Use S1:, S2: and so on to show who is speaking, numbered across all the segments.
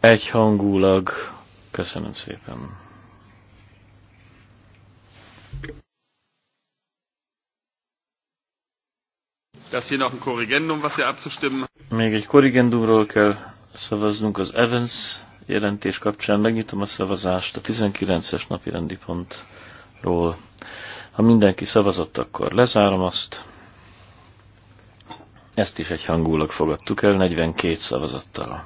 S1: egyhangulag. Köszönöm szépen. Korrigendum, Még egy korrigendumról kell szavaznunk az Evans jelentés kapcsán. Megnyitom a szavazást a 19-es napi rendi pontról. Ha mindenki szavazott, akkor lezárom azt. Ezt is egy hangulag fogadtuk el, 42 szavazattal.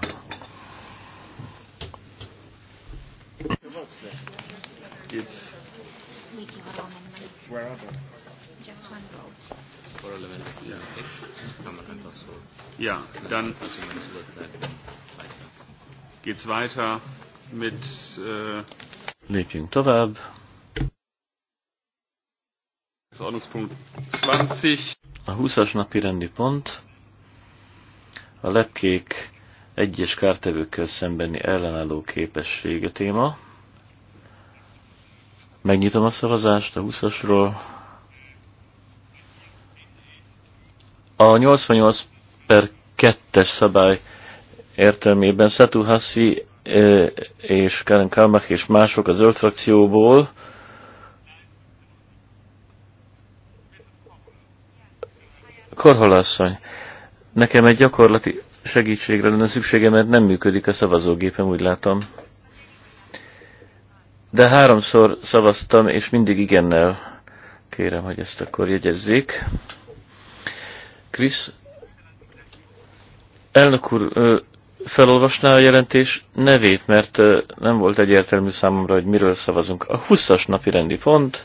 S1: Where are they? Just one vote. Ja, yeah. yeah, dann geht's weiter mit. Äh, Lépjünk tovább. Ordnungspunkt 20. A 20-as napi rendi pont. A lepkék egyes kártevőkkel szembeni ellenálló képessége téma. Megnyitom a szavazást a 20-asról. A 88 per 2-es szabály értelmében Satu Hassi e, és Karen Kalmach és mások az zöld frakcióból Korholasszony, nekem egy gyakorlati segítségre lenne szüksége, mert nem működik a szavazógépem, úgy látom de háromszor szavaztam, és mindig igennel. Kérem, hogy ezt akkor jegyezzék. Krisz, elnök úr, felolvasná a jelentés nevét, mert nem volt egyértelmű számomra, hogy miről szavazunk. A 20-as napi rendi pont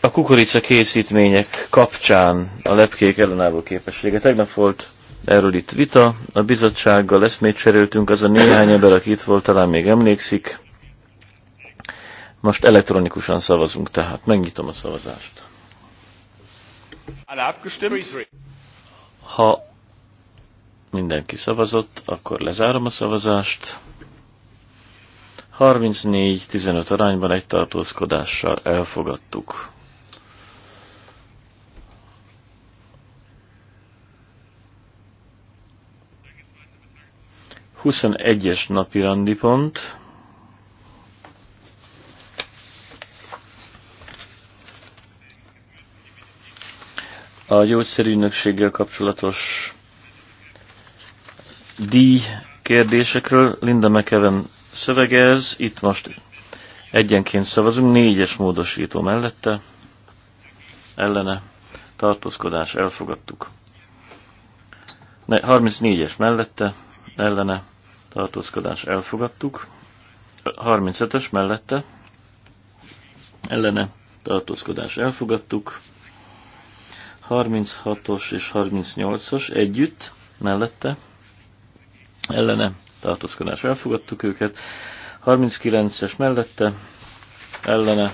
S1: a kukorica készítmények kapcsán a lepkék ellenálló képessége. Tegnap volt erről itt vita, a bizottsággal eszmét cseréltünk, az a néhány ember, aki itt volt, talán még emlékszik. Most elektronikusan szavazunk, tehát megnyitom a szavazást. Ha mindenki szavazott, akkor lezárom a szavazást. 34-15 arányban egy tartózkodással elfogadtuk. 21-es napi randi pont. A gyógyszerűnökséggel kapcsolatos díj kérdésekről Linda McEwen szövegez, itt most egyenként szavazunk, négyes módosító mellette, ellene, tartózkodás, elfogadtuk. 34-es mellette, ellene, tartózkodás elfogadtuk. 35-ös mellette ellene tartózkodás elfogadtuk. 36-os és 38-os együtt mellette ellene tartózkodás elfogadtuk őket. 39-es mellette ellene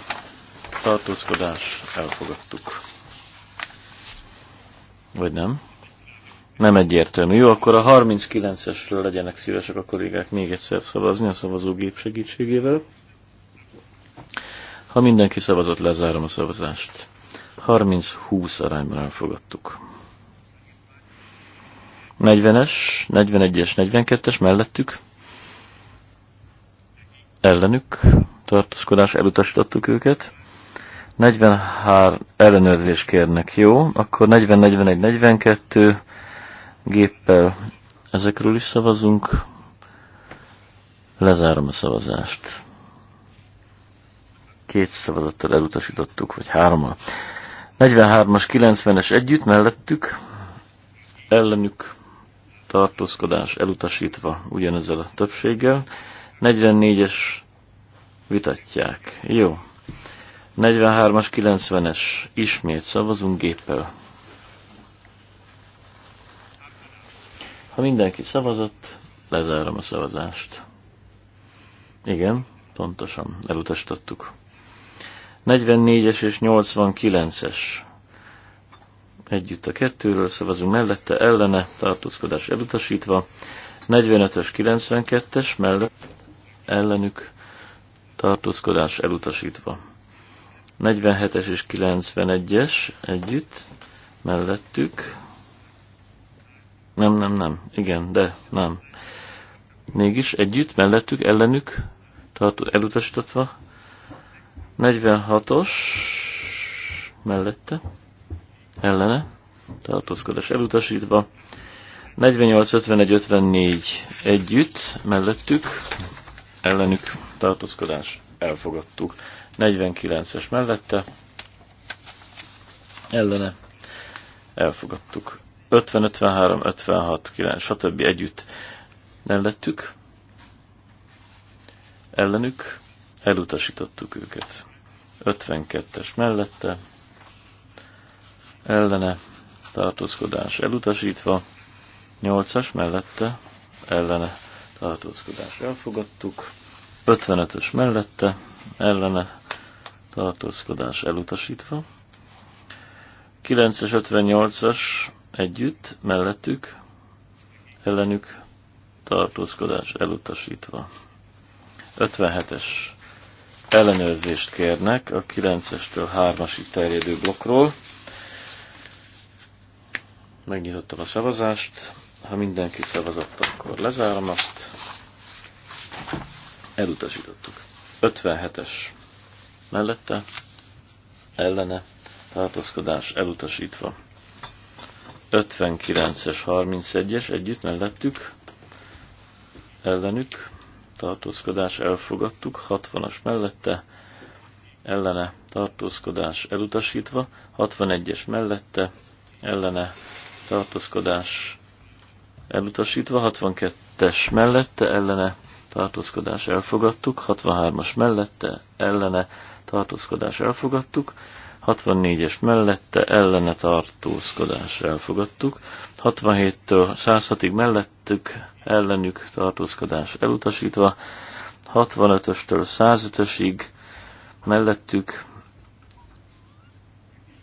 S1: tartózkodás elfogadtuk. Vagy nem? nem egyértelmű. Jó, akkor a 39-esről legyenek szívesek a kollégák még egyszer szavazni a szavazógép segítségével. Ha mindenki szavazott, lezárom a szavazást. 30-20 arányban elfogadtuk. 40-es, 41-es, 42-es mellettük. Ellenük tartózkodás elutasítottuk őket. 43 ellenőrzés kérnek, jó? Akkor 40, 41, 42, géppel ezekről is szavazunk. Lezárom a szavazást. Két szavazattal elutasítottuk, vagy hárommal. 43-as, 90-es együtt mellettük, ellenük tartózkodás elutasítva ugyanezzel a többséggel. 44-es vitatják. Jó. 43-as, 90-es ismét szavazunk géppel. Ha mindenki szavazott, lezárom a szavazást. Igen, pontosan, elutasítottuk. 44-es és 89-es. Együtt a kettőről szavazunk mellette, ellene, tartózkodás elutasítva. 45-ös, 92-es mellett, ellenük, tartózkodás elutasítva. 47-es és 91-es együtt, mellettük, nem, nem, nem. Igen, de nem. Mégis együtt, mellettük, ellenük, tartó, elutasítatva. 46-os mellette, ellene, tartózkodás elutasítva. 48, 51, 54 együtt, mellettük, ellenük tartózkodás elfogadtuk. 49-es mellette, ellene elfogadtuk. 50, 53, 56, 9, stb. együtt ellettük, ellenük, elutasítottuk őket. 52-es mellette, ellene, tartózkodás elutasítva, 8-as mellette, ellene, tartózkodás elfogadtuk, 55-ös mellette, ellene, tartózkodás elutasítva, 9-es, 58-as együtt, mellettük, ellenük tartózkodás elutasítva. 57-es ellenőrzést kérnek a 9-estől 3-asig terjedő blokkról. Megnyitottam a szavazást. Ha mindenki szavazott, akkor lezárom azt. Elutasítottuk. 57-es mellette, ellene, tartózkodás elutasítva. 59-es, 31-es együtt mellettük, ellenük, tartózkodás elfogadtuk, 60-as mellette, ellene, tartózkodás elutasítva, 61-es mellette, ellene, tartózkodás elutasítva, 62-es mellette, ellene, tartózkodás elfogadtuk, 63-as mellette, ellene, tartózkodás elfogadtuk, 64-es mellette ellene tartózkodás elfogadtuk, 67-től 106-ig mellettük ellenük tartózkodás elutasítva, 65-östől 105-ösig mellettük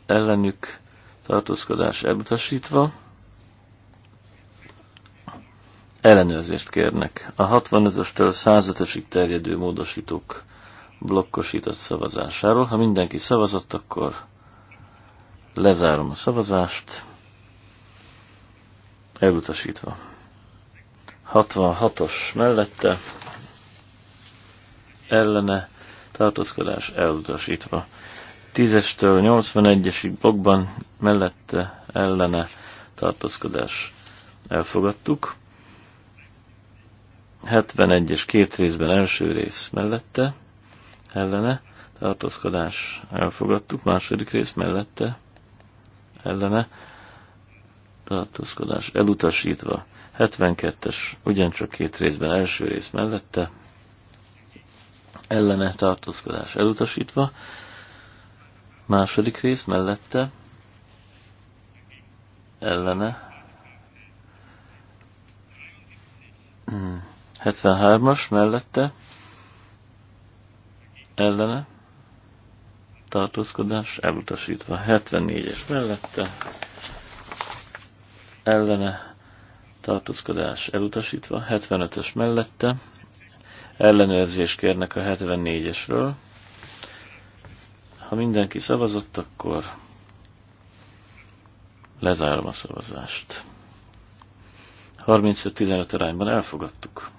S1: ellenük tartózkodás elutasítva, ellenőrzést kérnek. A 65-östől 105-ösig terjedő módosítók blokkosított szavazásáról. Ha mindenki szavazott, akkor lezárom a szavazást. Elutasítva. 66-os mellette ellene tartózkodás elutasítva. 10-estől 81-esig blokkban mellette ellene tartózkodás elfogadtuk. 71-es két részben első rész mellette ellene, tartózkodás elfogadtuk, második rész mellette, ellene, tartózkodás elutasítva. 72-es, ugyancsak két részben, első rész mellette, ellene tartózkodás elutasítva, második rész mellette, ellene, 73-as hm, mellette, ellene tartózkodás elutasítva. 74-es mellette ellene tartózkodás elutasítva. 75-ös mellette ellenőrzést kérnek a 74-esről. Ha mindenki szavazott, akkor lezárom a szavazást. 35-15 arányban elfogadtuk.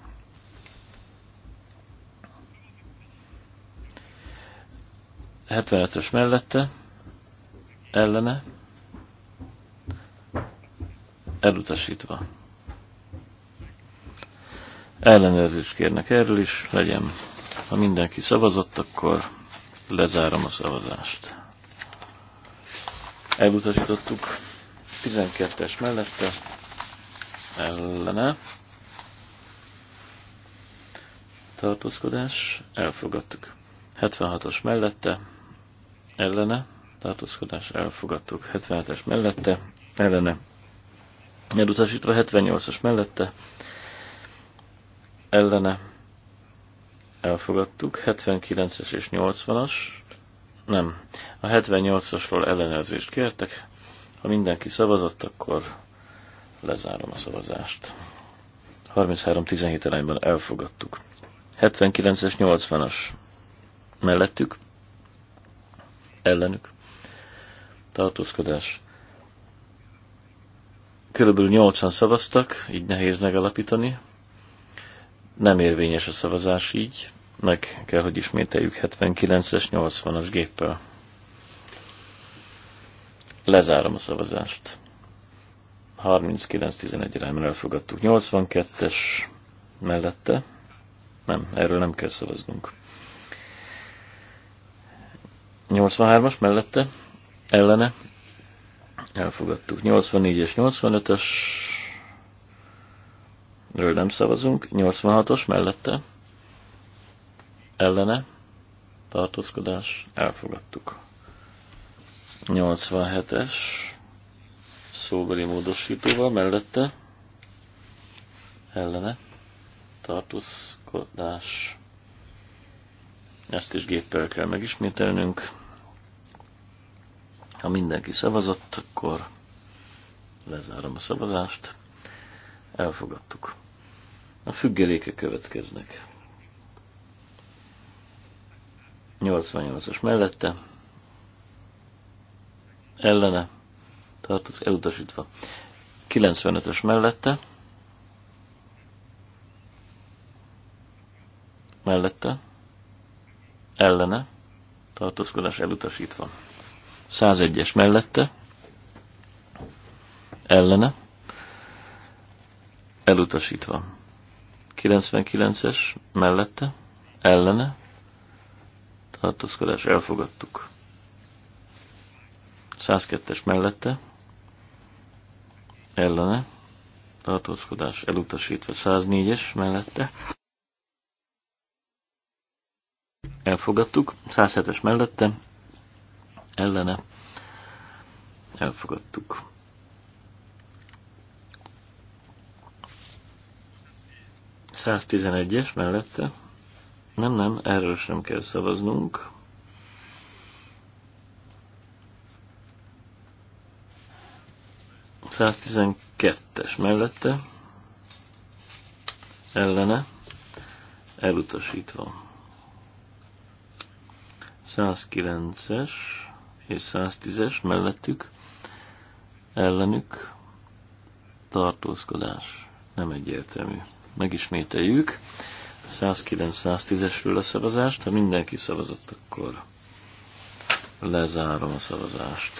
S1: 75-ös mellette, ellene, elutasítva. Ellenőrzést kérnek erről is, legyen. Ha mindenki szavazott, akkor lezárom a szavazást. Elutasítottuk 12-es mellette, ellene, tartózkodás, elfogadtuk. 76-os mellette, ellene, tartózkodás elfogadtuk 77-es mellette, ellene, elutasítva 78-as mellette, ellene, elfogadtuk, 79-es és 80-as, nem, a 78-asról ellenőrzést kértek, ha mindenki szavazott, akkor lezárom a szavazást. 33-17 arányban elfogadtuk. 79-es, 80-as mellettük, ellenük tartózkodás. Körülbelül 80 szavaztak, így nehéz megalapítani. Nem érvényes a szavazás így, meg kell, hogy ismételjük 79-es, 80-as géppel. Lezárom a szavazást. 39-11 arányban elfogadtuk. 82-es mellette. Nem, erről nem kell szavaznunk. 83-as mellette, ellene, elfogadtuk. 84 és 85-ös, ről nem szavazunk, 86-os mellette, ellene, tartózkodás, elfogadtuk. 87-es, szóbeli módosítóval mellette, ellene, tartózkodás, ezt is géppel kell megismételnünk. Ha mindenki szavazott, akkor lezárom a szavazást. Elfogadtuk. A függelékek következnek. 88-as mellette, ellene, tartozik elutasítva. 95-ös mellette, mellette, ellene, tartózkodás elutasítva. 101-es mellette, ellene, elutasítva. 99-es mellette, ellene, tartózkodás elfogadtuk. 102-es mellette, ellene, tartózkodás elutasítva. 104-es mellette, elfogadtuk. 107-es mellette, ellene elfogadtuk. es mellette. Nem, nem, erről sem kell szavaznunk. es mellette. Ellene. Elutasítva. 109-es és 110-es mellettük, ellenük tartózkodás nem egyértelmű. Megismételjük. 109-110-esről a szavazást. Ha mindenki szavazott, akkor lezárom a szavazást.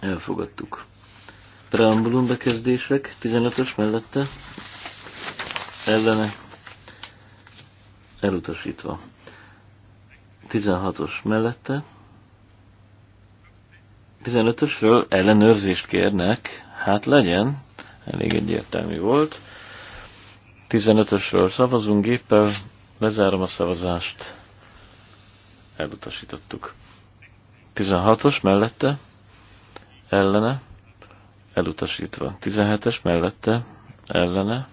S1: Elfogadtuk. Preambulum bekezdések 15-ös mellette ellene elutasítva. 16-os mellette. 15-ösről ellenőrzést kérnek, hát legyen, elég egyértelmű volt. 15-ösről szavazunk géppel, lezárom a szavazást, elutasítottuk. 16-os mellette, ellene, elutasítva. 17-es mellette, ellene,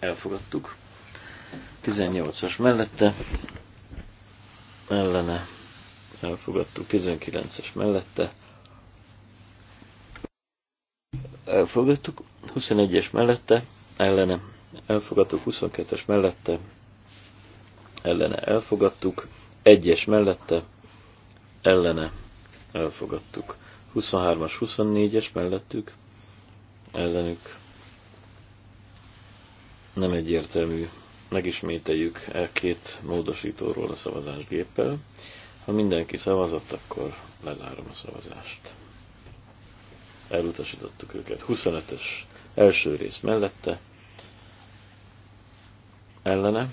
S1: elfogadtuk. 18-as mellette, ellene, elfogadtuk. 19-es mellette, elfogadtuk. 21-es mellette, ellene, elfogadtuk. 22-es mellette, ellene, elfogadtuk. 1-es mellette, ellene, elfogadtuk. 23-as, 24-es mellettük, ellenük nem egyértelmű. Megismételjük e két módosítóról a szavazásgéppel. Ha mindenki szavazott, akkor lezárom a szavazást. Elutasítottuk őket. 25-ös első rész mellette. Ellene.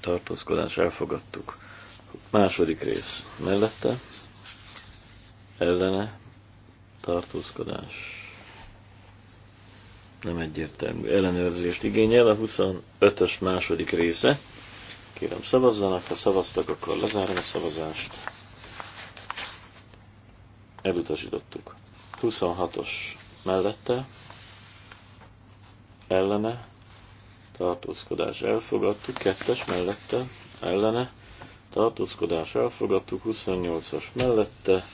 S1: Tartózkodás elfogadtuk. Második rész mellette. Ellene. Tartózkodás nem egyértelmű ellenőrzést igényel. A 25-ös második része. Kérem szavazzanak, ha szavaztak, akkor lezárom a szavazást. Elutasítottuk. 26-os mellette, ellene, tartózkodás elfogadtuk, 2-es mellette, ellene, tartózkodás elfogadtuk, 28-as mellette,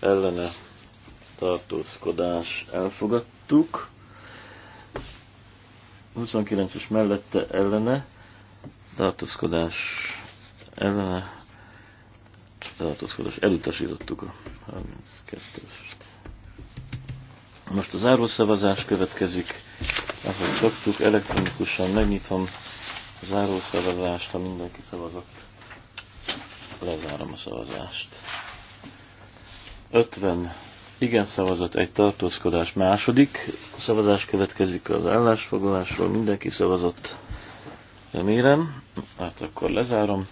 S1: ellene, tartózkodás elfogadtuk. 29-es mellette ellene tartózkodás ellene tartózkodás elutasítottuk a 32-est. Most a zárószavazás következik, ahogy szoktuk, elektronikusan megnyitom a zárószavazást, ha mindenki szavazott, lezárom a szavazást. 50 igen szavazat egy tartózkodás második. A szavazás következik az állásfoglalásról. Mindenki szavazott. Remélem. Hát akkor lezárom.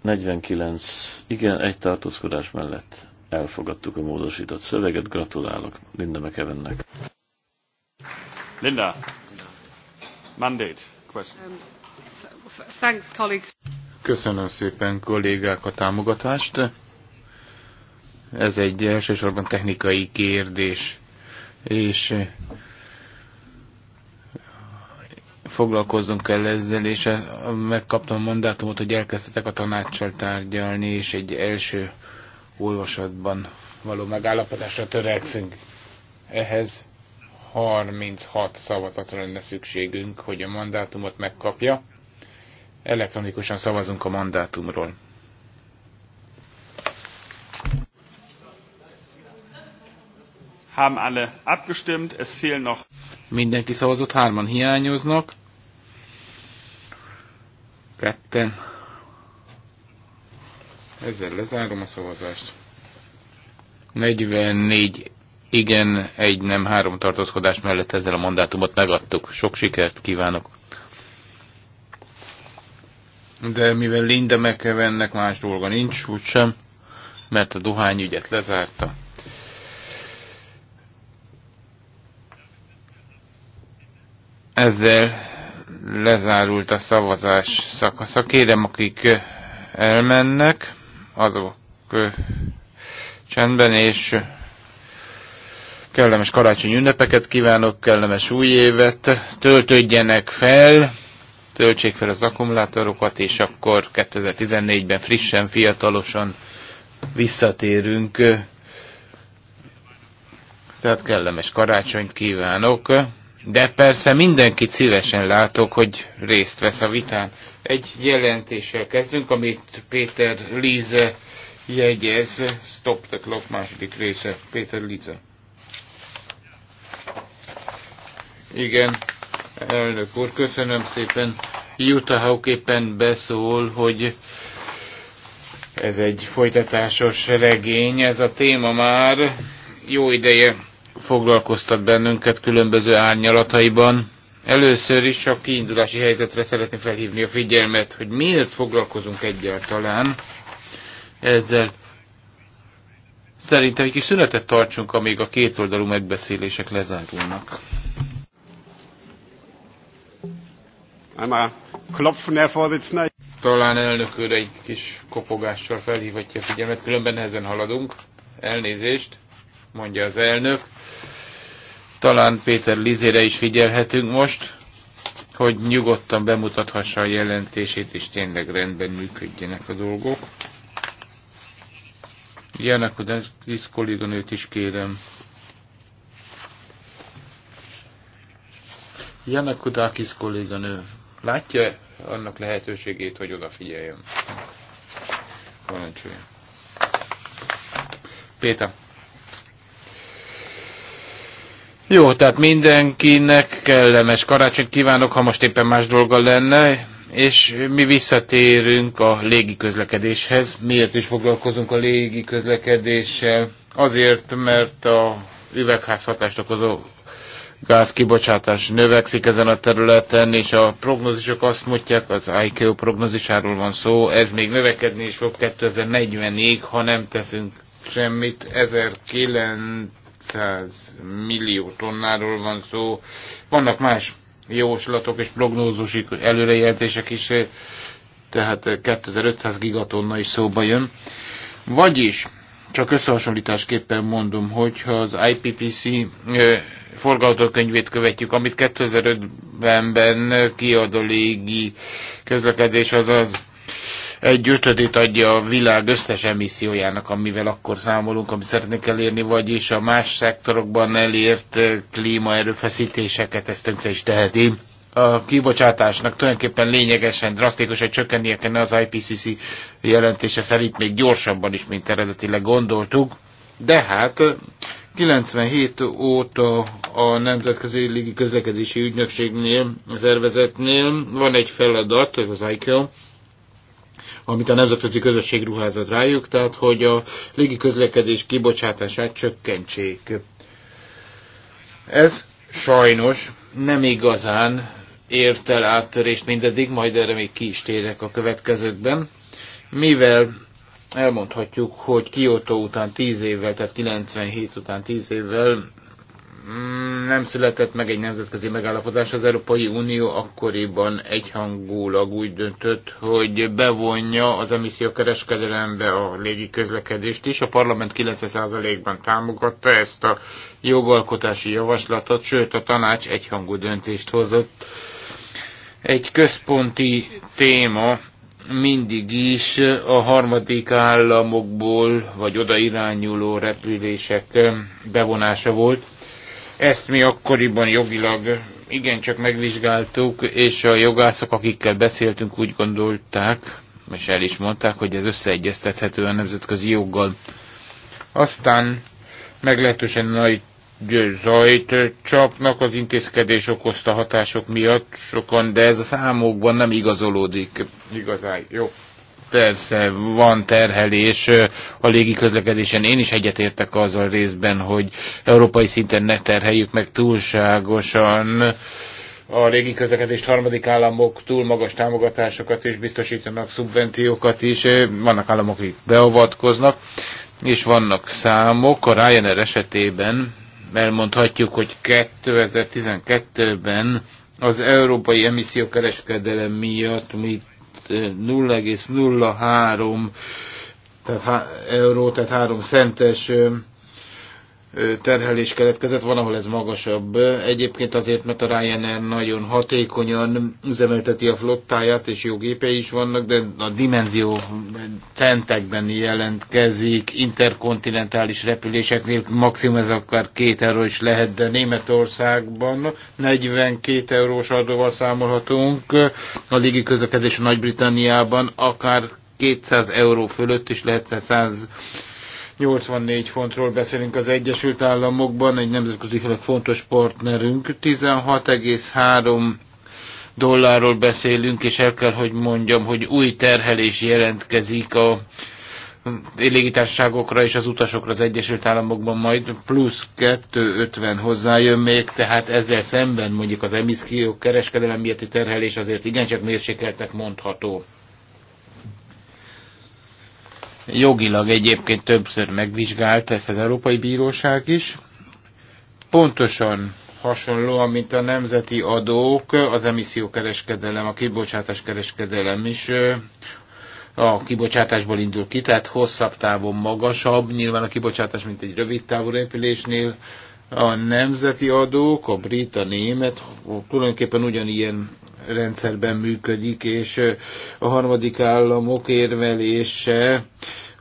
S1: 49. Igen, egy tartózkodás mellett elfogadtuk a módosított szöveget. Gratulálok Linda McEvennek. Linda,
S2: mandate question. Um, thanks, colleagues.
S1: Köszönöm
S3: szépen kollégák a támogatást. Ez egy elsősorban technikai kérdés, és foglalkozzunk kell ezzel, és megkaptam a mandátumot, hogy elkezdhetek a tanácssal tárgyalni, és egy első olvasatban való megállapodásra törekszünk. Ehhez 36 szavazatra lenne szükségünk, hogy a mandátumot megkapja. Elektronikusan szavazunk a mandátumról.
S1: Haben alle abgestimmt, es fehlen noch.
S3: Mindenki szavazott, hárman hiányoznak. Ketten. Ezzel lezárom a szavazást. 44 igen, egy nem, három tartózkodás mellett ezzel a mandátumot megadtuk. Sok sikert kívánok! De mivel Linda McEvennek más dolga nincs, úgysem, mert a dohányügyet lezárta. Ezzel lezárult a szavazás szakasza. Kérem, akik elmennek, azok csendben, és kellemes karácsonyi ünnepeket kívánok, kellemes új évet, töltődjenek fel, töltsék fel az akkumulátorokat, és akkor 2014-ben frissen, fiatalosan visszatérünk. Tehát kellemes karácsonyt kívánok, de persze mindenkit szívesen látok, hogy részt vesz a vitán. Egy jelentéssel kezdünk, amit Péter Líze jegyez, Stop the Clock második része, Péter Líze. Igen, Elnök úr, köszönöm szépen. Jutta Hauképpen beszól, hogy ez egy folytatásos regény, ez a téma már jó ideje foglalkoztat bennünket különböző árnyalataiban. Először is a kiindulási helyzetre szeretném felhívni a figyelmet, hogy miért foglalkozunk egyáltalán ezzel. Szerintem egy kis szünetet tartsunk, amíg a kétoldalú megbeszélések lezárulnak. Einmal klopfen, Herr Vorsitzender. Talán elnök úr egy kis kopogással felhívatja a figyelmet, különben nehezen haladunk. Elnézést, mondja az elnök. Talán Péter Lizére is figyelhetünk most, hogy nyugodtan bemutathassa a jelentését, és tényleg rendben működjenek a dolgok. Ilyenek, hogy Krisz kolléganőt is kérem. Janakudákis kolléganő Látja annak lehetőségét, hogy odafigyeljön. Parancsoljon. Péter. Jó, tehát mindenkinek kellemes karácsonyt kívánok, ha most éppen más dolga lenne, és mi visszatérünk a légi közlekedéshez. Miért is foglalkozunk a légi közlekedéssel? Azért, mert a üvegházhatást okozó gázkibocsátás növekszik ezen a területen, és a prognózisok azt mondják, az IKO prognózisáról van szó, ez még növekedni is fog 2040-ig, ha nem teszünk semmit. 1900 millió tonnáról van szó. Vannak más jóslatok és prognózusi előrejelzések is, tehát 2500 gigatonna is szóba jön. Vagyis csak összehasonlításképpen mondom, hogyha az IPPC eh, forgatókönyvét követjük, amit 2005-ben kiad a légi közlekedés, az az egy ötödét adja a világ összes emissziójának, amivel akkor számolunk, amit szeretnénk elérni, vagyis a más szektorokban elért eh, klímaerőfeszítéseket, ezt tönkre is teheti a kibocsátásnak tulajdonképpen lényegesen, drasztikusan csökkennie kellene az IPCC jelentése szerint még gyorsabban is, mint eredetileg gondoltuk. De hát 97 óta a Nemzetközi Légi Közlekedési Ügynökségnél, a szervezetnél van egy feladat, az ICAO, amit a nemzetközi közösség ruházott rájuk, tehát hogy a légi közlekedés kibocsátását csökkentsék. Ez sajnos nem igazán ért el áttörést mindedig, majd erre még ki is térek a következőkben. Mivel elmondhatjuk, hogy Kyoto után 10 évvel, tehát 97 után 10 évvel mm, nem született meg egy nemzetközi megállapodás. Az Európai Unió akkoriban egyhangulag úgy döntött, hogy bevonja az emissziókereskedelembe a légi közlekedést is. A parlament 90%-ban támogatta ezt a jogalkotási javaslatot, sőt a tanács egyhangú döntést hozott egy központi téma mindig is a harmadik államokból vagy oda irányuló repülések bevonása volt. Ezt mi akkoriban jogilag igencsak megvizsgáltuk, és a jogászok, akikkel beszéltünk, úgy gondolták, és el is mondták, hogy ez összeegyeztethető a nemzetközi joggal. Aztán meglehetősen nagy zajt csapnak az intézkedés okozta hatások miatt sokan, de ez a számokban nem igazolódik igazán. Jó, persze van terhelés a légi közlekedésen. Én is egyetértek azzal részben, hogy európai szinten ne terheljük meg túlságosan a légi közlekedést harmadik államok túl magas támogatásokat is biztosítanak, szubvenciókat is, vannak államok, akik beavatkoznak, és vannak számok, a Ryanair esetében elmondhatjuk, hogy 2012-ben az európai emissziókereskedelem miatt mit 0,03 tehát euró, tehát 3 centes terhelés keletkezett, van, ahol ez magasabb. Egyébként azért, mert a Ryanair nagyon hatékonyan üzemelteti a flottáját, és jó gépei is vannak, de a dimenzió centekben jelentkezik, interkontinentális repüléseknél maximum ez akár két euró is lehet, de Németországban 42 eurós adóval számolhatunk, a légi közlekedés Nagy-Britanniában akár 200 euró fölött is lehet 100 84 fontról beszélünk az Egyesült Államokban, egy nemzetközileg fontos partnerünk. 16,3 dollárról beszélünk, és el kell, hogy mondjam, hogy új terhelés jelentkezik a légitársaságokra és az utasokra az Egyesült Államokban majd plusz 250 hozzájön még, tehát ezzel szemben mondjuk az emisziók kereskedelem miatti terhelés azért igencsak mérsékeltnek mondható. Jogilag egyébként többször megvizsgált ezt az Európai Bíróság is. Pontosan hasonlóan, mint a nemzeti adók, az emissziókereskedelem, a kibocsátáskereskedelem is a kibocsátásból indul ki, tehát hosszabb távon magasabb, nyilván a kibocsátás, mint egy rövid távú repülésnél. A nemzeti adók, a brit, a német tulajdonképpen ugyanilyen rendszerben működik, és a harmadik államok érvelése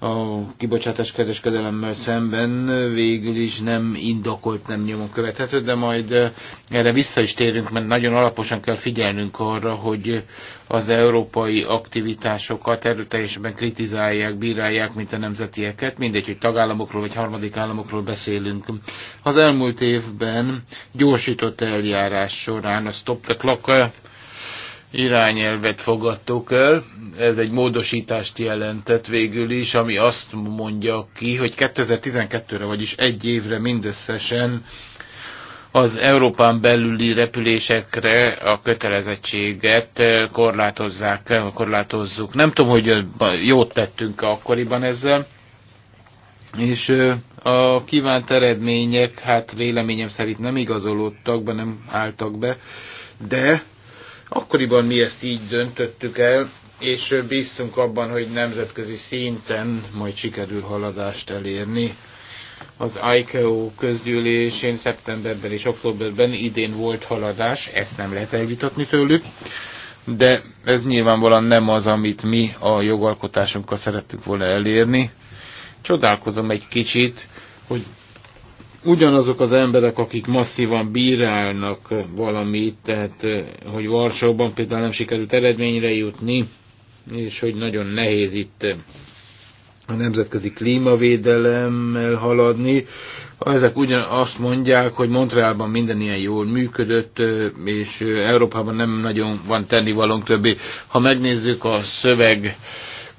S3: a kibocsátás kereskedelemmel szemben végül is nem indokolt, nem nyomon követhető, de majd erre vissza is térünk, mert nagyon alaposan kell figyelnünk arra, hogy az európai aktivitásokat erőteljesen kritizálják, bírálják, mint a nemzetieket, mindegy, hogy tagállamokról vagy harmadik államokról beszélünk. Az elmúlt évben gyorsított eljárás során a Stop the Clock irányelvet fogadtok el. Ez egy módosítást jelentett végül is, ami azt mondja ki, hogy 2012-re, vagyis egy évre mindösszesen az Európán belüli repülésekre a kötelezettséget eh, korlátozzák, eh, korlátozzuk. Nem tudom, hogy eh, jót tettünk -e akkoriban ezzel, és a kívánt eredmények, hát véleményem szerint nem igazolódtak be, nem álltak be, de Akkoriban mi ezt így döntöttük el, és bíztunk abban, hogy nemzetközi szinten majd sikerül haladást elérni. Az ICAO közgyűlésén szeptemberben és októberben idén volt haladás, ezt nem lehet elvitatni tőlük, de ez nyilvánvalóan nem az, amit mi a jogalkotásunkkal szerettük volna elérni. Csodálkozom egy kicsit, hogy ugyanazok az emberek, akik masszívan bírálnak valamit, tehát eh, hogy Varsóban például nem sikerült eredményre jutni, és hogy nagyon nehéz itt eh, a nemzetközi klímavédelemmel haladni. Ezek ugyan azt mondják, hogy Montrealban minden ilyen jól működött, eh, és Európában nem nagyon van tennivalónk többi. Ha megnézzük a szöveg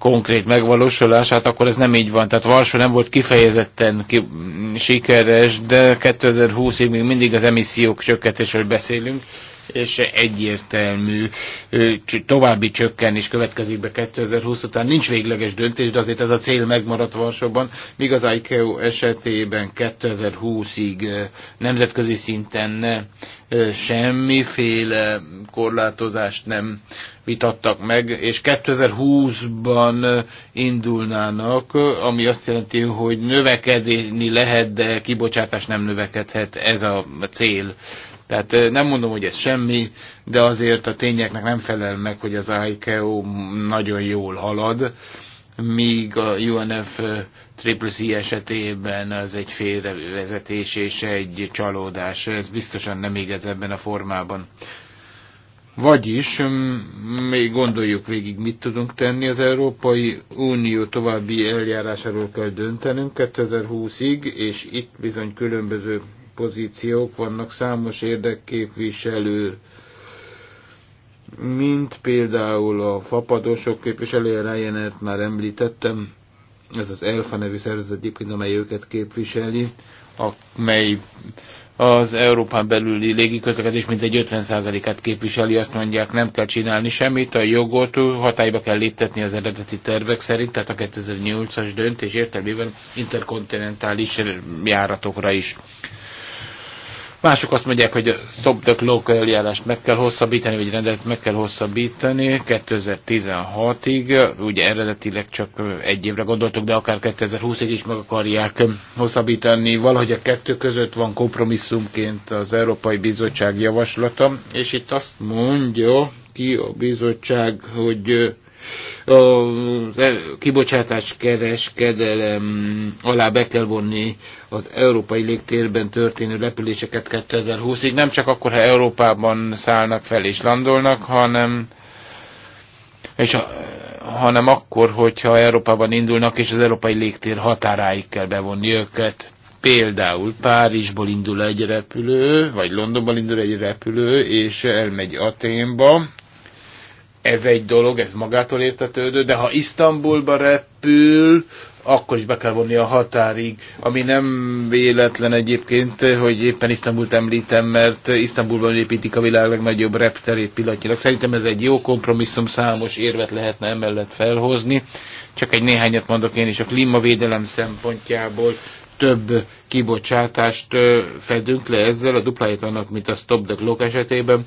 S3: konkrét megvalósulását, akkor ez nem így van. Tehát Varsó nem volt kifejezetten ki, sikeres, de 2020-ig még mindig az emissziók csökkentésről beszélünk, és egyértelmű további csökkenés következik be 2020 után. Nincs végleges döntés, de azért ez a cél megmaradt Varsóban, míg az ICAO e esetében 2020-ig nemzetközi szinten ne semmiféle korlátozást nem vitattak meg, és 2020-ban indulnának, ami azt jelenti, hogy növekedni lehet, de kibocsátás nem növekedhet, ez a cél tehát nem mondom, hogy ez semmi, de azért a tényeknek nem felel meg, hogy az ICAO nagyon jól halad, míg a UNF CCC esetében az egy félrevezetés és egy csalódás. Ez biztosan nem igaz ebben a formában. Vagyis még gondoljuk végig, mit tudunk tenni. Az Európai Unió további eljárásáról kell döntenünk 2020-ig, és itt bizony különböző pozíciók vannak, számos érdekképviselő, mint például a fapadosok képviselője, Ryanert már említettem, ez az ELFA nevű szervezet egyébként, amely őket képviseli, amely az Európán belüli légiközlekedés mintegy 50%-át képviseli, azt mondják, nem kell csinálni semmit, a jogot hatályba kell léptetni az eredeti tervek szerint, tehát a 2008-as döntés értelmében interkontinentális járatokra is. Mások azt mondják, hogy a stop the clock eljárást meg kell hosszabbítani, vagy rendet meg kell hosszabbítani 2016-ig. Ugye eredetileg csak egy évre gondoltuk, de akár 2020-ig is meg akarják hosszabbítani. Valahogy a kettő között van kompromisszumként az Európai Bizottság javaslata, és itt azt mondja ki a bizottság, hogy a e- kibocsátás kereskedelem alá be kell vonni az európai légtérben történő repüléseket 2020-ig, nem csak akkor, ha Európában szállnak fel és landolnak, hanem és a, hanem akkor, hogyha Európában indulnak, és az európai légtér határáig kell bevonni őket. Például Párizsból indul egy repülő, vagy Londonból indul egy repülő, és elmegy Aténba, ez egy dolog, ez magától értetődő, de ha Isztambulba repül, akkor is be kell vonni a határig, ami nem véletlen egyébként, hogy éppen Isztambult említem, mert Isztambulban építik a világ legnagyobb repterét pillanatnyilag. Szerintem ez egy jó kompromisszum, számos érvet lehetne emellett felhozni. Csak egy néhányat mondok én is, a klímavédelem szempontjából több kibocsátást fedünk le ezzel, a dupláját annak, mint a Stop the Clock esetében.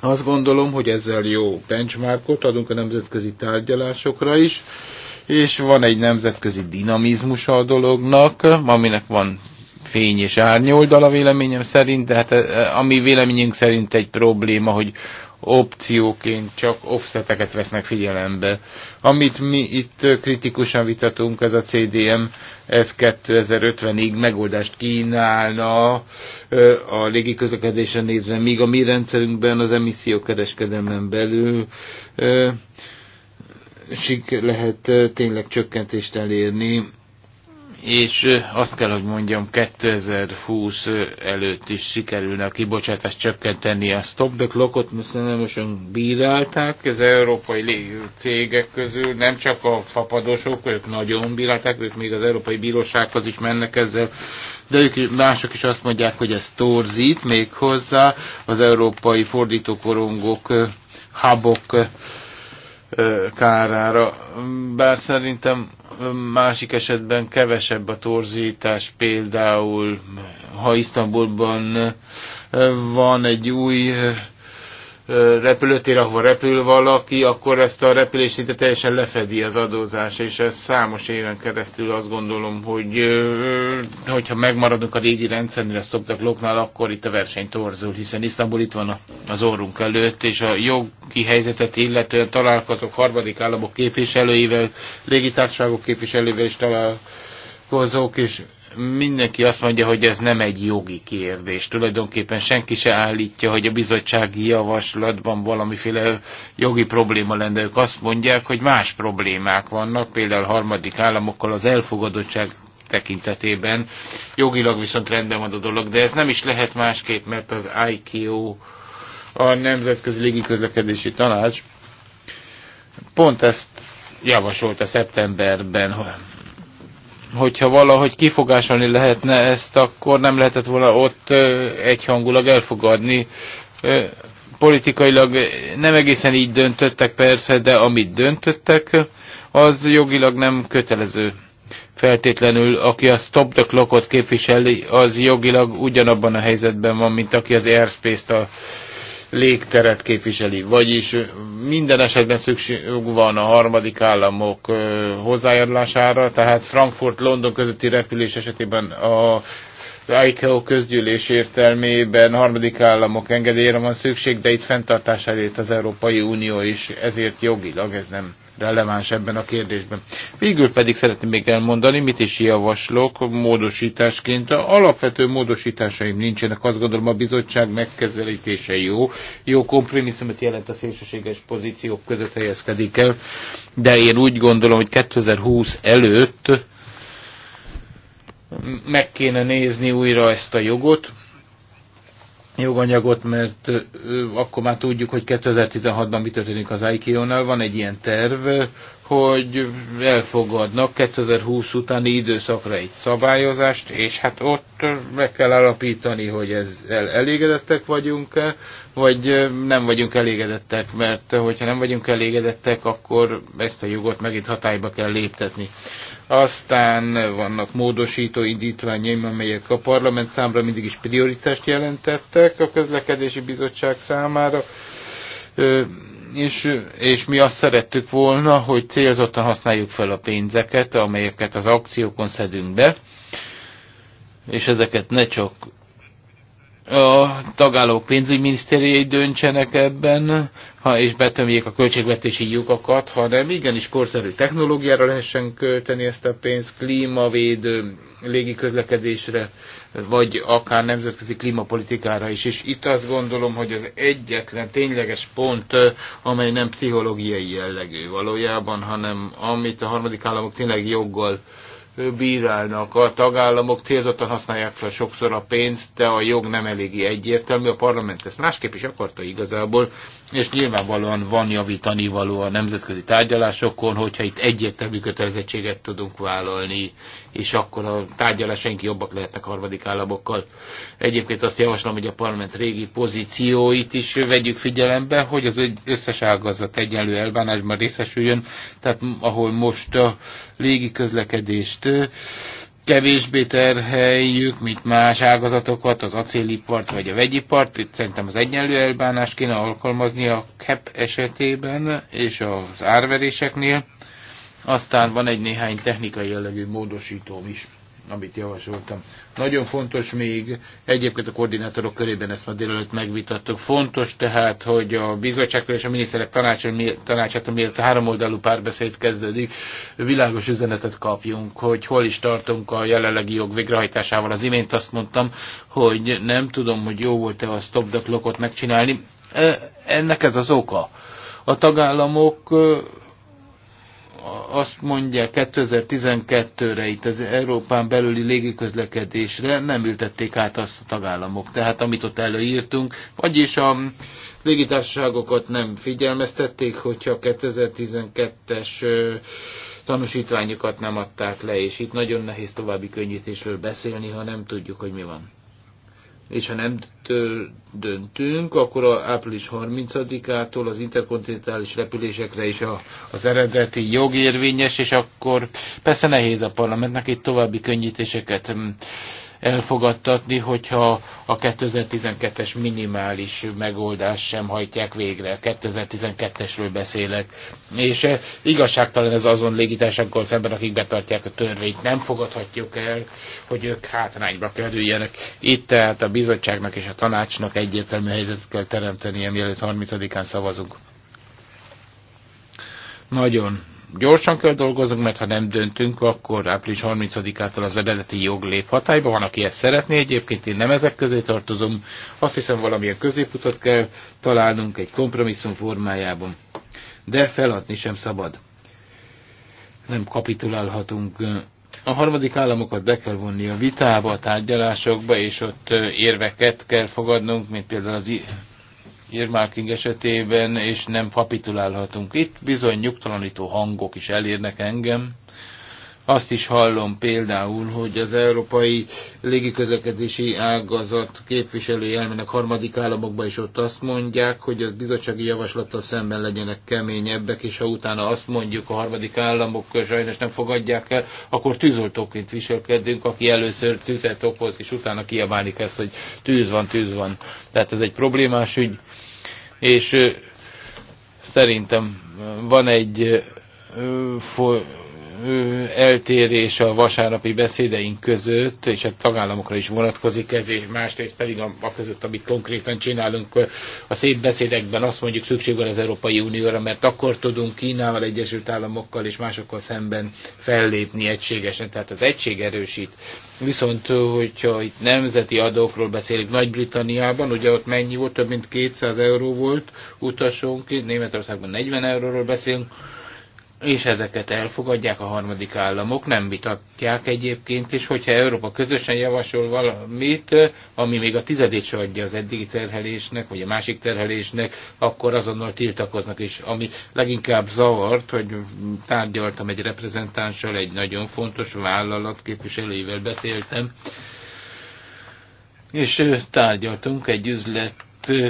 S3: Azt gondolom, hogy ezzel jó benchmarkot adunk a nemzetközi tárgyalásokra is, és van egy nemzetközi dinamizmusa a dolognak, aminek van fény és árnyoldal a véleményem szerint, de hát eh, eh, ami véleményünk szerint egy probléma, hogy opcióként csak offseteket vesznek figyelembe. Amit mi itt kritikusan vitatunk, ez a CDM, ez 2050-ig megoldást kínálna a légiközlekedésre nézve, míg a mi rendszerünkben az emissziókereskedelmen belül lehet tényleg csökkentést elérni és azt kell, hogy mondjam, 2020 előtt is sikerülne a kibocsátást csökkenteni. A Stop the Clockot most bírálták, ez európai cégek közül, nem csak a fapadosok, ők nagyon bírálták, ők még az Európai Bírósághoz is mennek ezzel, de ők mások is azt mondják, hogy ez torzít még hozzá az európai fordítókorongok, habok kárára. Bár szerintem másik esetben kevesebb a torzítás, például ha Isztambulban van egy új repülőtér, ahova repül valaki, akkor ezt a repülés szinte teljesen lefedi az adózás, és ez számos éven keresztül azt gondolom, hogy hogyha megmaradunk a régi rendszernél, a stoptak loknál, akkor itt a verseny torzul, hiszen Isztambul itt van az orrunk előtt, és a jogi helyzetet illetően találkozok harmadik államok képviselőivel, légitársaságok képviselőivel is találkozók, és mindenki azt mondja, hogy ez nem egy jogi kérdés. Tulajdonképpen senki se állítja, hogy a bizottsági javaslatban valamiféle jogi probléma lenne. Ők azt mondják, hogy más problémák vannak, például harmadik államokkal az elfogadottság tekintetében. Jogilag viszont rendben van a dolog, de ez nem is lehet másképp, mert az IKO, a Nemzetközi Közlekedési Tanács, pont ezt javasolta szeptemberben, hogyha valahogy kifogásolni lehetne ezt, akkor nem lehetett volna ott egyhangulag elfogadni. Politikailag nem egészen így döntöttek persze, de amit döntöttek, az jogilag nem kötelező. Feltétlenül, aki a stop the Clock-ot képviseli, az jogilag ugyanabban a helyzetben van, mint aki az airspace-t légteret képviseli, vagyis minden esetben szükség van a harmadik államok hozzájárulására, tehát Frankfurt-London közötti repülés esetében a az ICAO közgyűlés értelmében harmadik államok engedélyére van szükség, de itt fenntartás elért az Európai Unió is, ezért jogilag ez nem releváns ebben a kérdésben. Végül pedig szeretném még elmondani, mit is javaslok módosításként. A alapvető módosításaim nincsenek, azt gondolom a bizottság megkezelítése jó. Jó kompromisszumot jelent a szélsőséges pozíciók között helyezkedik el, de én úgy gondolom, hogy 2020 előtt meg kéne nézni újra ezt a jogot, joganyagot, mert akkor már tudjuk, hogy 2016-ban mi történik az IKEA-nál. Van egy ilyen terv, hogy elfogadnak 2020 utáni időszakra egy szabályozást, és hát ott meg kell alapítani, hogy ez el, elégedettek vagyunk-e, vagy nem vagyunk elégedettek, mert hogyha nem vagyunk elégedettek, akkor ezt a jogot megint hatályba kell léptetni. Aztán vannak módosító indítványaim, amelyek a parlament számra mindig is prioritást jelentettek a közlekedési bizottság számára, és, és mi azt szerettük volna, hogy célzottan használjuk fel a pénzeket, amelyeket az akciókon szedünk be, és ezeket ne csak a tagállók pénzügyminisztériai döntsenek ebben, ha és betömjék a költségvetési lyukakat, hanem igenis korszerű technológiára lehessen költeni ezt a pénzt, klímavédő, légiközlekedésre, vagy akár nemzetközi klímapolitikára is. És itt azt gondolom, hogy az egyetlen tényleges pont, amely nem pszichológiai jellegű valójában, hanem amit a harmadik államok tényleg joggal bírálnak. A tagállamok célzottan használják fel sokszor a pénzt, de a jog nem eléggé egyértelmű. A parlament ezt másképp is akarta igazából és nyilvánvalóan van javítani való a nemzetközi tárgyalásokon, hogyha itt egyértelmű kötelezettséget tudunk vállalni, és akkor a tárgyalásaink jobbak lehetnek harmadik államokkal. Egyébként azt javaslom, hogy a parlament régi pozícióit is vegyük figyelembe, hogy az összes ágazat egyenlő elbánásban részesüljön, tehát ahol most a légi közlekedést kevésbé terheljük, mint más ágazatokat, az acélipart vagy a vegyipart. Itt szerintem az egyenlő elbánás kéne alkalmazni a CAP esetében és az árveréseknél. Aztán van egy néhány technikai jellegű módosítóm is amit javasoltam. Nagyon fontos még, egyébként a koordinátorok körében ezt ma délelőtt megvitattuk, fontos tehát, hogy a bizottságtól és a miniszterek tanácsától, miért háromoldalú párbeszéd kezdődik, világos üzenetet kapjunk, hogy hol is tartunk a jelenlegi jog végrehajtásával. Az imént azt mondtam, hogy nem tudom, hogy jó volt-e a stop the clockot megcsinálni. Ennek ez az oka. A tagállamok azt mondja 2012-re itt az Európán belüli légiközlekedésre nem ültették át azt a tagállamok, tehát amit ott előírtunk, vagyis a légitársaságokat nem figyelmeztették, hogyha a 2012-es tanúsítványokat nem adták le, és itt nagyon nehéz további könnyítésről beszélni, ha nem tudjuk, hogy mi van és ha nem döntünk, akkor a április 30-ától az interkontinentális repülésekre is a, az eredeti jog érvényes, és akkor persze nehéz a parlamentnek itt további könnyítéseket mm, elfogadtatni, hogyha a 2012-es minimális megoldás sem hajtják végre. 2012-esről beszélek. És eh, igazságtalan ez azon légitársakkal szemben, akik betartják a törvényt. Nem fogadhatjuk el, hogy ők hátrányba kerüljenek. Itt tehát a bizottságnak és a tanácsnak egyértelmű helyzetet kell teremteni, mielőtt 30-án szavazunk. Nagyon gyorsan kell dolgoznunk, mert ha nem döntünk, akkor április 30-ától az eredeti jog lép hatályba. Van, aki ezt szeretné, egyébként én nem ezek közé tartozom. Azt hiszem valamilyen középutat kell találnunk egy kompromisszum formájában. De feladni sem szabad. Nem kapitulálhatunk. A harmadik államokat be kell vonni a vitába, a tárgyalásokba, és ott érveket kell fogadnunk, mint például az Irmarking esetében, és nem kapitulálhatunk. Itt bizony nyugtalanító hangok is elérnek engem. Azt is hallom például, hogy az európai légiközlekedési ágazat képviselői elmennek harmadik államokba, és ott azt mondják, hogy a bizottsági javaslattal szemben legyenek keményebbek, és ha utána azt mondjuk, a harmadik államok sajnos nem fogadják el, akkor tűzoltóként viselkedünk, aki először tüzet okoz, és utána kiabálni ezt, hogy tűz van, tűz van. Tehát ez egy problémás ügy és szerintem van egy eltérés a vasárnapi beszédeink között, és a tagállamokra is vonatkozik ez, és másrészt pedig a, a között, amit konkrétan csinálunk. A szép beszédekben azt mondjuk szükség van az Európai Unióra, mert akkor tudunk Kínával, Egyesült Államokkal és másokkal szemben fellépni egységesen, tehát az egység erősít. Viszont, hogyha itt nemzeti adókról beszélünk, Nagy-Britanniában, ugye ott mennyi volt, több mint 200 euró volt utasonként, Németországban 40 euróról beszélünk, és ezeket elfogadják a harmadik államok, nem vitatják egyébként, és hogyha Európa közösen javasol valamit, ami még a tizedét se adja az eddigi terhelésnek, vagy a másik terhelésnek, akkor azonnal tiltakoznak, és ami leginkább zavart, hogy tárgyaltam egy reprezentánssal, egy nagyon fontos vállalat képviselőivel beszéltem, és tárgyaltunk egy üzlet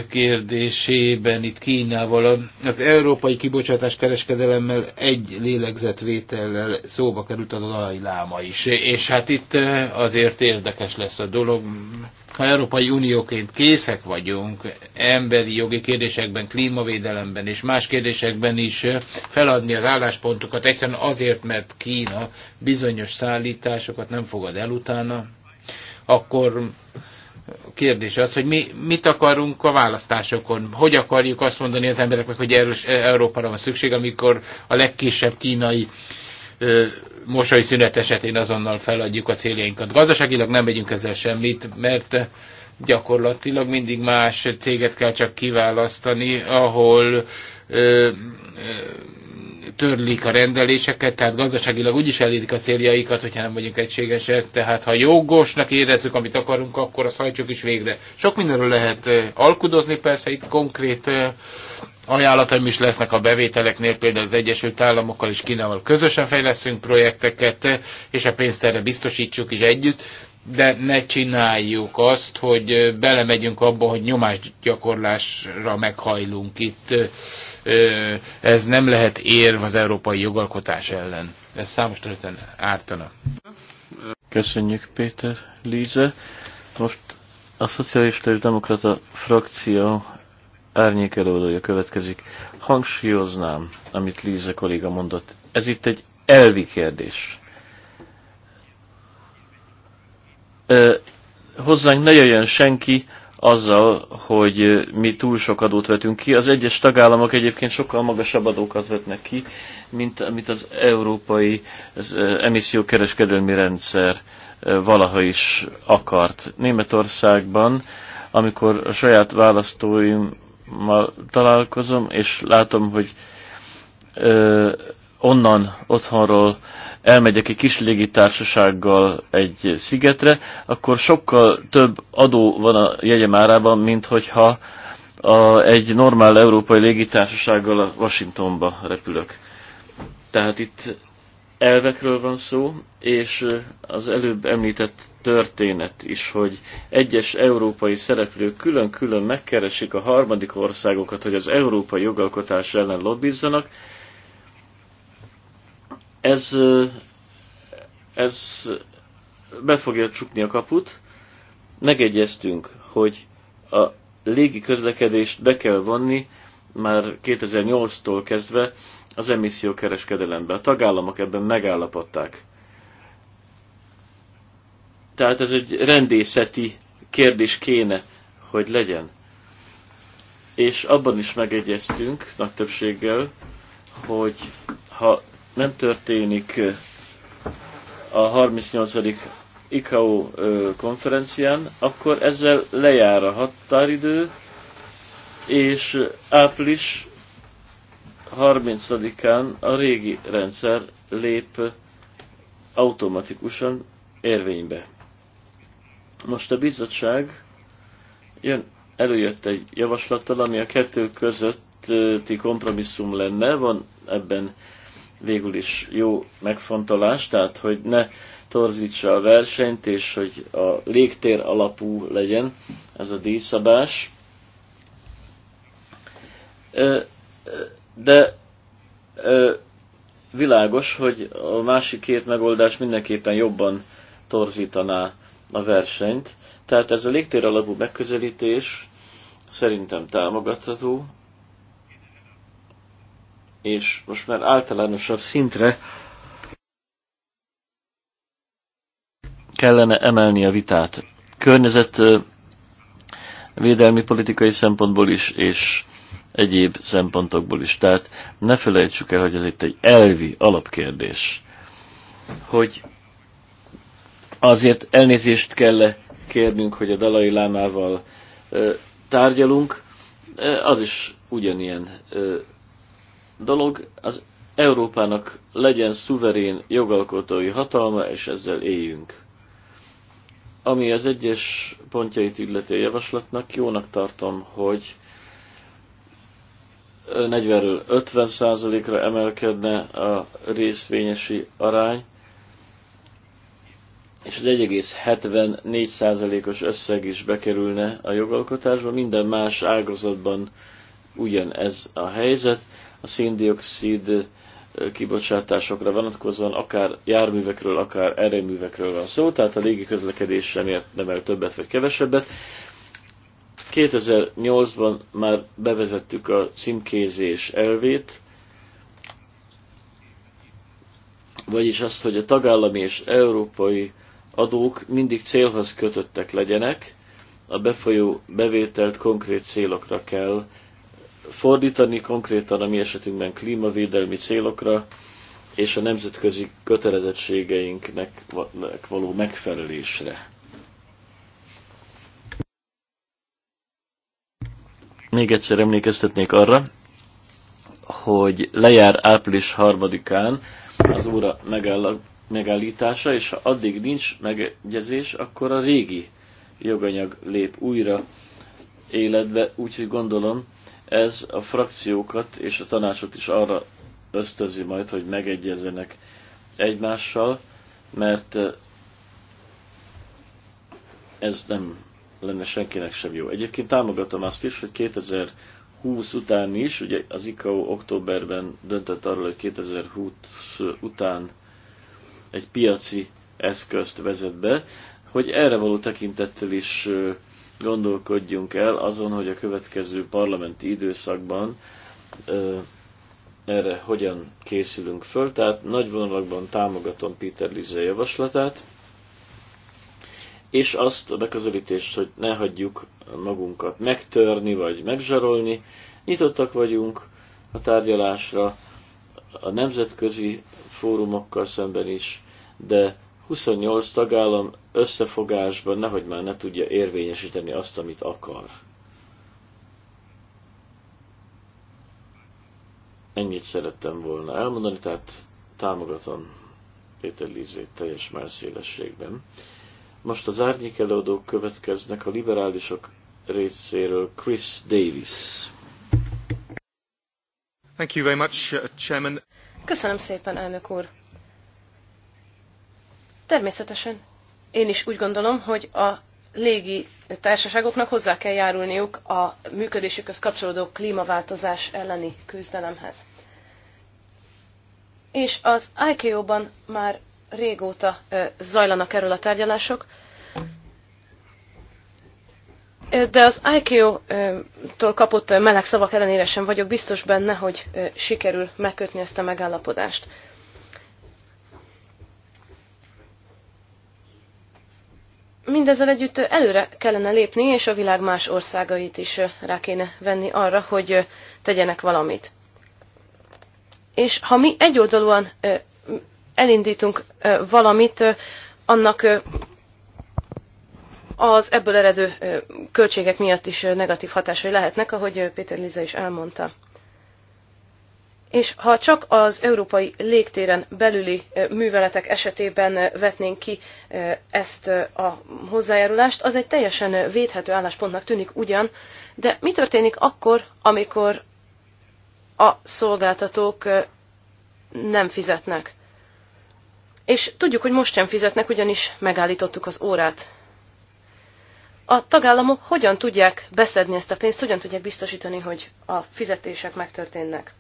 S3: kérdésében itt Kínával az európai kibocsátás kereskedelemmel egy lélegzetvétellel szóba került a dalai láma is. És hát itt eh, azért érdekes lesz a dolog. Ha Európai Unióként készek vagyunk emberi jogi kérdésekben, klímavédelemben és más kérdésekben is eh, feladni az álláspontokat, egyszerűen azért, mert Kína bizonyos szállításokat nem fogad el utána, akkor kérdés az, hogy mi mit akarunk a választásokon. Hogy akarjuk azt mondani az embereknek, hogy erős Európára van szükség, amikor a legkisebb kínai mosoly szünet esetén azonnal feladjuk a céljainkat. Gazdaságilag nem megyünk ezzel semmit, mert gyakorlatilag mindig más céget kell csak kiválasztani, ahol ö, ö, törlik a rendeléseket, tehát gazdaságilag úgyis elérik a céljaikat, hogyha nem vagyunk egységesek, tehát ha jogosnak érezzük, amit akarunk, akkor az hajtsuk is végre. Sok mindenről lehet alkudozni, persze itt konkrét ajánlataim is lesznek a bevételeknél, például az Egyesült Államokkal és Kínával közösen fejleszünk projekteket, és a pénzt erre biztosítsuk is együtt, de ne csináljuk azt, hogy belemegyünk abba, hogy nyomásgyakorlásra meghajlunk itt ez nem lehet érv az európai jogalkotás ellen. Ez számos területen ártana.
S1: Köszönjük Péter Líze. Most a Szocialista és Demokrata frakció árnyék előadója következik. Hangsúlyoznám, amit Líze kolléga mondott. Ez itt egy elvi kérdés. Ö, hozzánk ne jöjjön senki, azzal, hogy mi túl sok adót vetünk ki. Az egyes tagállamok egyébként sokkal magasabb adókat vetnek ki, mint amit az európai az emissziókereskedelmi rendszer valaha is akart. Németországban, amikor a saját választóimmal találkozom, és látom, hogy ö, onnan, otthonról elmegyek egy kis légitársasággal egy szigetre, akkor sokkal több adó van a jegyem árában, mint hogyha a, egy normál európai légitársasággal a Washingtonba repülök. Tehát itt elvekről van szó, és az előbb említett történet is, hogy egyes európai szereplők külön-külön megkeresik a harmadik országokat, hogy az európai jogalkotás ellen lobbizzanak, ez, ez be fogja csukni a kaput. Megegyeztünk, hogy a légi közlekedést be kell vonni már 2008-tól kezdve az emissziókereskedelembe. A tagállamok ebben megállapodták. Tehát ez egy rendészeti kérdés kéne, hogy legyen. És abban is megegyeztünk nagy többséggel, hogy ha nem történik a 38. ICAO konferencián, akkor ezzel lejár a határidő, és április 30-án a régi rendszer lép automatikusan érvénybe. Most a bizottság jön, előjött egy javaslattal, ami a kettő közötti kompromisszum lenne, van ebben végül is jó megfontolás, tehát hogy ne torzítsa a versenyt, és hogy a légtér alapú legyen ez a díjszabás. De világos, hogy a másik két megoldás mindenképpen jobban torzítaná a versenyt. Tehát ez a légtér alapú megközelítés szerintem támogatható, és most már általánosabb szintre kellene emelni a vitát. Környezet védelmi politikai szempontból is, és egyéb szempontokból is. Tehát ne felejtsük el, hogy ez itt egy elvi alapkérdés, hogy azért elnézést kell -e kérnünk, hogy a Dalai Lámával tárgyalunk, az is ugyanilyen dolog, az Európának legyen szuverén jogalkotói hatalma, és ezzel éljünk. Ami az egyes pontjait illeti a javaslatnak, jónak tartom, hogy 40-ről 50%-ra emelkedne a részvényesi arány, és az 1,74%-os összeg is bekerülne a jogalkotásba. Minden más ágazatban ugyanez a helyzet a széndiokszid kibocsátásokra vonatkozóan akár járművekről, akár erőművekről van szó, tehát a légi közlekedés sem el többet vagy kevesebbet. 2008-ban már bevezettük a címkézés elvét, vagyis azt, hogy a tagállami és európai adók mindig célhoz kötöttek legyenek, a befolyó bevételt konkrét célokra kell fordítani konkrétan a mi esetünkben klímavédelmi célokra és a nemzetközi kötelezettségeinknek való megfelelésre. Még egyszer emlékeztetnék arra, hogy lejár április harmadikán az óra megállítása, és ha addig nincs megegyezés, akkor a régi joganyag lép újra életbe, úgyhogy gondolom, ez a frakciókat és a tanácsot is arra ösztözi majd, hogy megegyezzenek egymással, mert eh, ez nem lenne senkinek sem jó. Egyébként támogatom azt is, hogy 2020 után is, ugye az ICAO októberben döntött arról, hogy 2020 után egy piaci eszközt vezet be, hogy erre való tekintettel is eh, gondolkodjunk el azon, hogy a következő parlamenti időszakban ö, erre hogyan készülünk föl. Tehát nagy vonalakban támogatom Peter Lize javaslatát, és azt a beközelítést, hogy ne hagyjuk magunkat megtörni vagy megzsarolni. Nyitottak vagyunk a tárgyalásra, a nemzetközi fórumokkal szemben is, de 28 tagállam összefogásban nehogy már ne tudja érvényesíteni azt, amit akar. Ennyit szerettem volna elmondani, tehát támogatom Péter Lizét teljes szélességben. Most az árnyék előadók következnek a liberálisok részéről Chris Davis. Thank you very much, uh, Chairman.
S2: Köszönöm szépen, elnök úr. Természetesen én is úgy gondolom, hogy a légi társaságoknak hozzá kell járulniuk a működésükhöz kapcsolódó klímaváltozás elleni küzdelemhez. És az ICAO-ban már régóta zajlanak erről a tárgyalások, de az ICAO-tól kapott meleg szavak ellenére sem vagyok biztos benne, hogy sikerül megkötni ezt a megállapodást. mindezzel együtt előre kellene lépni, és a világ más országait is rá kéne venni arra, hogy tegyenek valamit. És ha mi egyoldalúan elindítunk valamit, annak az ebből eredő költségek miatt is negatív hatásai lehetnek, ahogy Péter Liza is elmondta és ha csak az európai légtéren belüli műveletek esetében vetnénk ki ezt a hozzájárulást, az egy teljesen védhető álláspontnak tűnik ugyan, de mi történik akkor, amikor a szolgáltatók nem fizetnek? És tudjuk, hogy most sem fizetnek, ugyanis megállítottuk az órát. A tagállamok hogyan tudják beszedni ezt a pénzt, hogyan tudják biztosítani, hogy a fizetések megtörténnek?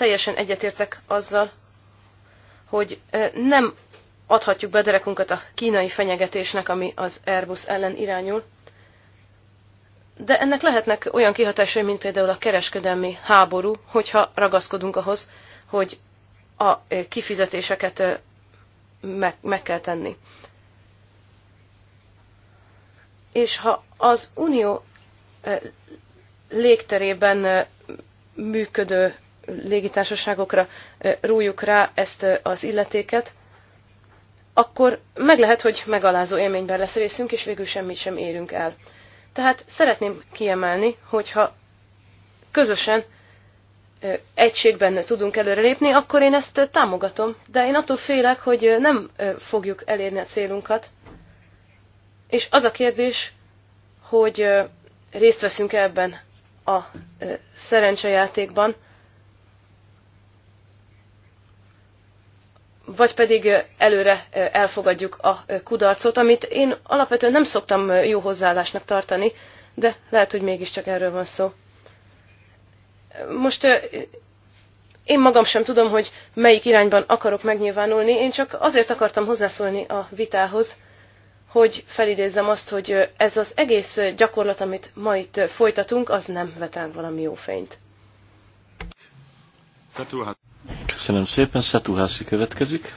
S2: teljesen egyetértek azzal, hogy nem adhatjuk be derekunkat a kínai fenyegetésnek, ami az Airbus ellen irányul, de ennek lehetnek olyan kihatásai, mint például a kereskedelmi háború, hogyha ragaszkodunk ahhoz, hogy a kifizetéseket meg, meg kell tenni. És ha az Unió légterében működő légitársaságokra rújuk rá ezt az illetéket, akkor meg lehet, hogy megalázó élményben lesz részünk, és végül semmit sem érünk el. Tehát szeretném kiemelni, hogyha közösen egységben tudunk előrelépni, akkor én ezt támogatom. De én attól félek, hogy nem fogjuk elérni a célunkat. És az a kérdés, hogy részt veszünk -e ebben a szerencsejátékban, vagy pedig előre elfogadjuk a kudarcot, amit én alapvetően nem szoktam jó hozzáállásnak tartani, de lehet, hogy mégiscsak erről van szó. Most én magam sem tudom, hogy melyik irányban akarok megnyilvánulni, én csak azért akartam hozzászólni a vitához, hogy felidézzem azt, hogy ez az egész gyakorlat, amit ma itt folytatunk, az nem vet ránk valami jó fényt.
S1: Köszönöm szépen, Szatuhászi következik.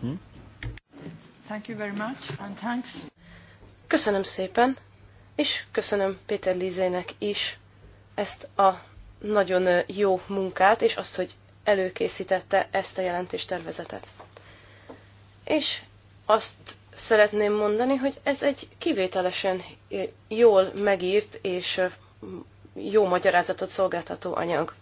S2: Hm? Thank you very much, and thanks. Köszönöm szépen, és köszönöm Péter Lizének is ezt a nagyon jó munkát, és azt, hogy előkészítette ezt a jelentéstervezetet. És azt szeretném mondani, hogy ez egy kivételesen jól megírt és jó magyarázatot szolgáltató anyag.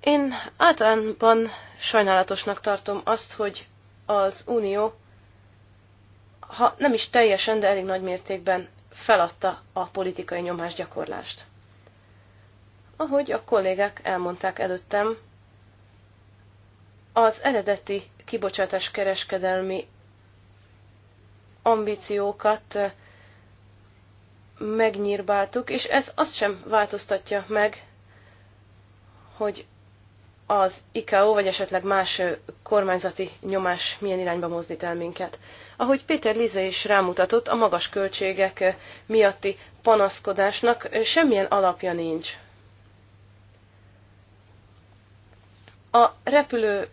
S2: Én általánban sajnálatosnak tartom azt, hogy az Unió, ha nem is teljesen, de elég nagy mértékben feladta a politikai nyomásgyakorlást. Ahogy a kollégák elmondták előttem, az eredeti kibocsátás kereskedelmi ambíciókat megnyírbáltuk, és ez azt sem változtatja meg, hogy az IKO, vagy esetleg más kormányzati nyomás milyen irányba mozdít el minket. Ahogy Péter Lize is rámutatott, a magas költségek miatti panaszkodásnak semmilyen alapja nincs. A repülő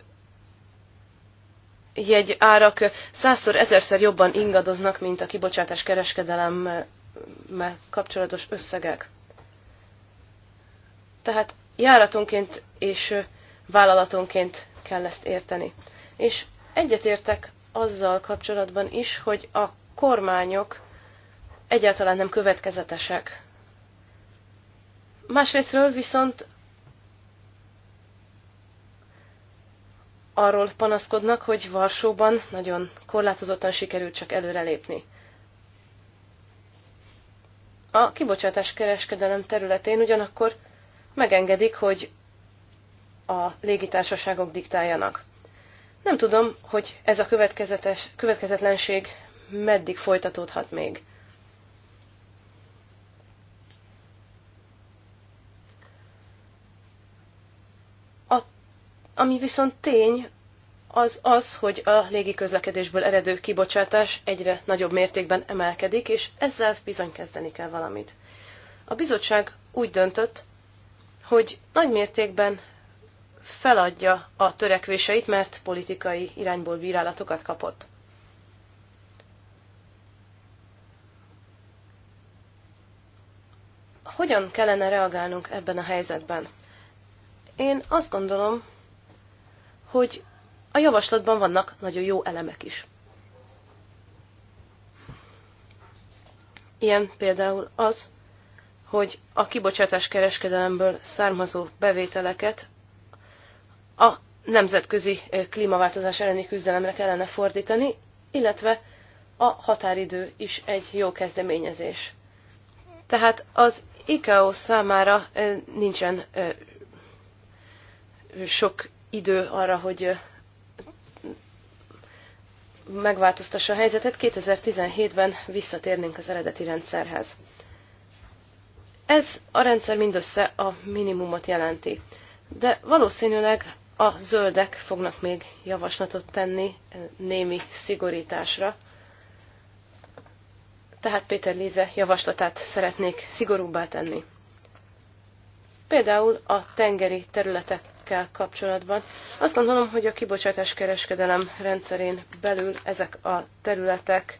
S2: jegy árak százszor, ezerszer jobban ingadoznak, mint a kibocsátás kereskedelem kapcsolatos összegek. Tehát járatonként és vállalatonként kell ezt érteni. És egyetértek azzal kapcsolatban is, hogy a kormányok egyáltalán nem következetesek. Másrésztről viszont arról panaszkodnak, hogy Varsóban nagyon korlátozottan sikerült csak előrelépni. A kibocsátás kereskedelem területén ugyanakkor megengedik, hogy a légitársaságok diktáljanak. Nem tudom, hogy ez a következetes, következetlenség meddig folytatódhat még. A, ami viszont tény, az az, hogy a légiközlekedésből eredő kibocsátás egyre nagyobb mértékben emelkedik, és ezzel bizony kezdeni kell valamit. A bizottság úgy döntött, hogy nagy mértékben feladja a törekvéseit, mert politikai irányból bírálatokat kapott. Hogyan kellene reagálnunk ebben a helyzetben? Én azt gondolom, hogy a javaslatban vannak nagyon jó elemek is. Ilyen például az, hogy a kibocsátás kereskedelemből származó bevételeket a nemzetközi klímaváltozás elleni küzdelemre kellene fordítani, illetve a határidő is egy jó kezdeményezés. Tehát az ICAO számára nincsen sok idő arra, hogy megváltoztassa a helyzetet, 2017-ben visszatérnénk az eredeti rendszerhez. Ez a rendszer mindössze a minimumot jelenti, de valószínűleg a zöldek fognak még javaslatot tenni eh, némi szigorításra. Tehát Péter Líze javaslatát szeretnék szigorúbbá tenni. Például a tengeri területek ezekkel kapcsolatban. Azt gondolom, hogy a kibocsátás kereskedelem rendszerén belül ezek a területek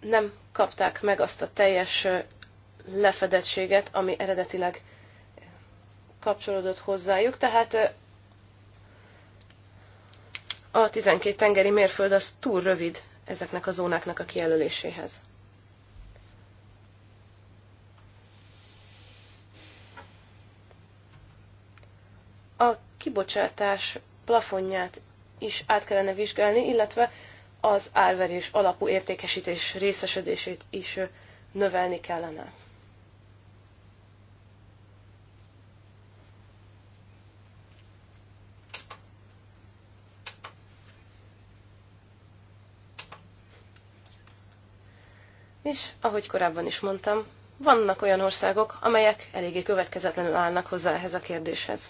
S2: nem kapták meg azt a teljes lefedettséget, ami eredetileg kapcsolódott hozzájuk, tehát a 12 tengeri mérföld az túl rövid ezeknek a zónáknak a kijelöléséhez. a kibocsátás plafonját is át kellene vizsgálni, illetve az árverés alapú értékesítés részesedését is növelni kellene. És, ahogy korábban is mondtam, vannak olyan országok, amelyek eléggé következetlenül állnak hozzá ehhez a kérdéshez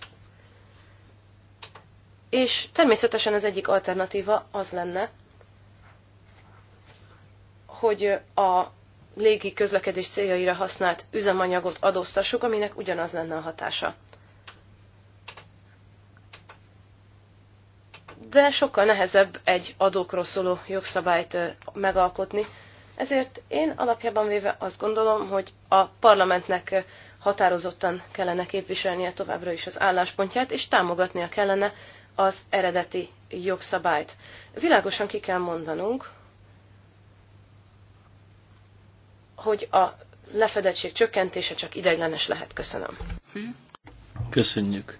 S2: és természetesen az egyik alternatíva az lenne, hogy a légi közlekedés céljaira használt üzemanyagot adóztassuk, aminek ugyanaz lenne a hatása. De sokkal nehezebb egy adókról szóló jogszabályt megalkotni, ezért én alapjában véve azt gondolom, hogy a parlamentnek határozottan kellene képviselnie továbbra is az álláspontját, és támogatnia kellene az eredeti jogszabályt. Világosan ki kell mondanunk, hogy a lefedettség csökkentése csak ideiglenes lehet. Köszönöm.
S1: Köszönjük.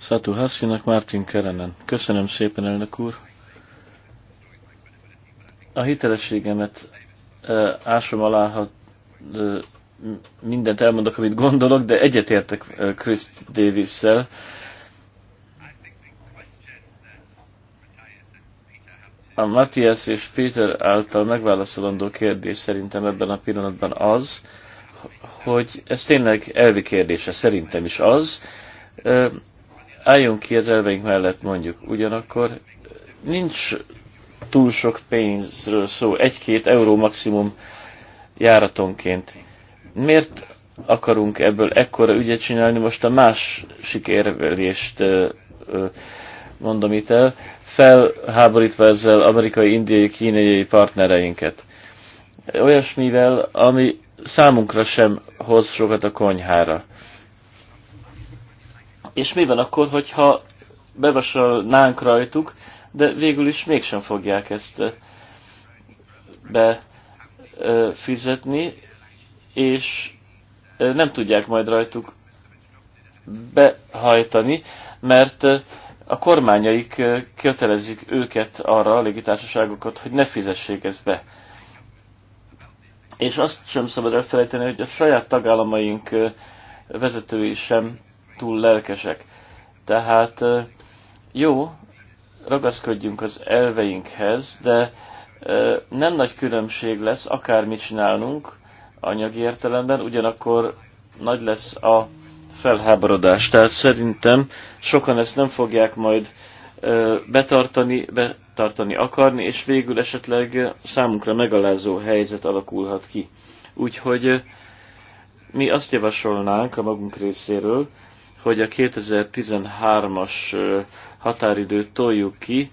S1: Szatú Hasszinak, Martin Kerenen. Köszönöm szépen, elnök úr. A hitelességemet ásom alá, ha mindent elmondok, amit gondolok, de egyetértek Chris Davis-szel A Matthias és Péter által megválaszolandó kérdés szerintem ebben a pillanatban az, hogy ez tényleg elvi kérdése, szerintem is az. Álljunk ki az elveink mellett mondjuk, ugyanakkor nincs túl sok pénzről szó, egy-két euró maximum járatonként. Miért akarunk ebből ekkora ügyet csinálni, most a más sikérvelést mondom itt el felháborítva ezzel amerikai, indiai, kínai partnereinket. Olyasmivel, ami számunkra sem hoz sokat a konyhára. És mi van akkor, hogyha bevasalnánk rajtuk, de végül is mégsem fogják ezt befizetni, és nem tudják majd rajtuk behajtani, mert a kormányaik kötelezik őket arra a légitársaságokat, hogy ne fizessék ezt be. És azt sem szabad elfelejteni, hogy a saját tagállamaink vezetői sem túl lelkesek. Tehát jó, ragaszkodjunk az elveinkhez, de nem nagy különbség lesz, akármit csinálunk anyagi értelemben, ugyanakkor nagy lesz a felháborodást. Tehát szerintem sokan ezt nem fogják majd betartani, betartani akarni, és végül esetleg számunkra megalázó helyzet alakulhat ki. Úgyhogy mi azt javasolnánk a magunk részéről, hogy a 2013-as határidőt toljuk ki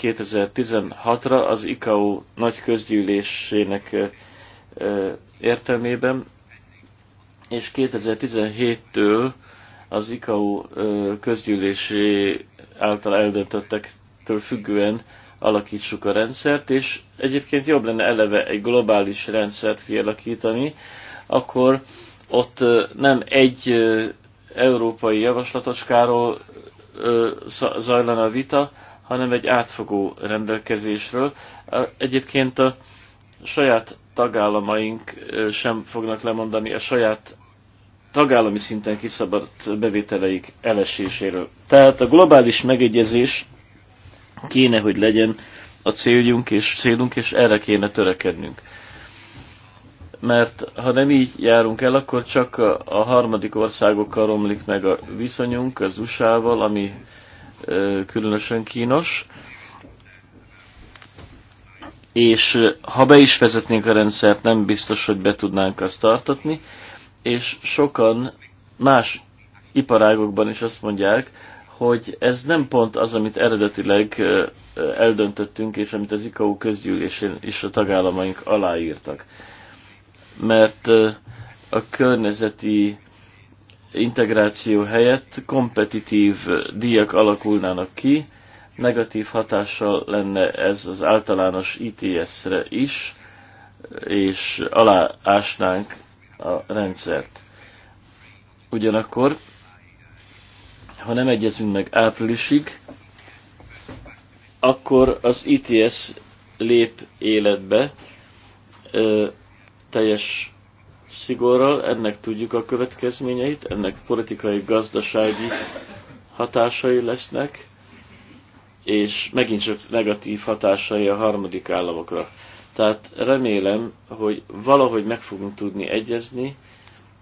S1: 2016-ra az ICAO nagy közgyűlésének értelmében, és 2017-től az ICAO közgyűlési által eldöntöttektől függően alakítsuk a rendszert, és egyébként jobb lenne eleve egy globális rendszert kialakítani, akkor ott nem egy európai javaslatocskáról zajlana a vita, hanem egy átfogó rendelkezésről. Egyébként a saját tagállamaink sem fognak lemondani a saját tagállami szinten kiszabadt bevételeik eleséséről. Tehát a globális megegyezés kéne, hogy legyen a céljunk és célunk, és erre kéne törekednünk. Mert ha nem így járunk el, akkor csak a harmadik országokkal romlik meg a viszonyunk, az USA-val, ami különösen kínos és ha be is vezetnénk a rendszert, nem biztos, hogy be tudnánk azt tartatni, és sokan más iparágokban is azt mondják, hogy ez nem pont az, amit eredetileg eldöntöttünk, és amit az ICAO közgyűlésén is a tagállamaink aláírtak. Mert a környezeti integráció helyett kompetitív díjak alakulnának ki, negatív hatással lenne ez az általános ITS-re is, és aláásnánk a rendszert. Ugyanakkor, ha nem egyezünk meg áprilisig, akkor az ITS lép életbe ö, teljes szigorral, ennek tudjuk a következményeit, ennek politikai, gazdasági hatásai lesznek, és megint csak negatív hatásai a harmadik államokra. Tehát remélem, hogy valahogy meg fogunk tudni egyezni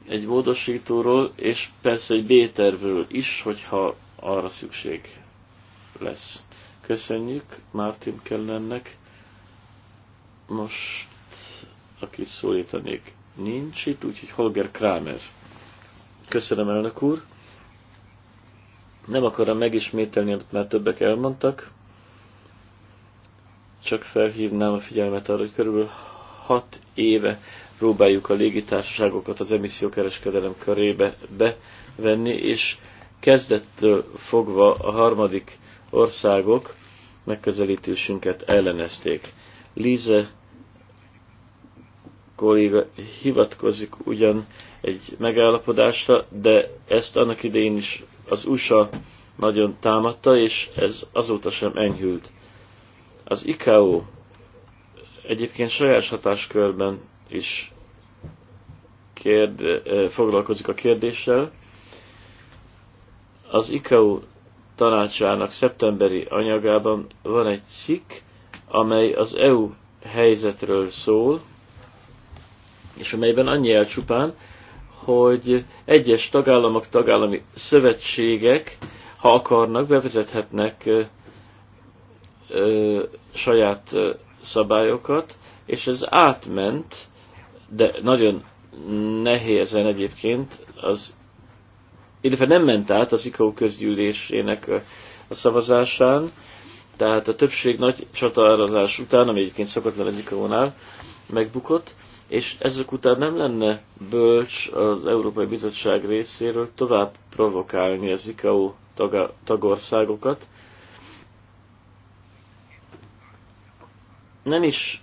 S1: egy módosítóról, és persze egy B-tervről is, hogyha arra szükség lesz. Köszönjük Mártin Kellennek. Most, aki szólítanék, nincs itt, úgyhogy Holger Kramer. Köszönöm, elnök úr. Nem akarom megismételni, amit már többek elmondtak, csak felhívnám a figyelmet arra, hogy körülbelül 6 éve próbáljuk a légitársaságokat az emissziókereskedelem körébe bevenni, és kezdettől fogva a harmadik országok megközelítésünket ellenezték. Líze kolléga hivatkozik ugyan egy megállapodásra, de ezt annak idején is az USA nagyon támadta, és ez azóta sem enyhült. Az ICAO egyébként saját hatáskörben is kérd, eh, foglalkozik a kérdéssel. Az ICAO tanácsának szeptemberi anyagában van egy cikk, amely az EU helyzetről szól, és amelyben annyi elcsupán, hogy egyes tagállamok, tagállami szövetségek, ha akarnak, bevezethetnek ö, ö, saját ö, szabályokat, és ez átment, de nagyon nehézen egyébként az, illetve nem ment át az ICAO közgyűlésének a szavazásán, tehát a többség nagy csatározás után, ami egyébként szokatlan az ICAO-nál, megbukott, és ezek után nem lenne bölcs az Európai Bizottság részéről tovább provokálni az ICAO tagországokat. Nem is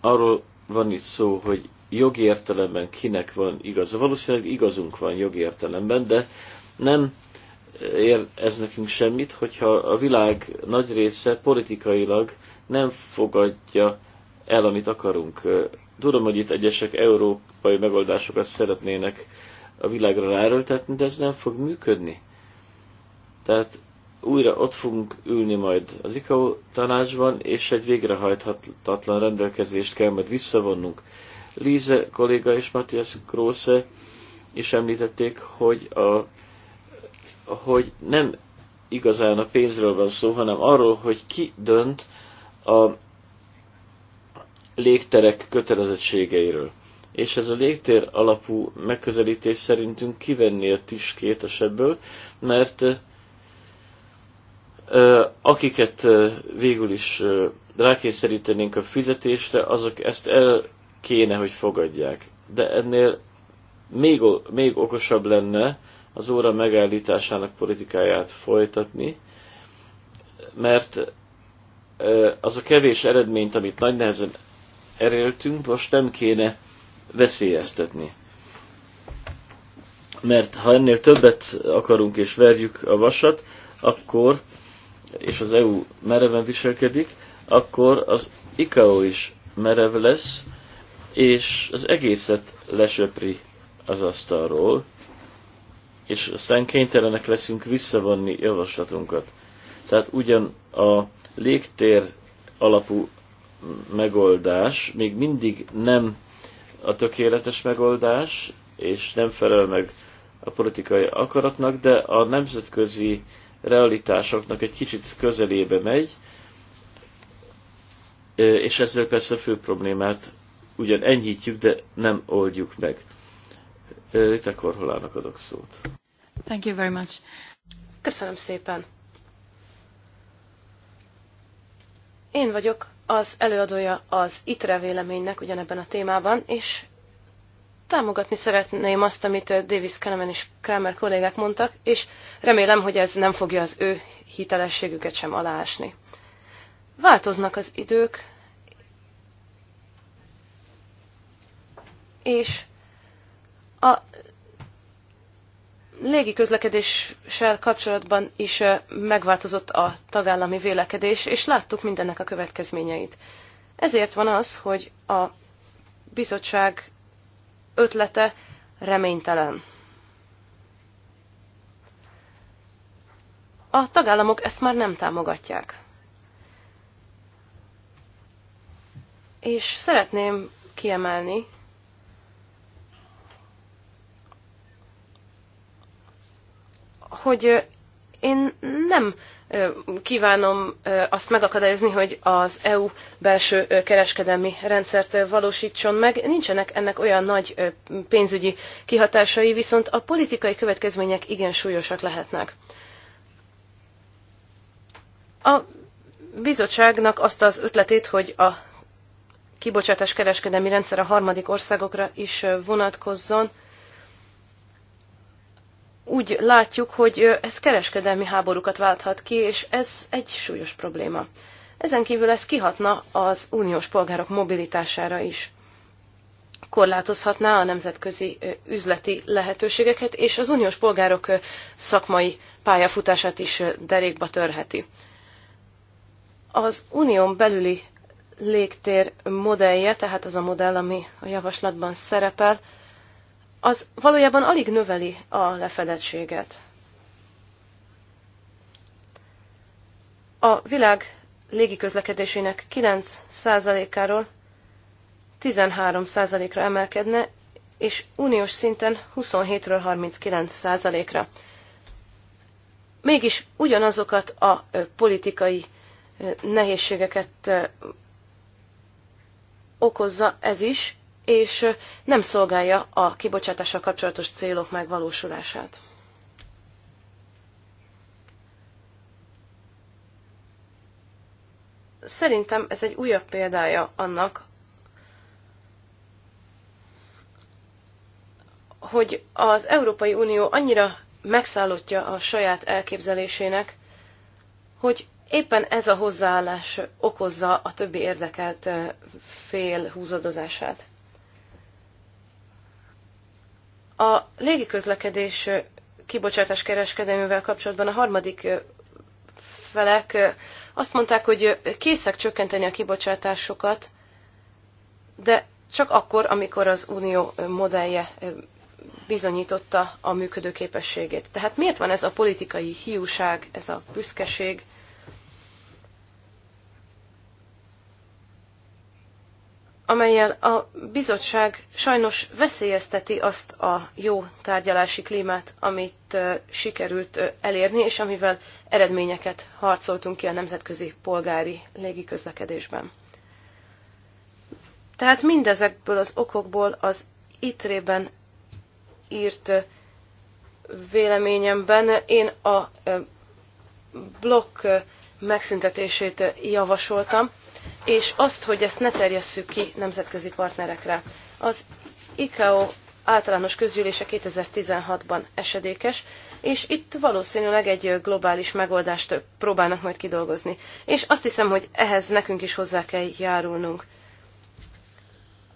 S1: arról van itt szó, hogy jogi értelemben kinek van igaza. Valószínűleg igazunk van jogi értelemben, de nem ér ez nekünk semmit, hogyha a világ nagy része politikailag nem fogadja el, amit akarunk. Tudom, hogy itt egyesek európai megoldásokat szeretnének a világra ráerőltetni, de ez nem fog működni. Tehát újra ott fogunk ülni majd az ICAO tanácsban, és egy végrehajthatatlan rendelkezést kell majd visszavonnunk. Líze kolléga és Matthias Grosse is említették, hogy, a, hogy nem igazán a pénzről van szó, hanem arról, hogy ki dönt a légterek kötelezettségeiről. És ez a légtér alapú megközelítés szerintünk kivenni a tiskét a sebből, mert akiket végül is rákényszerítenénk a fizetésre, azok ezt el kéne, hogy fogadják. De ennél még, még okosabb lenne az óra megállításának politikáját folytatni, mert az a kevés eredményt, amit nagy nehezen eréltünk, most nem kéne veszélyeztetni. Mert ha ennél többet akarunk és verjük a vasat, akkor, és az EU mereven viselkedik, akkor az ICAO is merev lesz, és az egészet lesöpri az asztalról, és aztán kénytelenek leszünk visszavonni javaslatunkat. Tehát ugyan a légtér alapú megoldás még mindig nem a tökéletes megoldás, és nem felel meg a politikai akaratnak, de a nemzetközi realitásoknak egy kicsit közelébe megy, és ezzel persze a fő problémát ugyan enyhítjük, de nem oldjuk meg. Rita Korholának adok szót.
S2: Thank you very much. Köszönöm szépen. Én vagyok az előadója az ITRE véleménynek ugyanebben a témában, és támogatni szeretném azt, amit Davis Kahneman és Kramer kollégák mondtak, és remélem, hogy ez nem fogja az ő hitelességüket sem aláásni. Változnak az idők, és a légi közlekedéssel kapcsolatban is megváltozott a tagállami vélekedés, és láttuk mindennek a következményeit. Ezért van az, hogy a bizottság ötlete reménytelen. A tagállamok ezt már nem támogatják. És szeretném kiemelni, hogy én nem kívánom azt megakadályozni, hogy az EU belső kereskedelmi rendszert valósítson meg. Nincsenek ennek olyan nagy pénzügyi kihatásai, viszont a politikai következmények igen súlyosak lehetnek. A bizottságnak azt az ötletét, hogy a kibocsátás kereskedelmi rendszer a harmadik országokra is vonatkozzon, úgy látjuk, hogy ez kereskedelmi háborúkat válthat ki, és ez egy súlyos probléma. Ezen kívül ez kihatna az uniós polgárok mobilitására is. Korlátozhatná a nemzetközi üzleti lehetőségeket, és az uniós polgárok szakmai pályafutását is derékba törheti. Az unión belüli légtér modellje, tehát az a modell, ami a javaslatban szerepel, az valójában alig növeli a lefedettséget. A világ légiközlekedésének 9%-áról 13%-ra emelkedne, és uniós szinten 27-ről 39%-ra. Mégis ugyanazokat a politikai nehézségeket okozza ez is, és nem szolgálja a kibocsátással kapcsolatos célok megvalósulását. Szerintem ez egy újabb példája annak, hogy az Európai Unió annyira megszállottja a saját elképzelésének, hogy éppen ez a hozzáállás okozza a többi érdekelt fél húzadozását. A légiközlekedés kibocsátás kereskedelmével kapcsolatban a harmadik felek azt mondták, hogy készek csökkenteni a kibocsátásokat, de csak akkor, amikor az unió modellje bizonyította a működőképességét. Tehát miért van ez a politikai hiúság, ez a büszkeség? amelyen a bizottság sajnos veszélyezteti azt a jó tárgyalási klímát, amit sikerült elérni, és amivel eredményeket harcoltunk ki a nemzetközi polgári légiközlekedésben. Tehát mindezekből az okokból az itrében írt véleményemben én a blokk megszüntetését javasoltam, és azt, hogy ezt ne terjesszük ki nemzetközi partnerekre. Az ICAO általános közgyűlése 2016-ban esedékes, és itt valószínűleg egy globális megoldást próbálnak majd kidolgozni. És azt hiszem, hogy ehhez nekünk is hozzá kell járulnunk.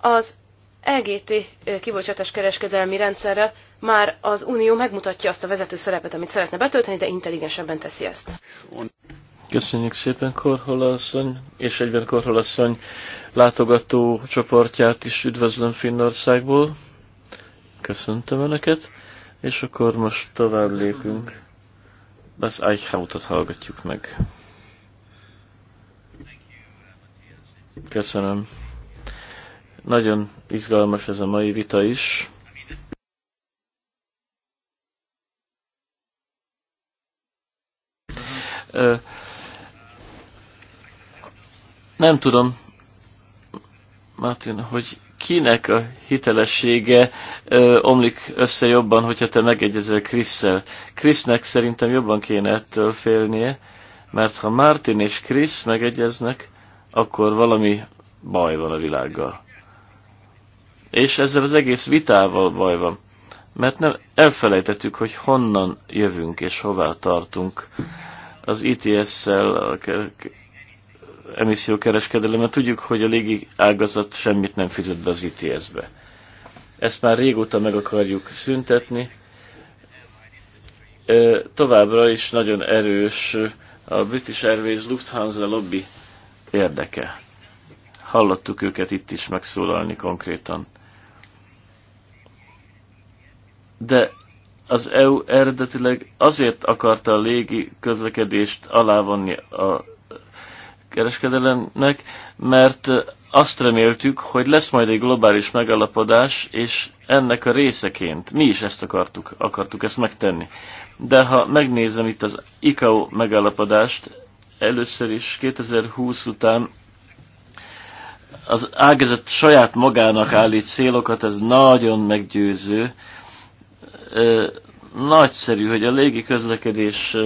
S2: Az EGT kibocsátás kereskedelmi rendszerrel már az Unió megmutatja azt a vezető szerepet, amit szeretne betölteni, de intelligensebben teszi ezt.
S1: Köszönjük szépen Korholasszony, és egyben Korholasszony látogató csoportját is üdvözlöm Finnországból. Köszöntöm Önöket, és akkor most tovább lépünk. Az Eichhautot hallgatjuk meg. Köszönöm. Nagyon izgalmas ez a mai vita is. Uh, nem tudom, Martin, hogy kinek a hitelessége ö, omlik össze jobban, hogyha te megegyezel Krisszel. Krisznek szerintem jobban kéne ettől félnie, mert ha Martin és Krisz megegyeznek, akkor valami baj van a világgal. És ezzel az egész vitával baj van, mert nem elfelejtettük, hogy honnan jövünk és hová tartunk. Az ITS-szel, mert tudjuk, hogy a légi ágazat semmit nem fizet be az ITS-be. Ezt már régóta meg akarjuk szüntetni. Továbbra is nagyon erős a British Airways Lufthansa lobby érdeke. Hallottuk őket itt is megszólalni konkrétan. De az EU eredetileg azért akarta a légi közlekedést alávonni a kereskedelemnek, mert azt reméltük, hogy lesz majd egy globális megalapodás, és ennek a részeként mi is ezt akartuk, akartuk ezt megtenni. De ha megnézem itt az ICAO megállapodást, először is 2020 után az ágazat saját magának állít célokat, ez nagyon meggyőző. Nagyszerű, hogy a légi közlekedés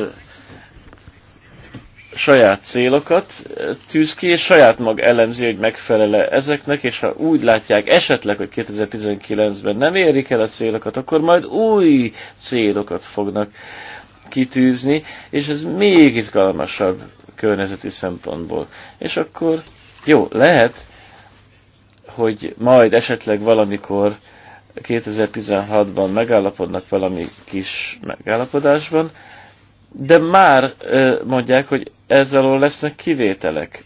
S1: saját célokat eh, tűz ki, és saját mag elemzi, hogy megfelele ezeknek, és ha úgy látják esetleg, hogy 2019-ben nem érik el a célokat, akkor majd új célokat fognak kitűzni, és ez még izgalmasabb környezeti szempontból. És akkor jó, lehet, hogy majd esetleg valamikor 2016-ban megállapodnak valami kis megállapodásban, de már mondják, hogy ezzel lesznek kivételek.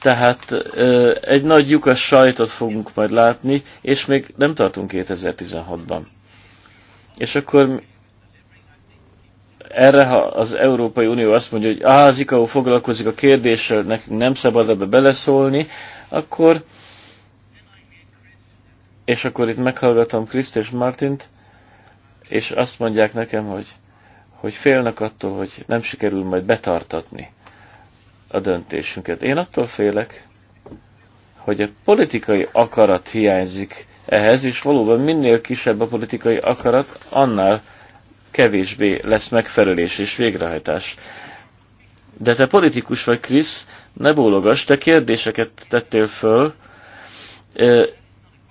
S1: Tehát egy nagy lyukas sajtot fogunk majd látni, és még nem tartunk 2016-ban. És akkor erre, ha az Európai Unió azt mondja, hogy ah, az ICAO foglalkozik a kérdéssel, nekünk nem szabad ebbe beleszólni, akkor, és akkor itt meghallgatom Kriszt és Martint, és azt mondják nekem, hogy, hogy félnek attól, hogy nem sikerül majd betartatni a döntésünket. Én attól félek, hogy a politikai akarat hiányzik ehhez, és valóban minél kisebb a politikai akarat, annál kevésbé lesz megfelelés és végrehajtás. De te politikus vagy, Krisz, ne bólogass, te kérdéseket tettél föl,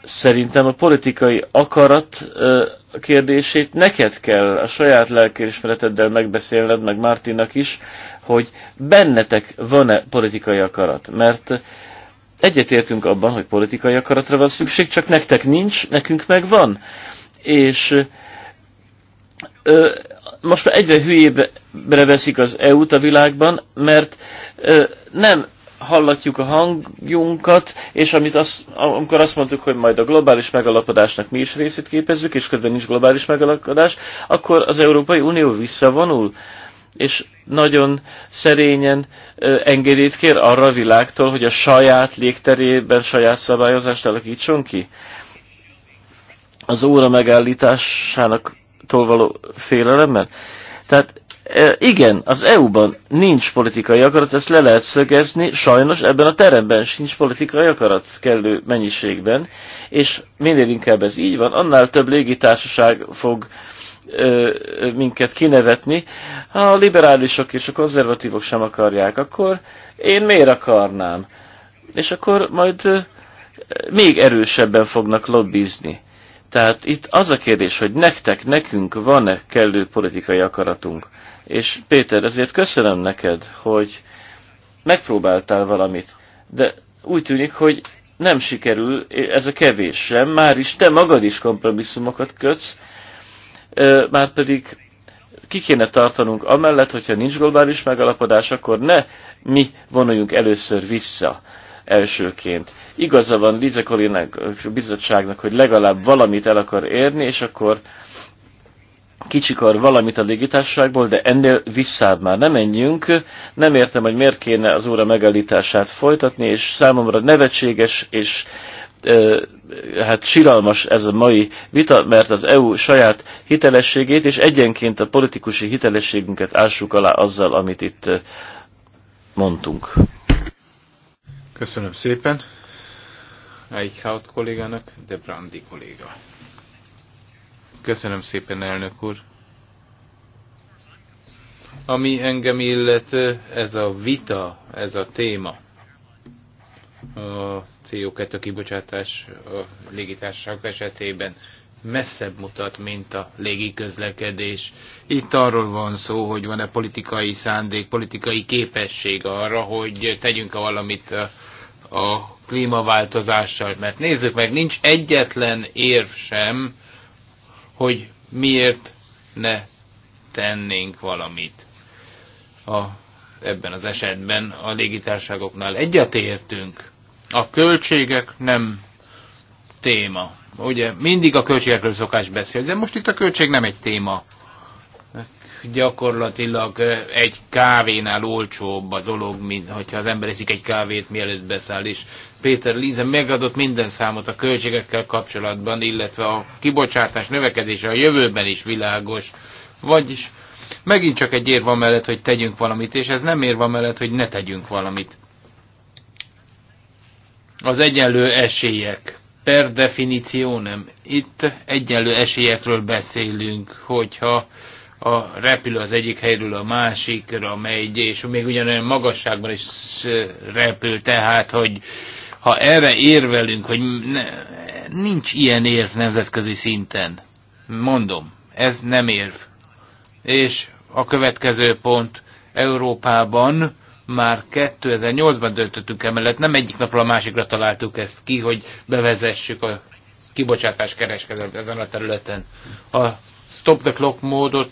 S1: szerintem a politikai akarat kérdését neked kell a saját lelkérismereteddel megbeszélned, meg Mártinak is, hogy bennetek van-e politikai akarat. Mert egyetértünk abban, hogy politikai akaratra van szükség, csak nektek nincs, nekünk meg van. És ö, most már egyre hülyébbre veszik az EU-t a világban, mert ö, nem hallatjuk a hangjunkat, és amit az, amikor azt mondtuk, hogy majd a globális megalapodásnak mi is részét képezzük, és közben nincs globális megalapodás, akkor az Európai Unió visszavonul, és nagyon szerényen engedélyt kér arra a világtól, hogy a saját légterében saját szabályozást alakítson ki. Az óra megállításának tól való félelemmel. Tehát igen, az EU-ban nincs politikai akarat, ezt le lehet szögezni, sajnos ebben a teremben sincs politikai akarat kellő mennyiségben, és minél inkább ez így van, annál több légitársaság fog ö, minket kinevetni. Ha a liberálisok és a konzervatívok sem akarják, akkor én miért akarnám? És akkor majd ö, még erősebben fognak lobbizni. Tehát itt az a kérdés, hogy nektek, nekünk van-e kellő politikai akaratunk. És Péter, ezért köszönöm neked, hogy megpróbáltál valamit, de úgy tűnik, hogy nem sikerül, ez a kevés sem, már is te magad is kompromisszumokat kötsz, már pedig ki kéne tartanunk amellett, hogyha nincs globális megalapodás, akkor ne mi vonuljunk először vissza elsőként. Igaza van Lize Kolinek, a bizottságnak, hogy legalább valamit el akar érni, és akkor kicsikar valamit a légitársaságból, de ennél visszább már nem menjünk. Nem értem, hogy miért kéne az óra megállítását folytatni, és számomra nevetséges és hát siralmas ez a mai vita, mert az EU saját hitelességét és egyenként a politikusi hitelességünket ássuk alá azzal, amit itt mondtunk. Köszönöm szépen.
S3: Eichhaut kollégának, de Brandi kolléga. Köszönöm szépen, elnök úr. Ami engem illet, ez a vita, ez a téma. A CO2 kibocsátás a légitársaság esetében messzebb mutat, mint a légiközlekedés. Itt arról van szó, hogy van-e politikai szándék, politikai képesség arra, hogy tegyünk -e valamit a, a klímaváltozással. Mert nézzük meg, nincs egyetlen érv sem, hogy miért ne tennénk valamit. A, ebben az esetben a légitárságoknál egyetértünk. A költségek nem téma. Ugye mindig a költségekről szokás beszélni, de most itt a költség nem egy téma gyakorlatilag egy kávénál olcsóbb a dolog, mint hogyha az ember eszik egy kávét, mielőtt beszáll is. Péter Linze megadott minden számot a költségekkel kapcsolatban, illetve a kibocsátás növekedése a jövőben is világos. Vagyis megint csak egy érva mellett, hogy tegyünk valamit, és ez nem érva mellett, hogy ne tegyünk valamit. Az egyenlő esélyek per definíció nem. Itt egyenlő esélyekről beszélünk, hogyha a repül az egyik helyről a másikra megy, és még ugyanolyan magasságban is repül, tehát, hogy ha erre érvelünk, hogy ne, nincs ilyen érv nemzetközi szinten, mondom, ez nem érv. És a következő pont, Európában már 2008-ban döntöttünk emellett, nem egyik napra a másikra találtuk ezt ki, hogy bevezessük a kibocsátás kereskedelmet ezen a területen. A stop the clock módot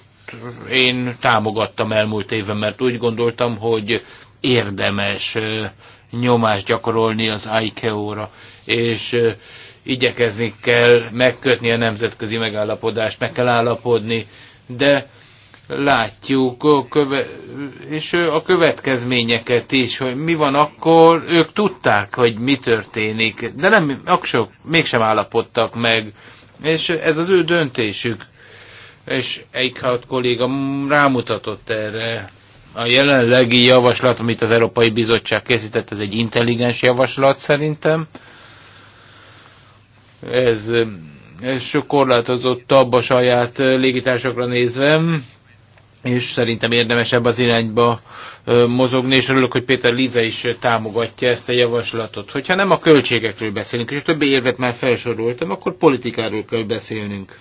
S3: én támogattam elmúlt éve, mert úgy gondoltam, hogy érdemes nyomást gyakorolni az ICAO-ra, és igyekezni kell megkötni a nemzetközi megállapodást, meg kell állapodni, de látjuk köve, és a következményeket is, hogy mi van akkor, ők tudták, hogy mi történik, de nem, aksok, mégsem állapodtak meg, és ez az ő döntésük és Eichhout kolléga rámutatott erre. A jelenlegi javaslat, amit az Európai Bizottság készített, ez egy intelligens javaslat szerintem. Ez, ez sok korlátozottabb a saját légitársakra nézve, és szerintem érdemesebb az irányba mozogni, és örülök, hogy Péter Liza is támogatja ezt a javaslatot. Hogyha nem a költségekről beszélünk, és a többi érvet már felsoroltam, akkor politikáról kell beszélnünk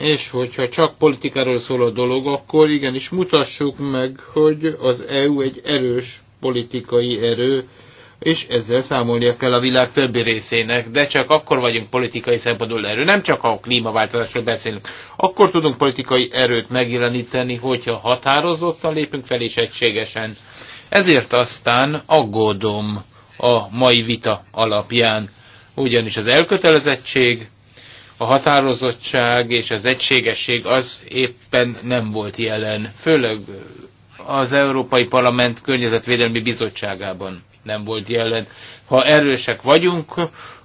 S3: és hogyha csak politikáról szól a dolog, akkor igenis mutassuk meg, hogy az EU egy erős politikai erő, és ezzel számolnia kell a világ többi részének, de csak akkor vagyunk politikai szempontból erő, nem csak a klímaváltozásról beszélünk, akkor tudunk politikai erőt megjeleníteni, hogyha határozottan lépünk fel és egységesen. Ezért aztán aggódom a mai vita alapján, ugyanis az elkötelezettség a határozottság és az egységesség az éppen nem volt jelen, főleg az Európai Parlament Környezetvédelmi Bizottságában nem volt jelen. Ha erősek vagyunk,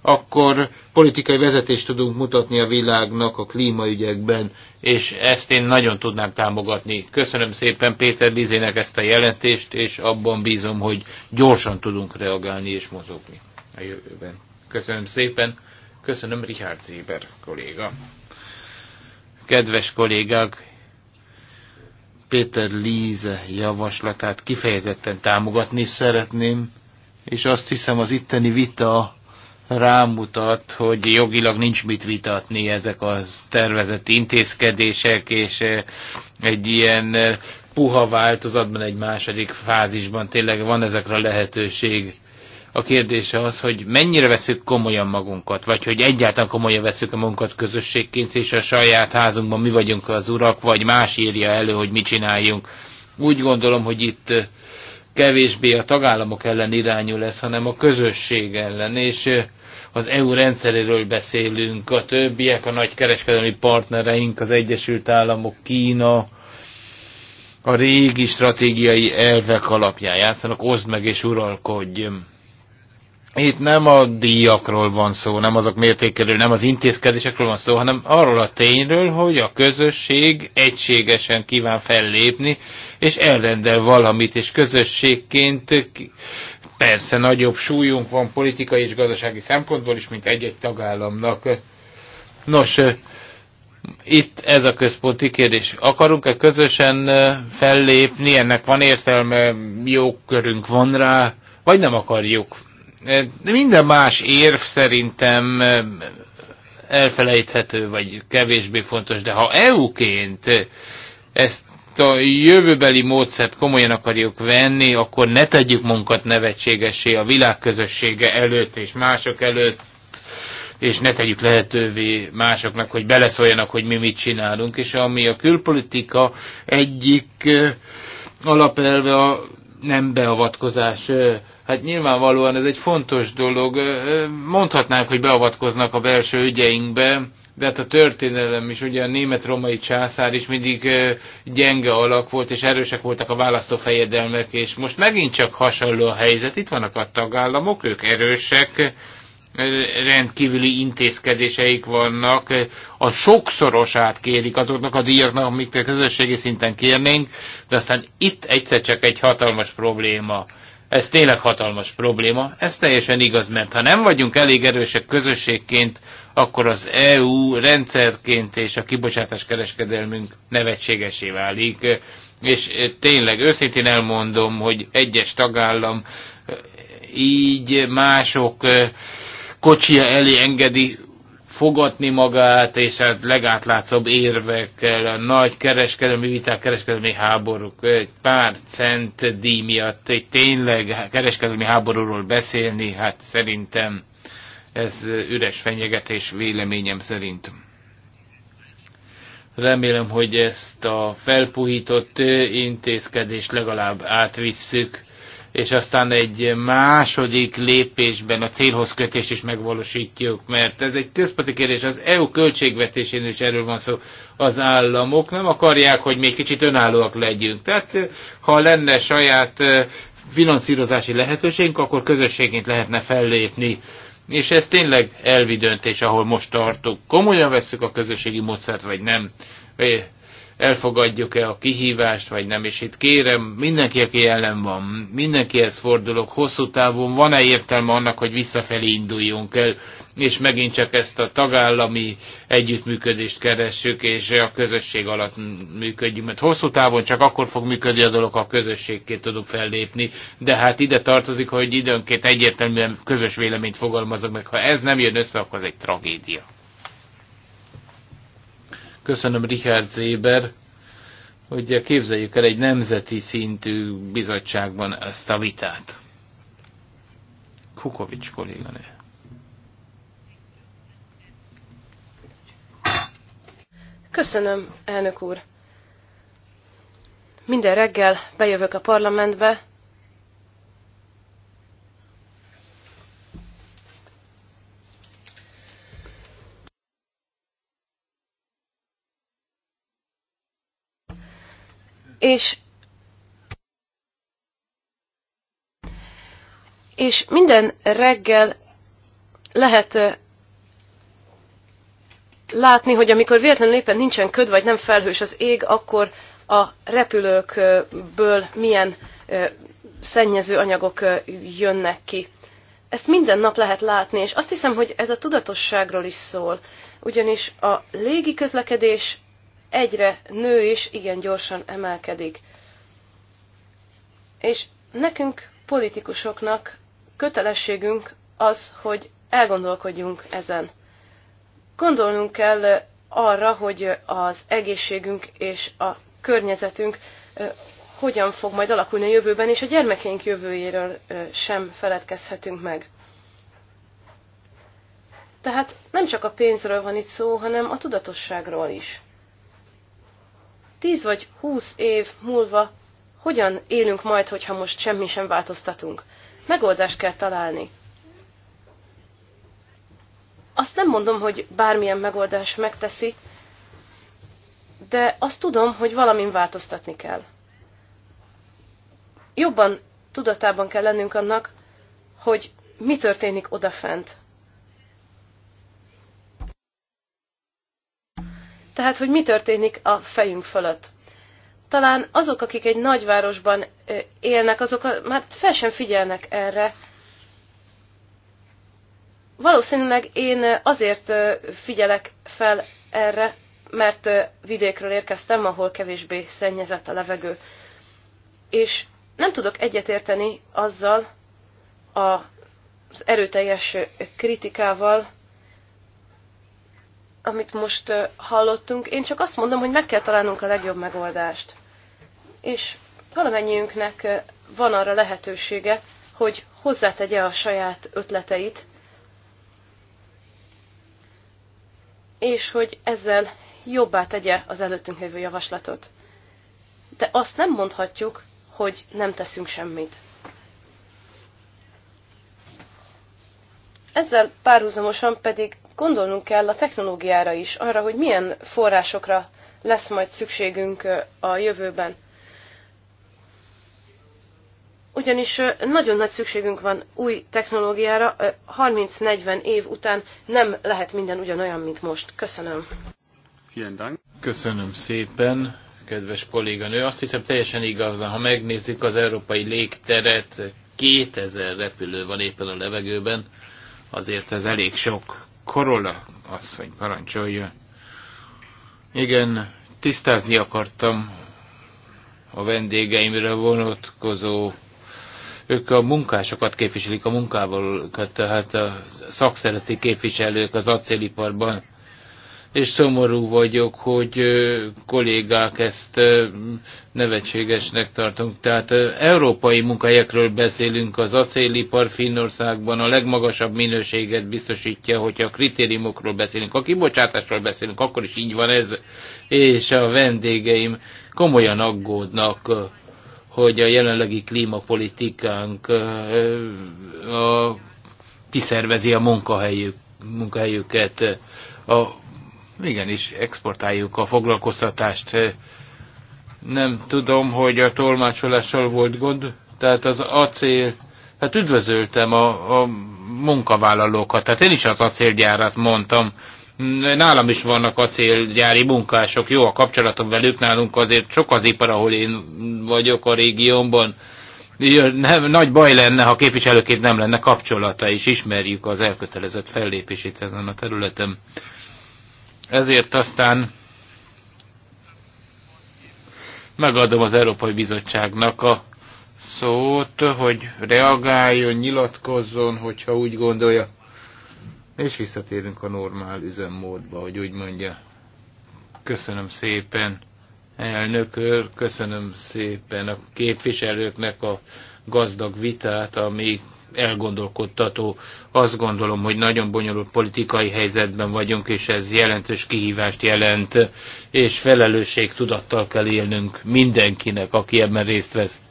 S3: akkor politikai vezetést tudunk mutatni a világnak a klímaügyekben, és ezt én nagyon tudnám támogatni. Köszönöm szépen Péter Bizének ezt a jelentést, és abban bízom, hogy gyorsan tudunk reagálni és mozogni a jövőben. Köszönöm szépen! Köszönöm, Richard Zéber kolléga. Kedves kollégák, Péter Líze javaslatát kifejezetten támogatni szeretném, és azt hiszem az itteni vita rámutat, hogy jogilag nincs mit vitatni ezek a tervezett intézkedések, és eh, egy ilyen eh, puha változatban, egy második fázisban tényleg van ezekre lehetőség. A kérdése az, hogy mennyire veszük komolyan magunkat, vagy hogy egyáltalán komolyan veszük a magunkat közösségként, és a saját házunkban mi vagyunk az urak, vagy más írja elő, hogy mit csináljunk. Úgy gondolom, hogy itt eh, kevésbé a tagállamok ellen irányul lesz, hanem a közösség ellen, és eh, az EU rendszeréről beszélünk, a többiek, a nagy kereskedelmi partnereink, az Egyesült Államok, Kína, a régi stratégiai elvek alapján játszanak, oszd meg és uralkodj itt nem a díjakról van szó, nem azok mértékéről, nem az intézkedésekről van szó, hanem arról a tényről, hogy a közösség egységesen kíván fellépni, és elrendel valamit, és közösségként persze nagyobb súlyunk van politikai és gazdasági szempontból is, mint egy-egy tagállamnak. Nos, itt ez a központi kérdés. Akarunk-e közösen fellépni, ennek van értelme, körünk van rá, vagy nem akarjuk? De minden más érv szerintem eh, elfelejthető, vagy kevésbé fontos, de ha EU-ként ezt a jövőbeli módszert komolyan akarjuk venni, akkor ne tegyük munkat nevetségesé a világközössége előtt és mások előtt, és ne tegyük lehetővé másoknak, hogy beleszóljanak, hogy mi mit csinálunk. És ami a külpolitika egyik eh, alapelve a nem beavatkozás eh, Hát nyilvánvalóan ez egy fontos dolog. Mondhatnánk, hogy beavatkoznak a belső ügyeinkbe, de hát a történelem is, ugye a német-romai császár is mindig gyenge alak volt, és erősek voltak a választófejedelmek, és most megint csak hasonló a helyzet. Itt vannak a tagállamok, ők erősek, rendkívüli intézkedéseik vannak, a sokszorosát kérik azoknak a díjaknak, amiket közösségi szinten kérnénk, de aztán itt egyszer csak egy hatalmas probléma ez tényleg hatalmas probléma, ez teljesen igaz, mert ha nem vagyunk elég erősek közösségként, akkor az EU rendszerként és a kibocsátás kereskedelmünk nevetségesé válik. És tényleg őszintén elmondom, hogy egyes tagállam eh, így mások eh, kocsia elé engedi fogadni magát, és hát legátlátszóbb érvekkel, a nagy kereskedelmi viták, kereskedelmi háborúk, egy pár cent díj miatt, egy tényleg kereskedelmi háborúról beszélni, hát szerintem ez üres fenyegetés véleményem szerint. Remélem, hogy ezt a felpuhított intézkedést legalább átvisszük és aztán egy második lépésben a célhoz kötést is megvalósítjuk, mert ez egy központi kérdés, az EU költségvetésén is erről van szó, az államok nem akarják, hogy még kicsit önállóak legyünk. Tehát ha lenne saját finanszírozási lehetőségünk, akkor közösségként lehetne fellépni. És ez tényleg elvi döntés, ahol most tartunk. Komolyan vesszük a közösségi módszert, vagy nem elfogadjuk-e a kihívást, vagy nem, és itt kérem, mindenki, aki ellen van, mindenkihez fordulok, hosszú távon van-e értelme annak, hogy visszafelé induljunk el, és megint csak ezt a tagállami együttműködést keressük, és a közösség alatt működjünk, mert hosszú távon csak akkor fog működni a dolog, ha a közösségként tudunk fellépni, de hát ide tartozik, hogy időnként egyértelműen közös véleményt fogalmazok meg, ha ez nem jön össze, akkor az egy tragédia. Köszönöm Richard Zéber, hogy képzeljük el egy nemzeti szintű bizottságban ezt a vitát. Kukovics kolléganő.
S2: Köszönöm, elnök úr. Minden reggel bejövök a parlamentbe, És és minden reggel lehet látni, hogy amikor véletlenül éppen nincsen köd, vagy nem felhős az ég, akkor a repülőkből milyen szennyező anyagok jönnek ki. Ezt minden nap lehet látni, és azt hiszem, hogy ez a tudatosságról is szól. Ugyanis a légi közlekedés egyre nő és igen gyorsan emelkedik. És nekünk, politikusoknak kötelességünk az, hogy elgondolkodjunk ezen. Gondolnunk kell arra, hogy az egészségünk és a környezetünk hogyan fog majd alakulni a jövőben, és a gyermekeink jövőjéről sem feledkezhetünk meg. Tehát nem csak a pénzről van itt szó, hanem a tudatosságról is. Tíz vagy húsz év múlva hogyan élünk majd, hogyha most semmi sem változtatunk. Megoldást kell találni. Azt nem mondom, hogy bármilyen megoldás megteszi, de azt tudom, hogy valamin változtatni kell. Jobban tudatában kell lennünk annak, hogy mi történik odafent. Tehát, hogy mi történik a fejünk fölött. Talán azok, akik egy nagyvárosban élnek, azok már fel sem figyelnek erre. Valószínűleg én azért figyelek fel erre, mert vidékről érkeztem, ahol kevésbé szennyezett a levegő. És nem tudok egyetérteni azzal az erőteljes kritikával, amit most hallottunk, én csak azt mondom, hogy meg kell találnunk a legjobb megoldást. És valamennyiünknek van arra lehetősége, hogy hozzátegye a saját ötleteit, és hogy ezzel jobbá tegye az előttünk lévő javaslatot. De azt nem mondhatjuk, hogy nem teszünk semmit. Ezzel párhuzamosan pedig gondolnunk kell a technológiára is, arra, hogy milyen forrásokra lesz majd szükségünk a jövőben. Ugyanis nagyon nagy szükségünk van új technológiára, 30-40 év után nem lehet minden ugyanolyan, mint most. Köszönöm.
S3: Köszönöm szépen, kedves kolléganő. Azt hiszem teljesen igaz, ha megnézzük az európai légteret, 2000 repülő van éppen a levegőben, azért ez elég sok. Korola asszony parancsolja. Igen, tisztázni akartam a vendégeimre vonatkozó ők a munkásokat képviselik, a munkával, tehát a szakszereti képviselők az acéliparban és szomorú vagyok, hogy kollégák ezt nevetségesnek tartunk. Tehát európai munkahelyekről beszélünk, az acélipar Finnországban a legmagasabb minőséget biztosítja, hogyha a kritériumokról beszélünk, a kibocsátásról beszélünk, akkor is így van ez, és a vendégeim komolyan aggódnak, hogy a jelenlegi klímapolitikánk a, kiszervezi a munkahelyük, munkahelyüket. A Igenis, exportáljuk a foglalkoztatást. Nem tudom, hogy a tolmácsolással volt gond, tehát az acél, hát üdvözöltem a, a munkavállalókat, tehát én is az acélgyárat mondtam, nálam is vannak acélgyári munkások, jó a kapcsolatom velük, nálunk azért sok az ipar, ahol én vagyok a régiónban. Nem, nagy baj lenne, ha képviselőként nem lenne kapcsolata, és ismerjük az elkötelezett fellépését ezen a területen. Ezért aztán megadom az Európai Bizottságnak a szót, hogy reagáljon, nyilatkozzon, hogyha úgy gondolja. És visszatérünk a normál üzemmódba, hogy úgy mondja. Köszönöm szépen, elnök úr, köszönöm szépen a képviselőknek a gazdag vitát, ami elgondolkodtató. Azt gondolom, hogy nagyon bonyolult politikai helyzetben vagyunk, és ez jelentős kihívást jelent, és felelősségtudattal kell élnünk mindenkinek, aki ebben részt vesz.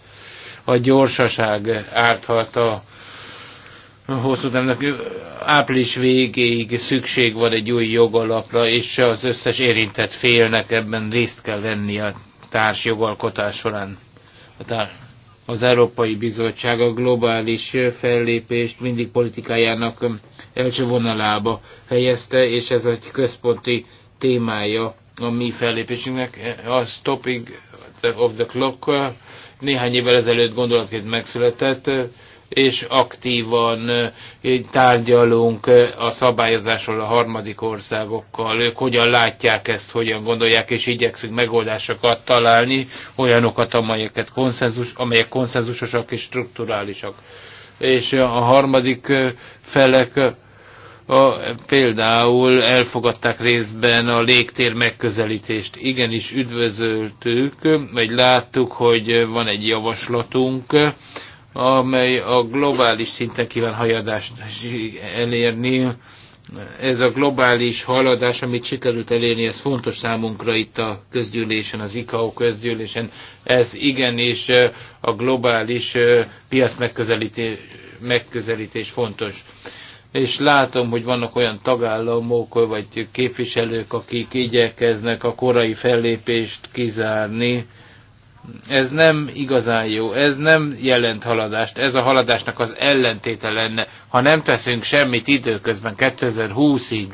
S3: A gyorsaság árthat a hosszú támnak április végéig szükség van egy új jogalapra, és az összes érintett félnek ebben részt kell venni a társ jogalkotás során. A társ az Európai Bizottság a globális fellépést mindig politikájának első vonalába helyezte, és ez egy központi témája a mi fellépésünknek. A Stopping of the Clock néhány évvel ezelőtt gondolatként megszületett, és aktívan tárgyalunk a szabályozásról a harmadik országokkal. Ők hogyan látják ezt, hogyan gondolják, és igyekszünk megoldásokat találni, olyanokat, amelyeket konszenzus, amelyek konszenzusosak és strukturálisak. És a harmadik felek a, például elfogadták részben a légtér megközelítést. Igenis üdvözöltük, vagy láttuk, hogy van egy javaslatunk amely a globális szinten kíván hajadást elérni. Ez a globális haladás, amit sikerült elérni, ez fontos számunkra itt a közgyűlésen, az ICAO közgyűlésen. Ez igenis a globális piac megközelítés, megközelítés fontos és látom, hogy vannak olyan tagállamok vagy képviselők, akik igyekeznek a korai fellépést kizárni, ez nem igazán jó, ez nem jelent haladást, ez a haladásnak az ellentéte lenne. Ha nem teszünk semmit időközben 2020-ig,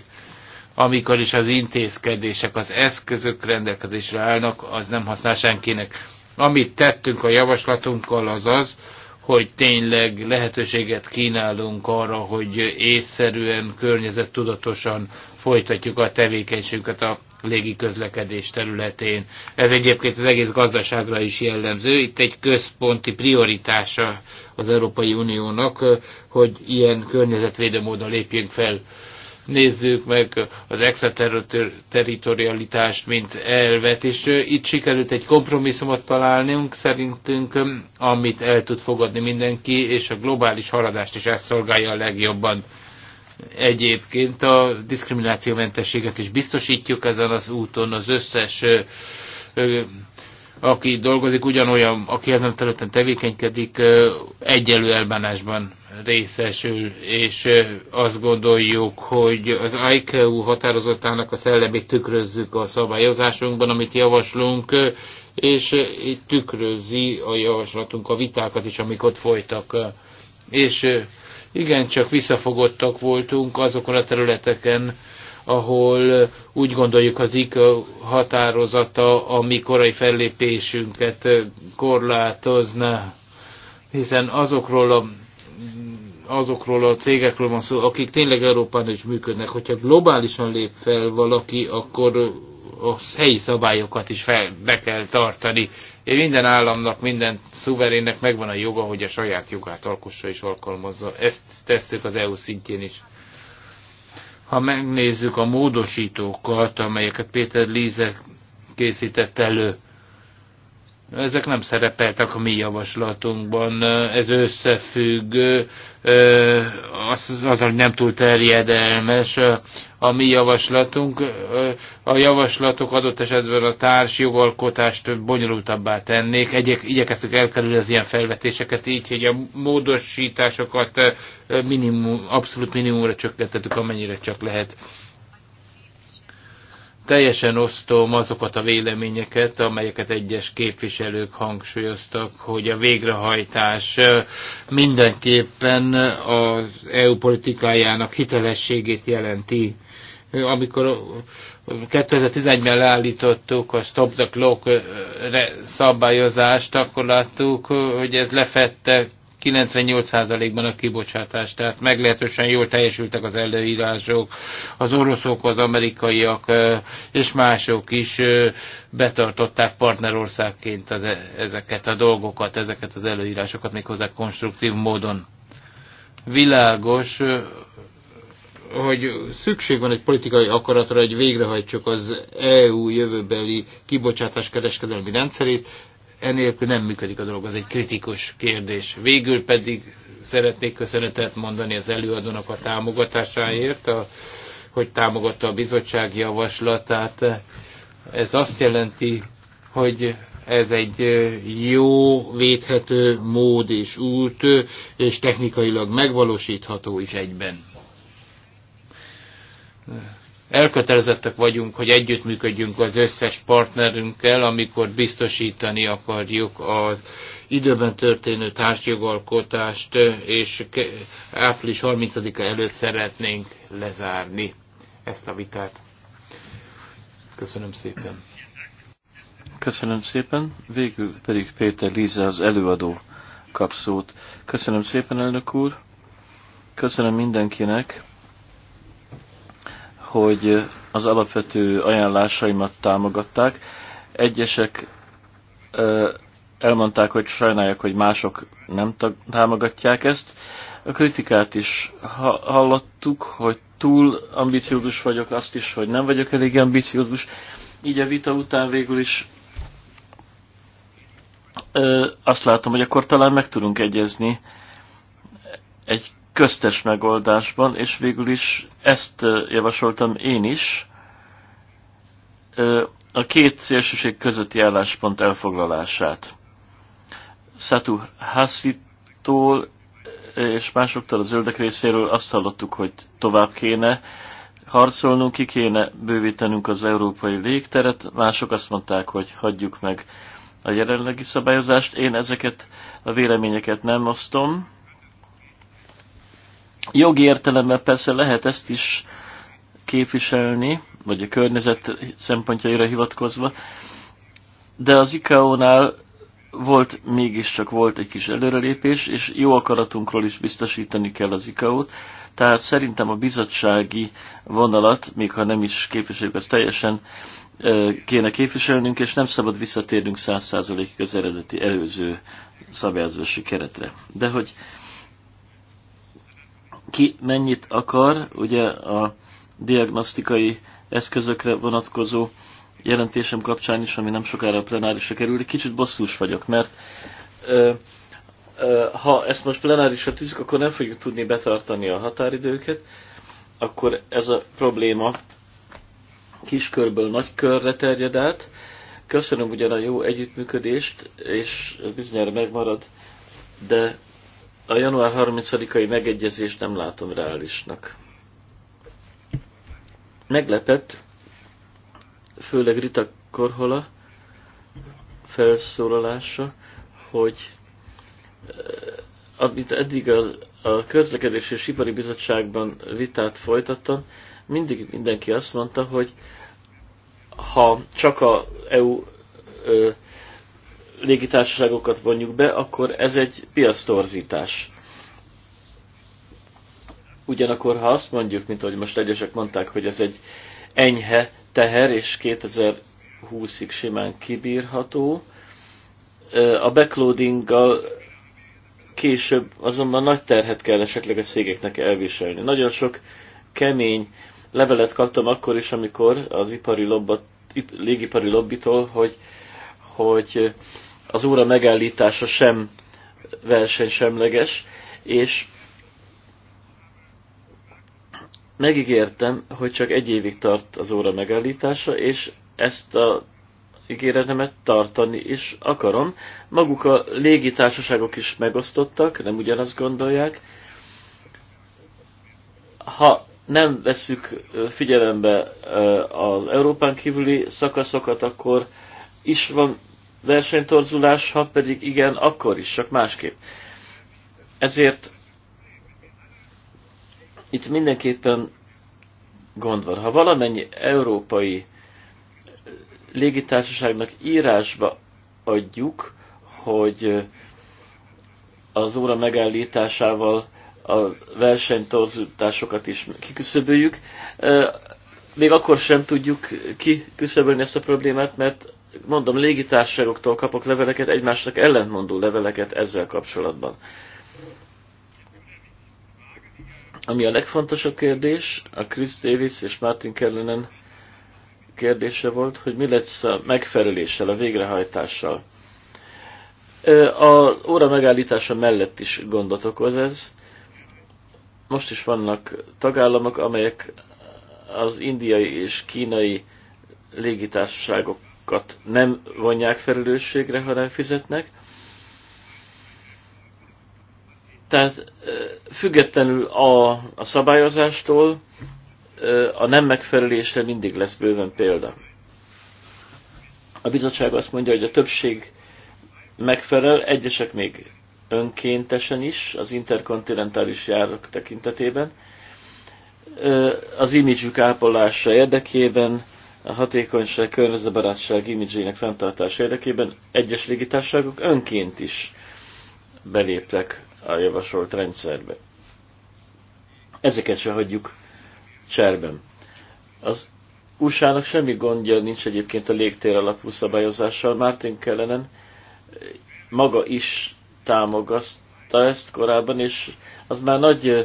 S3: amikor is az intézkedések, az eszközök rendelkezésre állnak, az nem használ senkinek. Amit tettünk a javaslatunkkal az az, hogy tényleg lehetőséget kínálunk arra, hogy észszerűen, környezettudatosan folytatjuk a tevékenységünket a légiközlekedés területén. Ez egyébként az egész gazdaságra is jellemző. Itt egy központi prioritása az Európai Uniónak, hogy ilyen környezetvédő módon lépjünk fel. Nézzük meg az extraterritorialitást, mint elvet, és itt sikerült egy kompromisszumot találnunk szerintünk, amit el tud fogadni mindenki, és a globális haladást is ezt szolgálja a legjobban Egyébként a diszkriminációmentességet is biztosítjuk ezen az úton az összes aki dolgozik, ugyanolyan, aki ezen a területen tevékenykedik, egyenlő elbánásban részesül, és azt gondoljuk, hogy az IKU e határozatának a szellemét tükrözzük a szabályozásunkban, amit javaslunk, és tükrözi a javaslatunk a vitákat is, amik ott folytak. És igen, csak visszafogottak voltunk azokon a területeken, ahol úgy gondoljuk az IK határozata a mi korai fellépésünket korlátozna, hiszen azokról a azokról a cégekről van szó, akik tényleg Európán is működnek. Hogyha globálisan lép fel valaki, akkor a helyi szabályokat is fel, be kell tartani. Minden államnak, minden szuverénnek megvan a joga, hogy a saját jogát alkossa és alkalmazza. Ezt tesszük az EU szintjén is. Ha megnézzük a módosítókat, amelyeket Péter Líze készített elő, ezek nem szerepeltek a mi javaslatunkban. Ez összefügg az, hogy nem túl terjedelmes a mi javaslatunk. A javaslatok adott esetben a társ jogalkotást bonyolultabbá tennék. Egyek, igyekeztük elkerülni az ilyen felvetéseket így, hogy a módosításokat minimum, abszolút minimumra csökkentettük, amennyire csak lehet. Teljesen osztom azokat a véleményeket, amelyeket egyes képviselők hangsúlyoztak, hogy a végrehajtás mindenképpen az EU politikájának hitelességét jelenti. Amikor 2011-ben leállítottuk a Stop the Clock szabályozást, akkor láttuk, hogy ez lefette 98%-ban a kibocsátás, tehát meglehetősen jól teljesültek az előírások, az oroszok, az amerikaiak és mások is betartották partnerországként az, e, ezeket a dolgokat, ezeket az előírásokat méghozzá konstruktív módon. Világos, hogy szükség van egy politikai akaratra, hogy végrehajtsuk az EU jövőbeli kibocsátáskereskedelmi rendszerét, enélkül nem működik a dolog, az egy kritikus kérdés. Végül pedig szeretnék köszönetet mondani az előadónak a támogatásáért, a, hogy támogatta a bizottság javaslatát. Ez azt jelenti, hogy ez egy jó, védhető mód és út, és technikailag megvalósítható is egyben elkötelezettek vagyunk, hogy együttműködjünk az összes partnerünkkel, amikor biztosítani akarjuk az időben történő társjogalkotást, és április 30-a előtt szeretnénk lezárni ezt a vitát. Köszönöm szépen.
S1: Köszönöm szépen. Végül pedig Péter Líza az előadó kap szót. Köszönöm szépen, elnök úr. Köszönöm mindenkinek hogy az alapvető ajánlásaimat támogatták. Egyesek elmondták, hogy sajnálják, hogy mások nem támogatják ezt. A kritikát is hallottuk, hogy túl ambiciózus vagyok, azt is, hogy nem vagyok elég ambiciózus. Így a vita után végül is ö, azt látom, hogy akkor talán meg tudunk egyezni egy köztes megoldásban, és végül is ezt javasoltam én is, a két szélsőség közötti álláspont elfoglalását. Satu Hassitól és másoktól a zöldek részéről azt hallottuk, hogy tovább kéne harcolnunk, ki kéne bővítenünk az európai légteret, mások azt mondták, hogy hagyjuk meg a jelenlegi szabályozást. Én ezeket a véleményeket nem osztom, Jogi értelemben persze lehet ezt is képviselni, vagy a környezet szempontjaira hivatkozva, de az ICAO-nál volt, mégiscsak volt egy kis előrelépés, és jó akaratunkról is biztosítani kell az ICAO-t, tehát szerintem a bizottsági vonalat, még ha nem is képviseljük, az teljesen kéne képviselnünk, és nem szabad visszatérnünk 100%-ig az eredeti előző szabályozási keretre. De hogy ki mennyit akar, ugye a diagnosztikai eszközökre vonatkozó jelentésem kapcsán is, ami nem sokára a plenárisra kerül, kicsit bosszús vagyok, mert ö, ö, ha ezt most plenárisra tűzük, akkor nem fogjuk tudni betartani a határidőket, akkor ez a probléma kiskörből nagykörre terjed át. Köszönöm ugyan a jó együttműködést, és bizonyára megmarad, de a január 30-ai megegyezést nem látom reálisnak. Meglepett, főleg Rita Korhola felszólalása, hogy eh, amit eddig a, a közlekedés és ipari bizottságban vitát folytattam, mindig mindenki azt mondta, hogy ha csak a EU ö, eh, légitársaságokat vonjuk be, akkor ez egy piasztorzítás. Ugyanakkor, ha azt mondjuk, mint ahogy most egyesek mondták, hogy ez egy enyhe teher, és 2020-ig simán kibírható, a backloadinggal később azonban nagy terhet kell esetleg a szégeknek elviselni. Nagyon sok kemény levelet kaptam akkor is, amikor az ipari lobbat, légipari lobbitól, hogy, hogy az óra megállítása sem versenysemleges, és megígértem, hogy csak egy évig tart az óra megállítása, és ezt a ígéretemet tartani is akarom. Maguk a légitársaságok is megosztottak, nem ugyanazt gondolják. Ha nem veszük figyelembe az Európán kívüli szakaszokat, akkor is van versenytorzulás, ha pedig igen, akkor is, csak másképp. Ezért itt mindenképpen gond van. Ha valamennyi európai légitársaságnak írásba adjuk, hogy az óra megállításával a versenytorzításokat is kiküszöböljük, eh, még akkor sem tudjuk kiküszöbölni ezt a problémát, mert mondom, légitársaságoktól kapok leveleket, egymásnak ellentmondó leveleket ezzel kapcsolatban. Ami a legfontosabb kérdés, a Chris Davis és Martin Kellenen kérdése volt, hogy mi lesz a megfeleléssel, a végrehajtással. A óra megállítása mellett is gondot okoz ez. Most is vannak tagállamok, amelyek az indiai és kínai légitársaságok magukat nem vonják felelősségre, ha nem fizetnek. Tehát függetlenül a, a szabályozástól a nem megfelelésre mindig lesz bőven példa. A bizottság azt mondja, hogy a többség megfelel, egyesek még önkéntesen is, az interkontinentális járak tekintetében, az imidzsük ápolása érdekében a hatékonyság, környezetbarátság imidzsének fenntartása érdekében egyes légitárságok önként is beléptek a javasolt rendszerbe. Ezeket se hagyjuk cserben. Az USA-nak semmi gondja nincs egyébként a légtér alapú szabályozással. Martin Kellenen maga is támogatta ezt korábban, és az már nagy ö,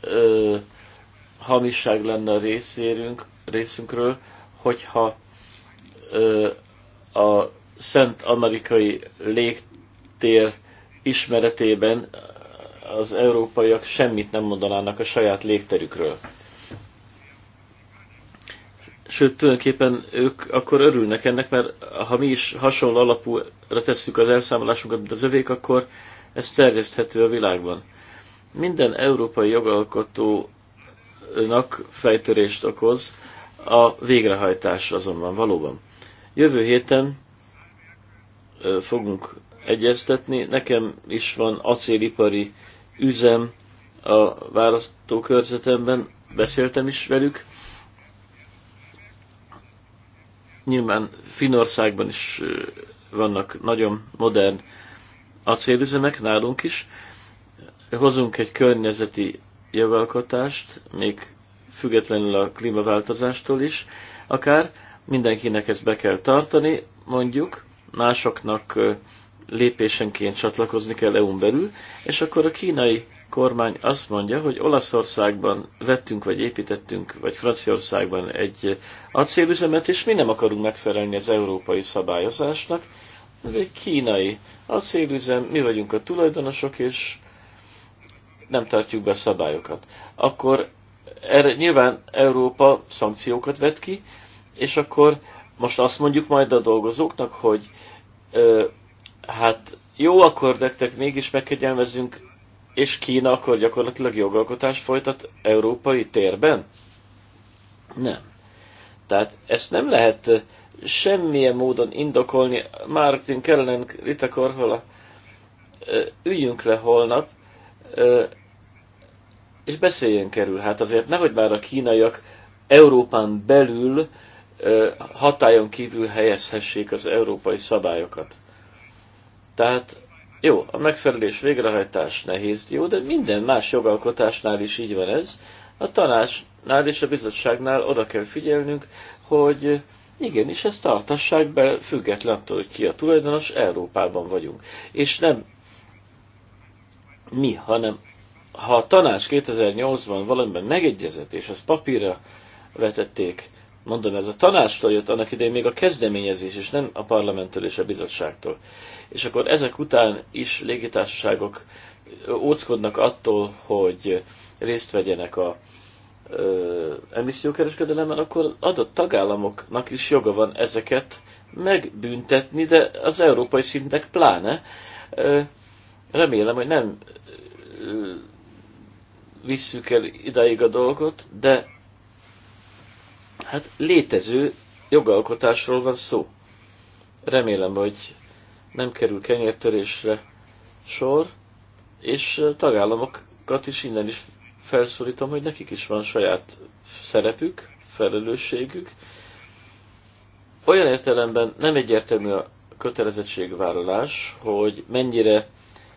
S1: ö, hamisság lenne a részérünk, részünkről, hogyha a szent amerikai légtér ismeretében az európaiak semmit nem mondanának a saját légterükről. Sőt, tulajdonképpen ők akkor örülnek ennek, mert ha mi is hasonló alapúra tesszük az elszámolásunkat, mint az övék, akkor ez terjeszthető a világban. Minden európai jogalkotónak fejtörést okoz, a végrehajtás azonban valóban. Jövő héten fogunk egyeztetni. Nekem is van acélipari üzem a választókörzetemben, beszéltem is velük. Nyilván Finországban is vannak nagyon modern acélüzemek, nálunk is. Hozunk egy környezeti jogalkotást, még függetlenül a klímaváltozástól is, akár mindenkinek ezt be kell tartani, mondjuk, másoknak lépésenként csatlakozni kell EU-n belül, és akkor a kínai kormány azt mondja, hogy Olaszországban vettünk, vagy építettünk, vagy Franciaországban egy acélüzemet, és mi nem akarunk megfelelni az európai szabályozásnak. Ez egy kínai acélüzem, mi vagyunk a tulajdonosok, és nem tartjuk be a szabályokat. Akkor erre nyilván Európa szankciókat vet ki, és akkor most azt mondjuk majd a dolgozóknak, hogy ö, hát jó, akkor nektek mégis megkegyelmezünk, és Kína akkor gyakorlatilag jogalkotást folytat európai térben? Nem. Tehát ezt nem lehet semmilyen módon indokolni. Martin Kellen, Rita Korhola, üljünk le holnap, és beszéljen kerül. Hát azért nehogy már a kínaiak Európán belül hatályon kívül helyezhessék az európai szabályokat. Tehát jó, a megfelelés végrehajtás nehéz, jó, de minden más jogalkotásnál is így van ez. A tanácsnál és a bizottságnál oda kell figyelnünk, hogy igenis ezt tartassák be, független attól, hogy ki a tulajdonos, Európában vagyunk. És nem mi, hanem ha a tanács 2008-ban valamiben megegyezett, és azt papírra vetették, mondom, ez a tanástól jött annak idején még a kezdeményezés, és nem a parlamenttől és a bizottságtól. És akkor ezek után is légitársaságok óckodnak attól, hogy részt vegyenek a ö, emissziókereskedelemben, akkor adott tagállamoknak is joga van ezeket megbüntetni, de az európai szintnek pláne. Ö, remélem, hogy nem visszük el idáig a dolgot, de hát létező jogalkotásról van szó. Remélem, hogy nem kerül kenyértörésre sor, és tagállamokat is innen is felszólítom, hogy nekik is van saját szerepük, felelősségük. Olyan értelemben nem egyértelmű a kötelezettségvállalás, hogy mennyire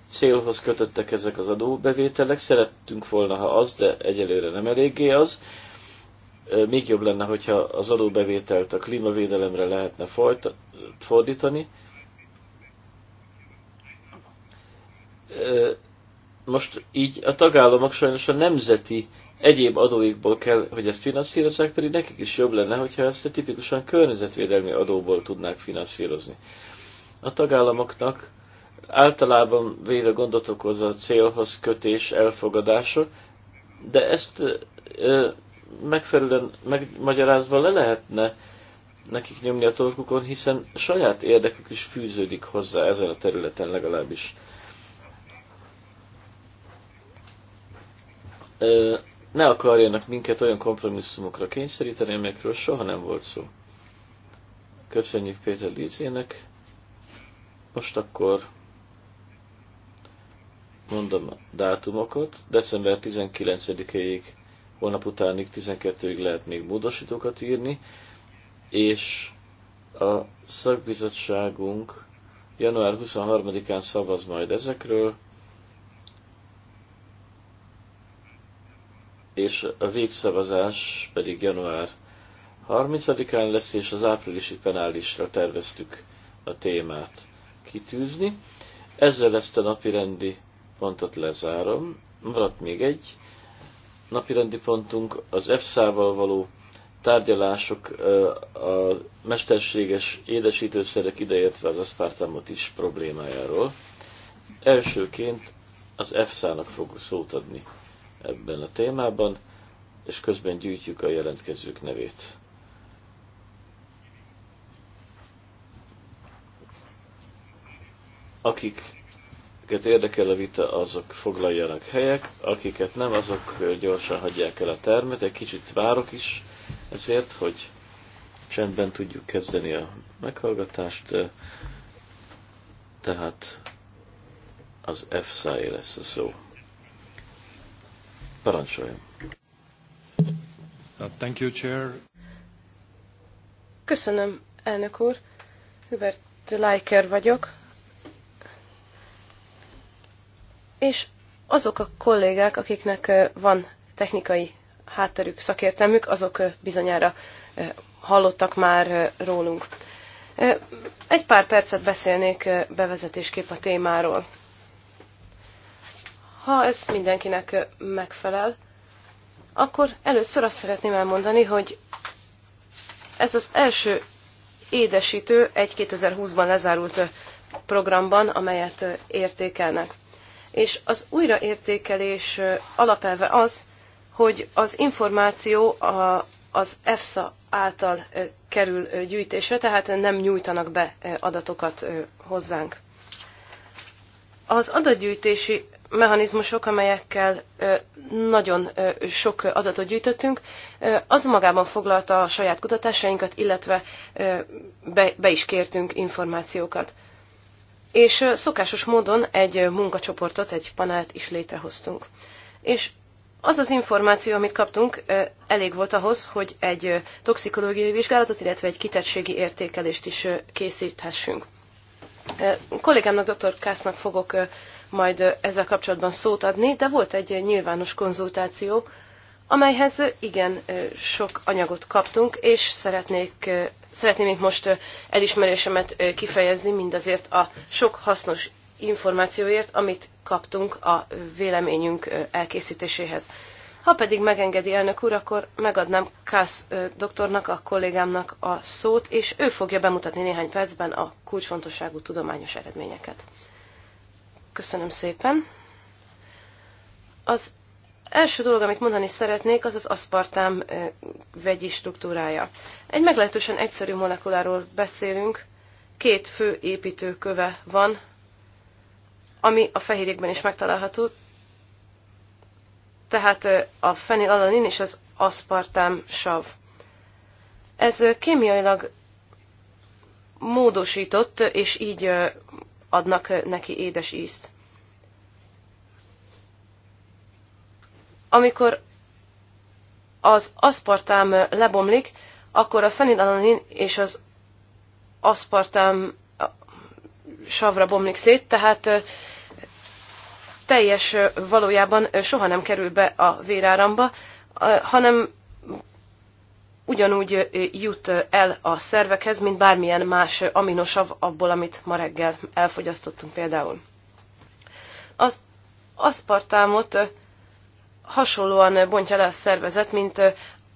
S1: célhoz kötöttek ezek az adóbevételek. Szerettünk volna, ha az, de egyelőre nem eléggé az. Még jobb lenne, hogyha az adóbevételt a klímavédelemre lehetne fordítani. Most így a tagállamok sajnos a nemzeti egyéb adóikból kell, hogy ezt finanszírozzák, pedig nekik is jobb lenne, hogyha ezt a tipikusan környezetvédelmi adóból tudnák finanszírozni. A tagállamoknak általában véve gondot okoz a célhoz kötés elfogadása, de ezt ö, megfelelően megmagyarázva le lehetne nekik nyomni a torkukon, hiszen saját érdekük is fűződik hozzá ezen a területen legalábbis. Ö, ne akarjanak minket olyan kompromisszumokra kényszeríteni, amelyekről soha nem volt szó. Köszönjük Péter Lízének. Most akkor mondom a dátumokat, december 19-ig, holnap utánig 12-ig lehet még módosítókat írni, és a szakbizottságunk január 23-án szavaz majd ezekről, és a végszavazás pedig január 30-án lesz, és az áprilisi penálisra terveztük a témát kitűzni. Ezzel ezt a napi rendi pontot lezárom. Maradt még egy napirendi pontunk, az EFSA-val való tárgyalások a mesterséges édesítőszerek ideértve az aszpártámot is problémájáról. Elsőként az EFSA-nak fog szót adni ebben a témában, és közben gyűjtjük a jelentkezők nevét. Akik akiket érdekel a vita, azok foglaljanak helyek, akiket nem, azok gyorsan hagyják el a termet. Egy kicsit várok is ezért, hogy csendben tudjuk kezdeni a meghallgatást. Tehát az F lesz a szó. Parancsoljon! Uh, thank you, Chair.
S2: Köszönöm, elnök úr. Hubert Leiker vagyok, és azok a kollégák, akiknek van technikai hátterük, szakértelmük, azok bizonyára hallottak már rólunk. Egy pár percet beszélnék bevezetésképp a témáról. Ha ez mindenkinek megfelel, akkor először azt szeretném elmondani, hogy ez az első édesítő egy 2020-ban lezárult programban, amelyet értékelnek és az újraértékelés alapelve az, hogy az információ a, az EFSA által kerül gyűjtésre, tehát nem nyújtanak be adatokat hozzánk. Az adatgyűjtési mechanizmusok, amelyekkel nagyon sok adatot gyűjtöttünk, az magában foglalta a saját kutatásainkat, illetve be, be is kértünk információkat és szokásos módon egy munkacsoportot, egy panelt is létrehoztunk. És az az információ, amit kaptunk, elég volt ahhoz, hogy egy toxikológiai vizsgálatot, illetve egy kitettségi értékelést is készíthessünk. Kollégámnak, dr. Kásznak fogok majd ezzel kapcsolatban szót adni, de volt egy nyilvános konzultáció amelyhez igen sok anyagot kaptunk, és szeretnék, szeretném itt most elismerésemet kifejezni mindazért a sok hasznos információért, amit kaptunk a véleményünk elkészítéséhez. Ha pedig megengedi elnök úr, akkor megadnám Kász doktornak, a kollégámnak a szót, és ő fogja bemutatni néhány percben a kulcsfontosságú tudományos eredményeket. Köszönöm szépen. Az első dolog, amit mondani szeretnék, az az aszpartám vegyi struktúrája. Egy meglehetősen egyszerű molekuláról beszélünk, két fő építőköve van, ami a fehérjékben is megtalálható, tehát a fenilalanin és az aszpartám sav. Ez kémiailag módosított, és így adnak neki édes ízt. amikor az aszpartám lebomlik, akkor a fenilalanin és az aszpartám savra bomlik szét, tehát teljes valójában soha nem kerül be a véráramba, hanem ugyanúgy jut el a szervekhez, mint bármilyen más aminosav abból, amit ma reggel elfogyasztottunk például. Az aszpartámot hasonlóan bontja le a szervezet, mint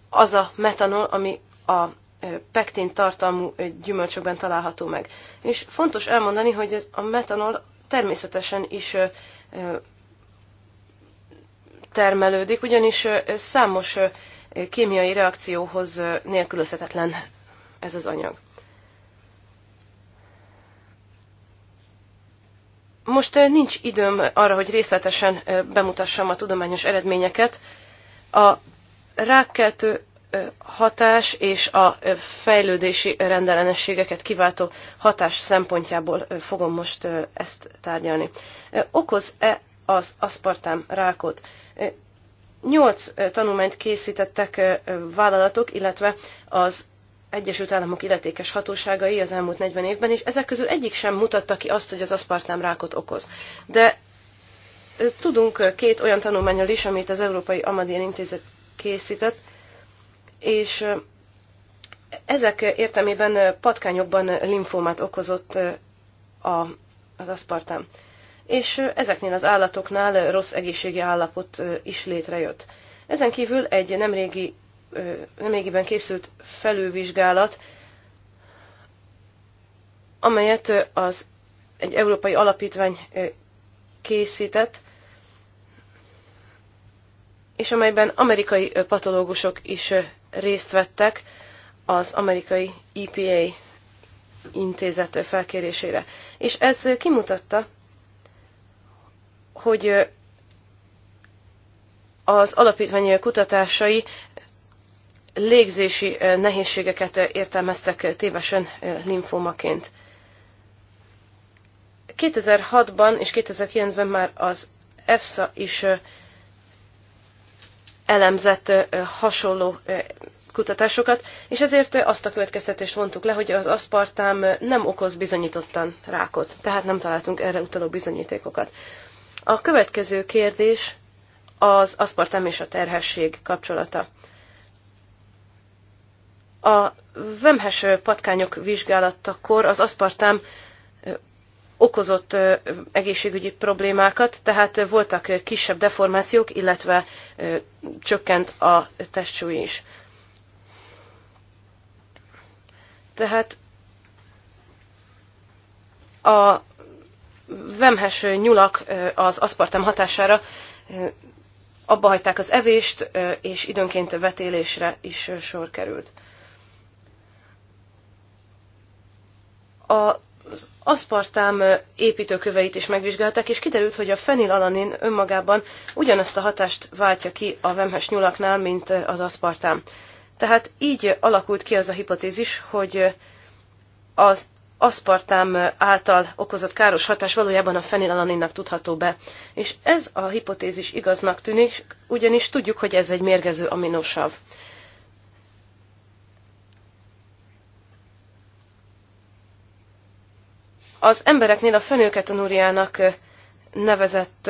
S2: az a metanol, ami a pektin tartalmú gyümölcsökben található meg. És fontos elmondani, hogy ez a metanol természetesen is termelődik, ugyanis számos kémiai reakcióhoz nélkülözhetetlen ez az anyag. Most nincs időm arra, hogy részletesen bemutassam a tudományos eredményeket. A rákkeltő hatás és a fejlődési rendellenességeket kiváltó hatás szempontjából fogom most ezt tárgyalni. Okoz-e az aszpartám rákot? Nyolc tanulmányt készítettek vállalatok, illetve az Egyesült Államok illetékes hatóságai az elmúlt 40 évben, és ezek közül egyik sem mutatta ki azt, hogy az aszpartám rákot okoz. De tudunk két olyan tanulmányról is, amit az Európai Amadén Intézet készített, és ezek értelmében patkányokban linfómát okozott a, az aszpartám. És ezeknél az állatoknál rossz egészségi állapot is létrejött. Ezen kívül egy nemrégi nemrégiben készült felülvizsgálat, amelyet az egy európai alapítvány készített, és amelyben amerikai patológusok is részt vettek az amerikai EPA intézet felkérésére. És ez kimutatta, hogy az alapítvány kutatásai légzési nehézségeket értelmeztek tévesen linfomaként. 2006-ban és 2009-ben már az EFSA is elemzett hasonló kutatásokat, és ezért azt a következtetést vontuk le, hogy az aszpartám nem okoz bizonyítottan rákot, tehát nem találtunk erre utaló bizonyítékokat. A következő kérdés az aszpartám és a terhesség kapcsolata. A vemhes patkányok vizsgálatakor az aszpartám okozott egészségügyi problémákat, tehát voltak kisebb deformációk, illetve csökkent a testsúly is. Tehát a vemhes nyulak az aszpartam hatására abba hagyták az evést, és időnként vetélésre is sor került. az aszpartám építőköveit is megvizsgálták, és kiderült, hogy a fenilalanin önmagában ugyanazt a hatást váltja ki a vemhes nyulaknál, mint az aszpartám. Tehát így alakult ki az a hipotézis, hogy az aszpartám által okozott káros hatás valójában a fenilalaninnak tudható be. És ez a hipotézis igaznak tűnik, ugyanis tudjuk, hogy ez egy mérgező aminosav. Az embereknél a fenőketonúriának nevezett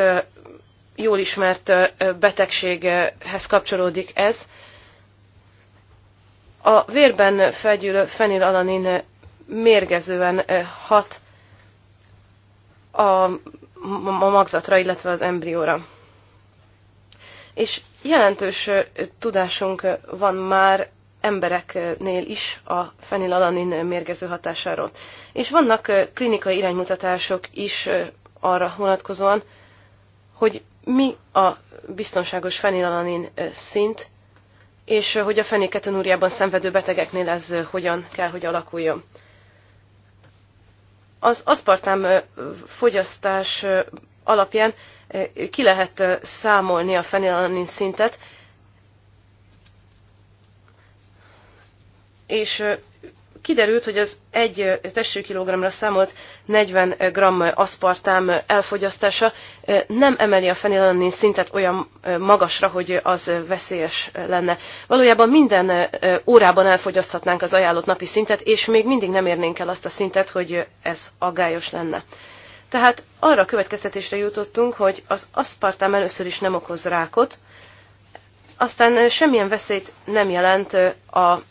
S2: jól ismert betegséghez kapcsolódik ez. A vérben felgyűlő fenilalanin mérgezően hat a magzatra, illetve az embrióra. És jelentős tudásunk van már embereknél is a fenilalanin mérgező hatásáról. És vannak klinikai iránymutatások is arra vonatkozóan, hogy mi a biztonságos fenilalanin szint, és hogy a fenéketonúriában szenvedő betegeknél ez hogyan kell, hogy alakuljon. Az aszpartám fogyasztás alapján ki lehet számolni a fenilalanin szintet, és kiderült, hogy az egy testőkilogramra számolt 40 g aszpartám elfogyasztása nem emeli a fenilalanin szintet olyan magasra, hogy az veszélyes lenne. Valójában minden órában elfogyaszthatnánk az ajánlott napi szintet, és még mindig nem érnénk el azt a szintet, hogy ez aggályos lenne. Tehát arra a következtetésre jutottunk, hogy az aszpartám először is nem okoz rákot, aztán semmilyen veszélyt nem jelent a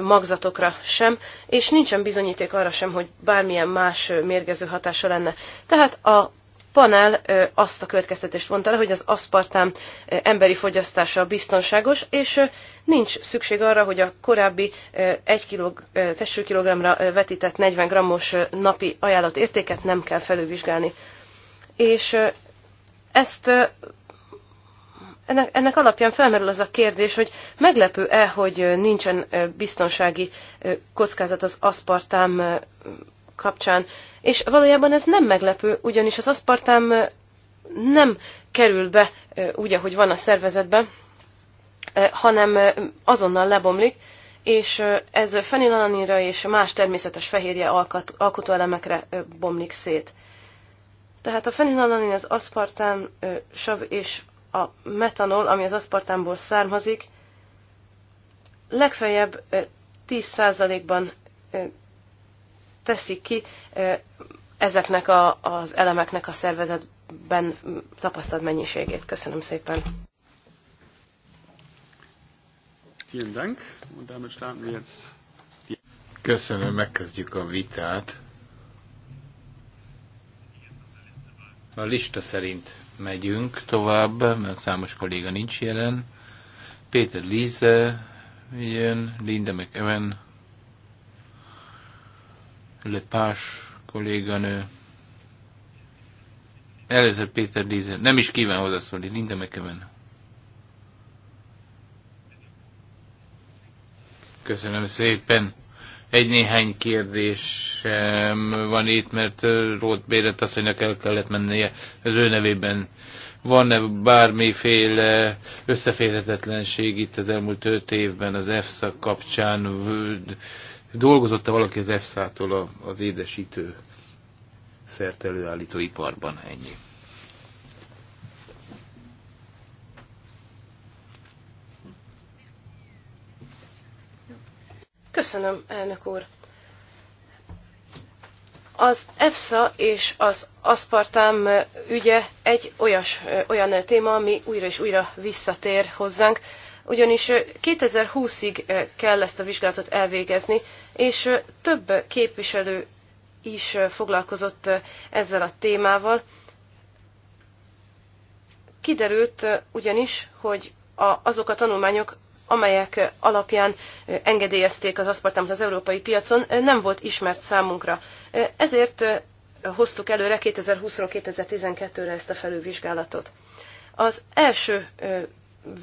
S2: magzatokra sem, és nincsen bizonyíték arra sem, hogy bármilyen más mérgező hatása lenne. Tehát a panel azt a következtetést vonta le, hogy az aszpartám emberi fogyasztása biztonságos, és nincs szükség arra, hogy a korábbi 1 kilog, testőkilogramra vetített 40 grammos napi ajánlat értéket nem kell felülvizsgálni. És ezt ennek, ennek alapján felmerül az a kérdés, hogy meglepő-e, hogy nincsen biztonsági kockázat az aszpartám kapcsán. És valójában ez nem meglepő, ugyanis az aszpartám nem kerül be úgy, ahogy van a szervezetbe, hanem azonnal lebomlik, és ez fenilalanira és más természetes fehérje alkotóelemekre bomlik szét. Tehát a fenilalanin, az aszpartán sav és a metanol, ami az aszpartámból származik, legfeljebb 10%-ban teszik ki ezeknek a, az elemeknek a szervezetben tapasztalt mennyiségét. Köszönöm szépen.
S3: Köszönöm, megkezdjük a vitát. A lista szerint megyünk tovább, mert számos kolléga nincs jelen. Péter Líze jön, Linda McEwen, Lepás kolléganő. Először Péter Líze. Nem is kíván hozzászólni, Linda McEwen. Köszönöm szépen. Egy néhány kérdésem van itt, mert Rót Bérett asszonynak el kellett mennie az ő nevében. Van-e bármiféle összeférhetetlenség itt az elmúlt öt évben az EFSA kapcsán? Dolgozott-e valaki az EFSA-tól az édesítő szert előállító iparban? Ennyi.
S2: Köszönöm, elnök úr. Az EFSA és az aszpartám ügye egy olyas, olyan téma, ami újra és újra visszatér hozzánk, ugyanis 2020-ig kell ezt a vizsgálatot elvégezni, és több képviselő is foglalkozott ezzel a témával. Kiderült ugyanis, hogy azok a tanulmányok, amelyek alapján engedélyezték az aszpartámot az európai piacon, nem volt ismert számunkra. Ezért hoztuk előre 2020-ról 2012-re ezt a felülvizsgálatot. Az első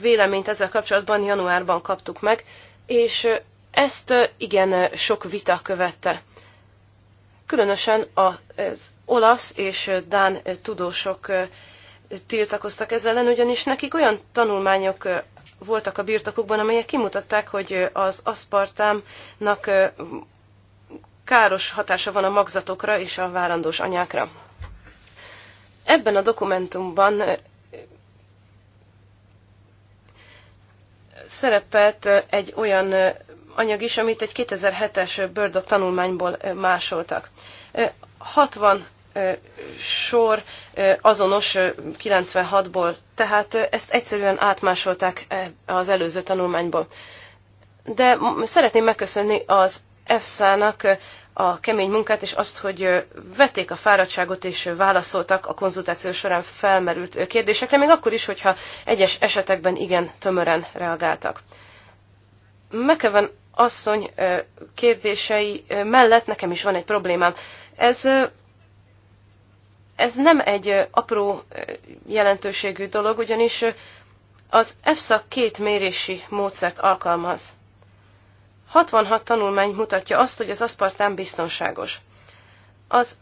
S2: véleményt ezzel kapcsolatban januárban kaptuk meg, és ezt igen sok vita követte. Különösen az olasz és dán tudósok tiltakoztak ezzel ellen, ugyanis nekik olyan tanulmányok voltak a birtokukban, amelyek kimutatták, hogy az aszpartámnak káros hatása van a magzatokra és a várandós anyákra. Ebben a dokumentumban szerepelt egy olyan anyag is, amit egy 2007-es Bördok tanulmányból másoltak. 60 sor azonos 96-ból, tehát ezt egyszerűen átmásolták az előző tanulmányból. De szeretném megköszönni az EFSA-nak a kemény munkát, és azt, hogy vették a fáradtságot, és válaszoltak a konzultáció során felmerült kérdésekre, még akkor is, hogyha egyes esetekben igen tömören reagáltak. Mekeven asszony kérdései mellett nekem is van egy problémám. Ez ez nem egy apró jelentőségű dolog, ugyanis az EFSA két mérési módszert alkalmaz. 66 tanulmány mutatja azt, hogy az aszpartán biztonságos. Az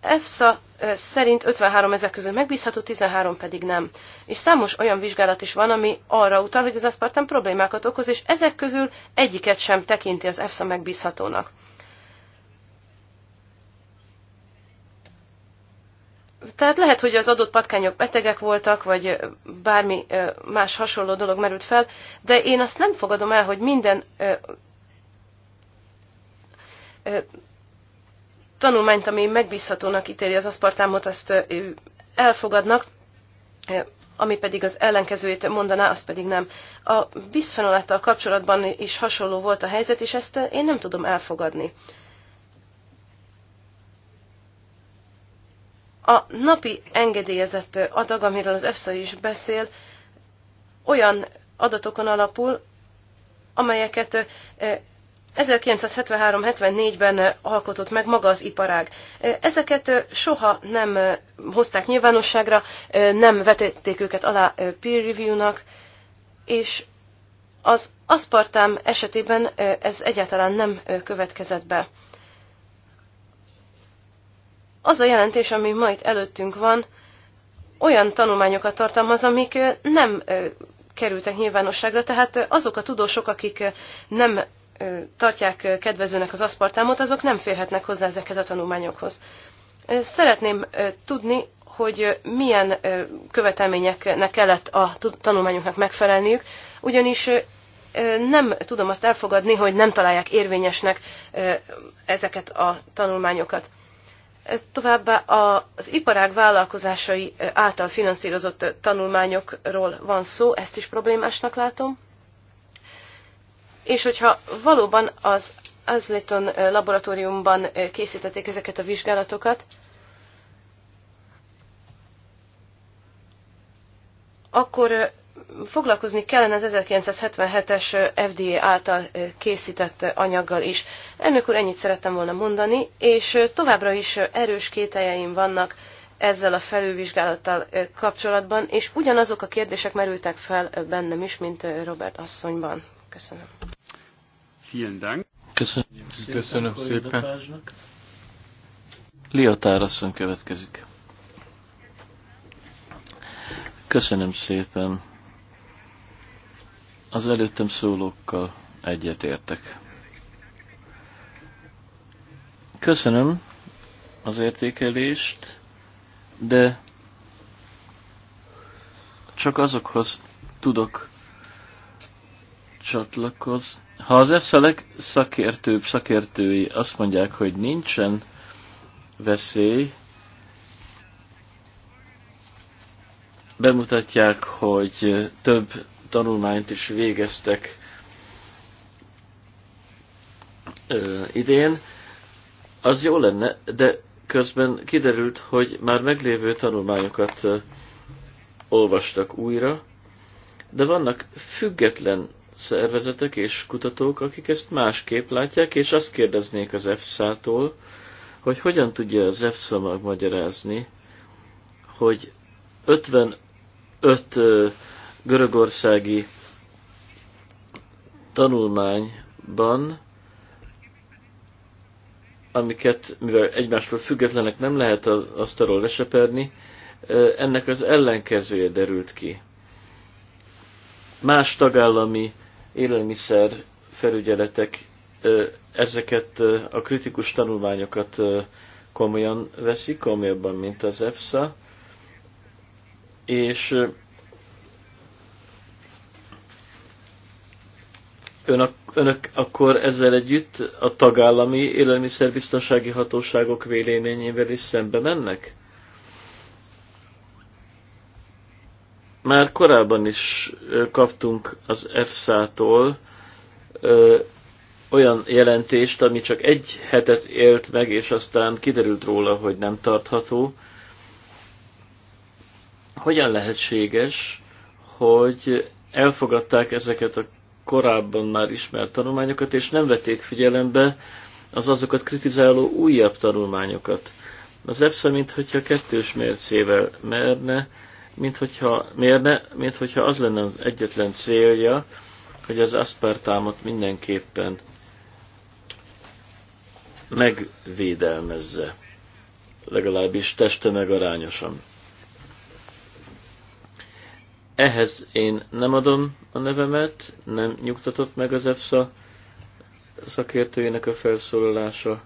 S2: EFSA szerint 53 ezek közül megbízható, 13 pedig nem. És számos olyan vizsgálat is van, ami arra utal, hogy az aszpartán problémákat okoz, és ezek közül egyiket sem tekinti az EFSA megbízhatónak. Tehát lehet, hogy az adott patkányok betegek voltak, vagy bármi más hasonló dolog merült fel, de én azt nem fogadom el, hogy minden tanulmányt, ami megbízhatónak ítéli az aszpartámot, azt elfogadnak, ami pedig az ellenkezőjét mondaná, azt pedig nem. A bisfenolettel kapcsolatban is hasonló volt a helyzet, és ezt én nem tudom elfogadni. A napi engedélyezett adag, amiről az EFSA is beszél, olyan adatokon alapul, amelyeket 1973-74-ben alkotott meg maga az iparág. Ezeket soha nem hozták nyilvánosságra, nem vetették őket alá peer review-nak, és az aspartám esetében ez egyáltalán nem következett be. Az a jelentés, ami ma itt előttünk van, olyan tanulmányokat tartalmaz, amik nem kerültek nyilvánosságra, tehát azok a tudósok, akik nem tartják kedvezőnek az aszpartámot, azok nem férhetnek hozzá ezekhez a tanulmányokhoz. Szeretném tudni, hogy milyen követelményeknek kellett a tanulmányoknak megfelelniük, ugyanis nem tudom azt elfogadni, hogy nem találják érvényesnek ezeket a tanulmányokat. Továbbá az iparág vállalkozásai által finanszírozott tanulmányokról van szó, ezt is problémásnak látom. És hogyha valóban az Azleton laboratóriumban készítették ezeket a vizsgálatokat, akkor foglalkozni kellene az 1977-es FDA által készített anyaggal is. Elnök úr, ennyit szerettem volna mondani, és továbbra is erős kételjeim vannak ezzel a felülvizsgálattal kapcsolatban, és ugyanazok a kérdések merültek fel bennem is, mint Robert asszonyban. Köszönöm.
S1: Vielen Dank. Köszönöm, Köszönöm szépen. Liotár asszony következik. Köszönöm szépen. Az előttem szólókkal egyetértek. Köszönöm az értékelést, de csak azokhoz tudok csatlakozni. Ha az EFSA legszakértőbb szakértői azt mondják, hogy nincsen veszély, bemutatják, hogy több tanulmányt is végeztek ö, idén, az jó lenne, de közben kiderült, hogy már meglévő tanulmányokat ö, olvastak újra, de vannak független szervezetek és kutatók, akik ezt másképp látják, és azt kérdeznék az EFSA-tól, hogy hogyan tudja az EFSA magyarázni, hogy 55 ö, görögországi tanulmányban, amiket, mivel egymástól függetlenek nem lehet az asztalról leseperni, ennek az ellenkezője derült ki. Más tagállami élelmiszer felügyeletek ezeket a kritikus tanulmányokat komolyan veszik, komolyabban, mint az EFSA, és ön, önök akkor ezzel együtt a tagállami élelmiszerbiztonsági hatóságok véleményével is szembe mennek? Már korábban is kaptunk az EFSA-tól olyan jelentést, ami csak egy hetet élt meg, és aztán kiderült róla, hogy nem tartható. Hogyan lehetséges, hogy elfogadták ezeket a korábban már ismert tanulmányokat, és nem vették figyelembe az azokat kritizáló újabb tanulmányokat. Az EFSA, mintha kettős mércével merne, minthogyha, mérne, minthogyha az lenne az egyetlen célja, hogy az aspartámot mindenképpen megvédelmezze, legalábbis teste meg arányosan. Ehhez én nem adom a nevemet, nem nyugtatott meg az EFSA szakértőjének a felszólalása.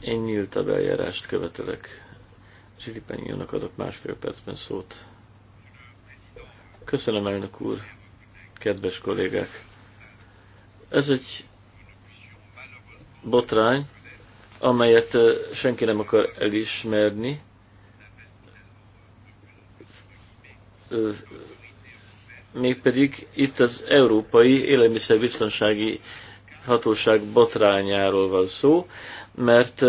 S1: Én nyílt a beljárást követelek. Zsilipenyónak adok másfél percben szót. Köszönöm, elnök úr, kedves kollégák! Ez egy botrány, amelyet senki nem akar elismerni, mégpedig itt az Európai Élelmiszerbiztonsági Hatóság botrányáról van szó, mert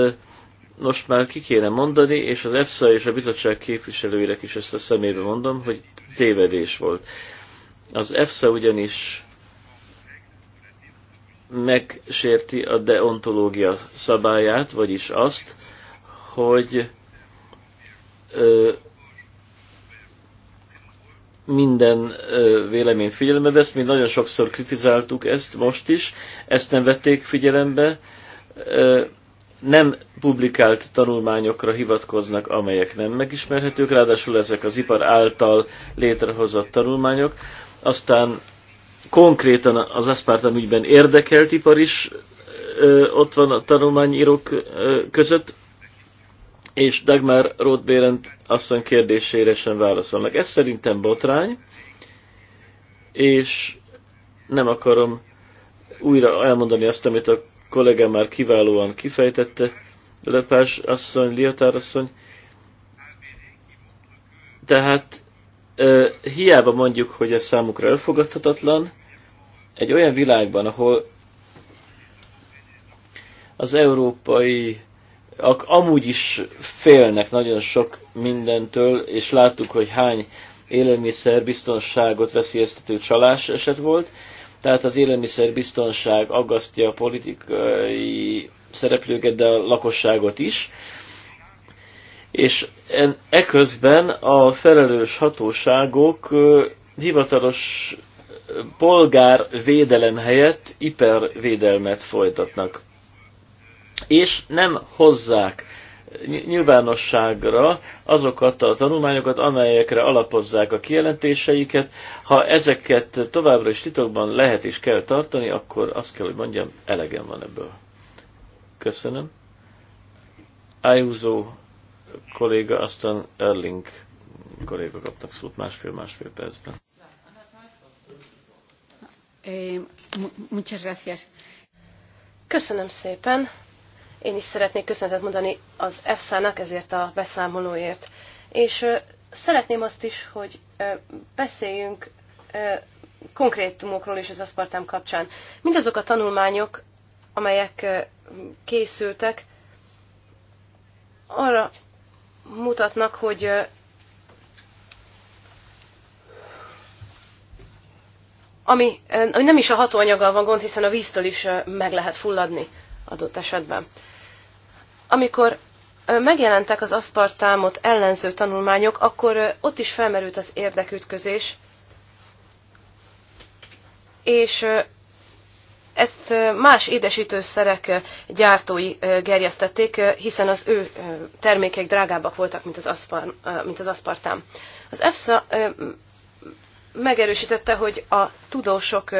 S1: most már ki kéne mondani, és az EFSA és a bizottság képviselőinek is ezt a szemébe mondom, hogy tévedés volt. Az EFSA ugyanis megsérti a deontológia szabályát, vagyis azt, hogy ö, minden véleményt figyelembe vesz, mi nagyon sokszor kritizáltuk ezt most is, ezt nem vették figyelembe, nem publikált tanulmányokra hivatkoznak, amelyek nem megismerhetők, ráadásul ezek az ipar által létrehozott tanulmányok, aztán konkrétan az Aspartam ügyben érdekelt ipar is ott van a tanulmányírók között, és Dagmar Rothbérend asszony kérdésére sem válaszolnak. Ez szerintem botrány, és nem akarom újra elmondani azt, amit a kollégám már kiválóan kifejtette, Lepás asszony, Liatár asszony. Tehát hiába mondjuk, hogy ez számukra elfogadhatatlan, egy olyan világban, ahol az európai Ak amúgy is félnek nagyon sok mindentől, és láttuk, hogy hány élelmiszer biztonságot veszélyeztető csalás eset volt, tehát az élelmiszer biztonság aggasztja a politikai szereplőket, de a lakosságot is. És en, eközben a felelős hatóságok hivatalos polgárvédelem helyett ipervédelmet folytatnak és nem hozzák nyilvánosságra azokat a tanulmányokat, amelyekre alapozzák a kijelentéseiket. Ha ezeket továbbra is titokban lehet és kell tartani, akkor azt kell, hogy mondjam, elegem van ebből. Köszönöm. Ájúzó kolléga, aztán Erling kolléga kaptak szót másfél-másfél percben.
S2: Eh, Köszönöm szépen. Én is szeretnék köszönetet mondani az EFSA-nak ezért a beszámolóért. És szeretném azt is, hogy beszéljünk konkrétumokról is az aszpartám kapcsán. Mindazok a tanulmányok, amelyek készültek, arra mutatnak, hogy ami, ami nem is a hatóanyaggal van gond, hiszen a víztől is meg lehet fulladni adott esetben amikor megjelentek az aszpartámot ellenző tanulmányok, akkor ott is felmerült az érdekütközés, és ezt más édesítőszerek gyártói gerjesztették, hiszen az ő termékek drágábbak voltak, mint az, aszpar, mint az aszpartám. Az EFSA megerősítette, hogy a tudósok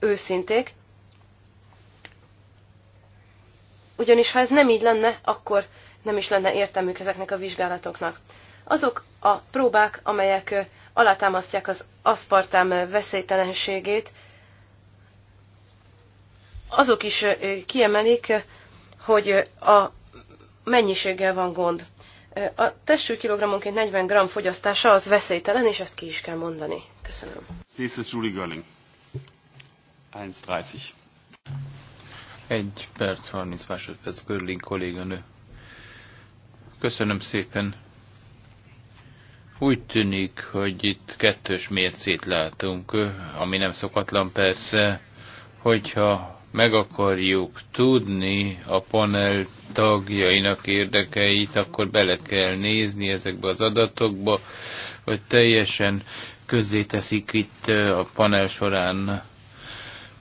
S2: őszinték, ugyanis ha ez nem így lenne, akkor nem is lenne értelmük ezeknek a vizsgálatoknak. Azok a próbák, amelyek alátámasztják az aszpartám veszélytelenségét, azok is kiemelik, hogy a mennyiséggel van gond. A testű kilogrammonként 40 g fogyasztása az veszélytelen, és ezt ki is kell mondani. Köszönöm.
S1: Nächstes Julie Görling. 1,30.
S3: Egy perc, 30 másodperc Görling kolléganő. Köszönöm szépen. Úgy tűnik, hogy itt kettős mércét látunk, ami nem szokatlan persze, hogyha meg akarjuk tudni a panel tagjainak érdekeit, akkor bele kell nézni ezekbe az adatokba, hogy teljesen közzéteszik itt a panel során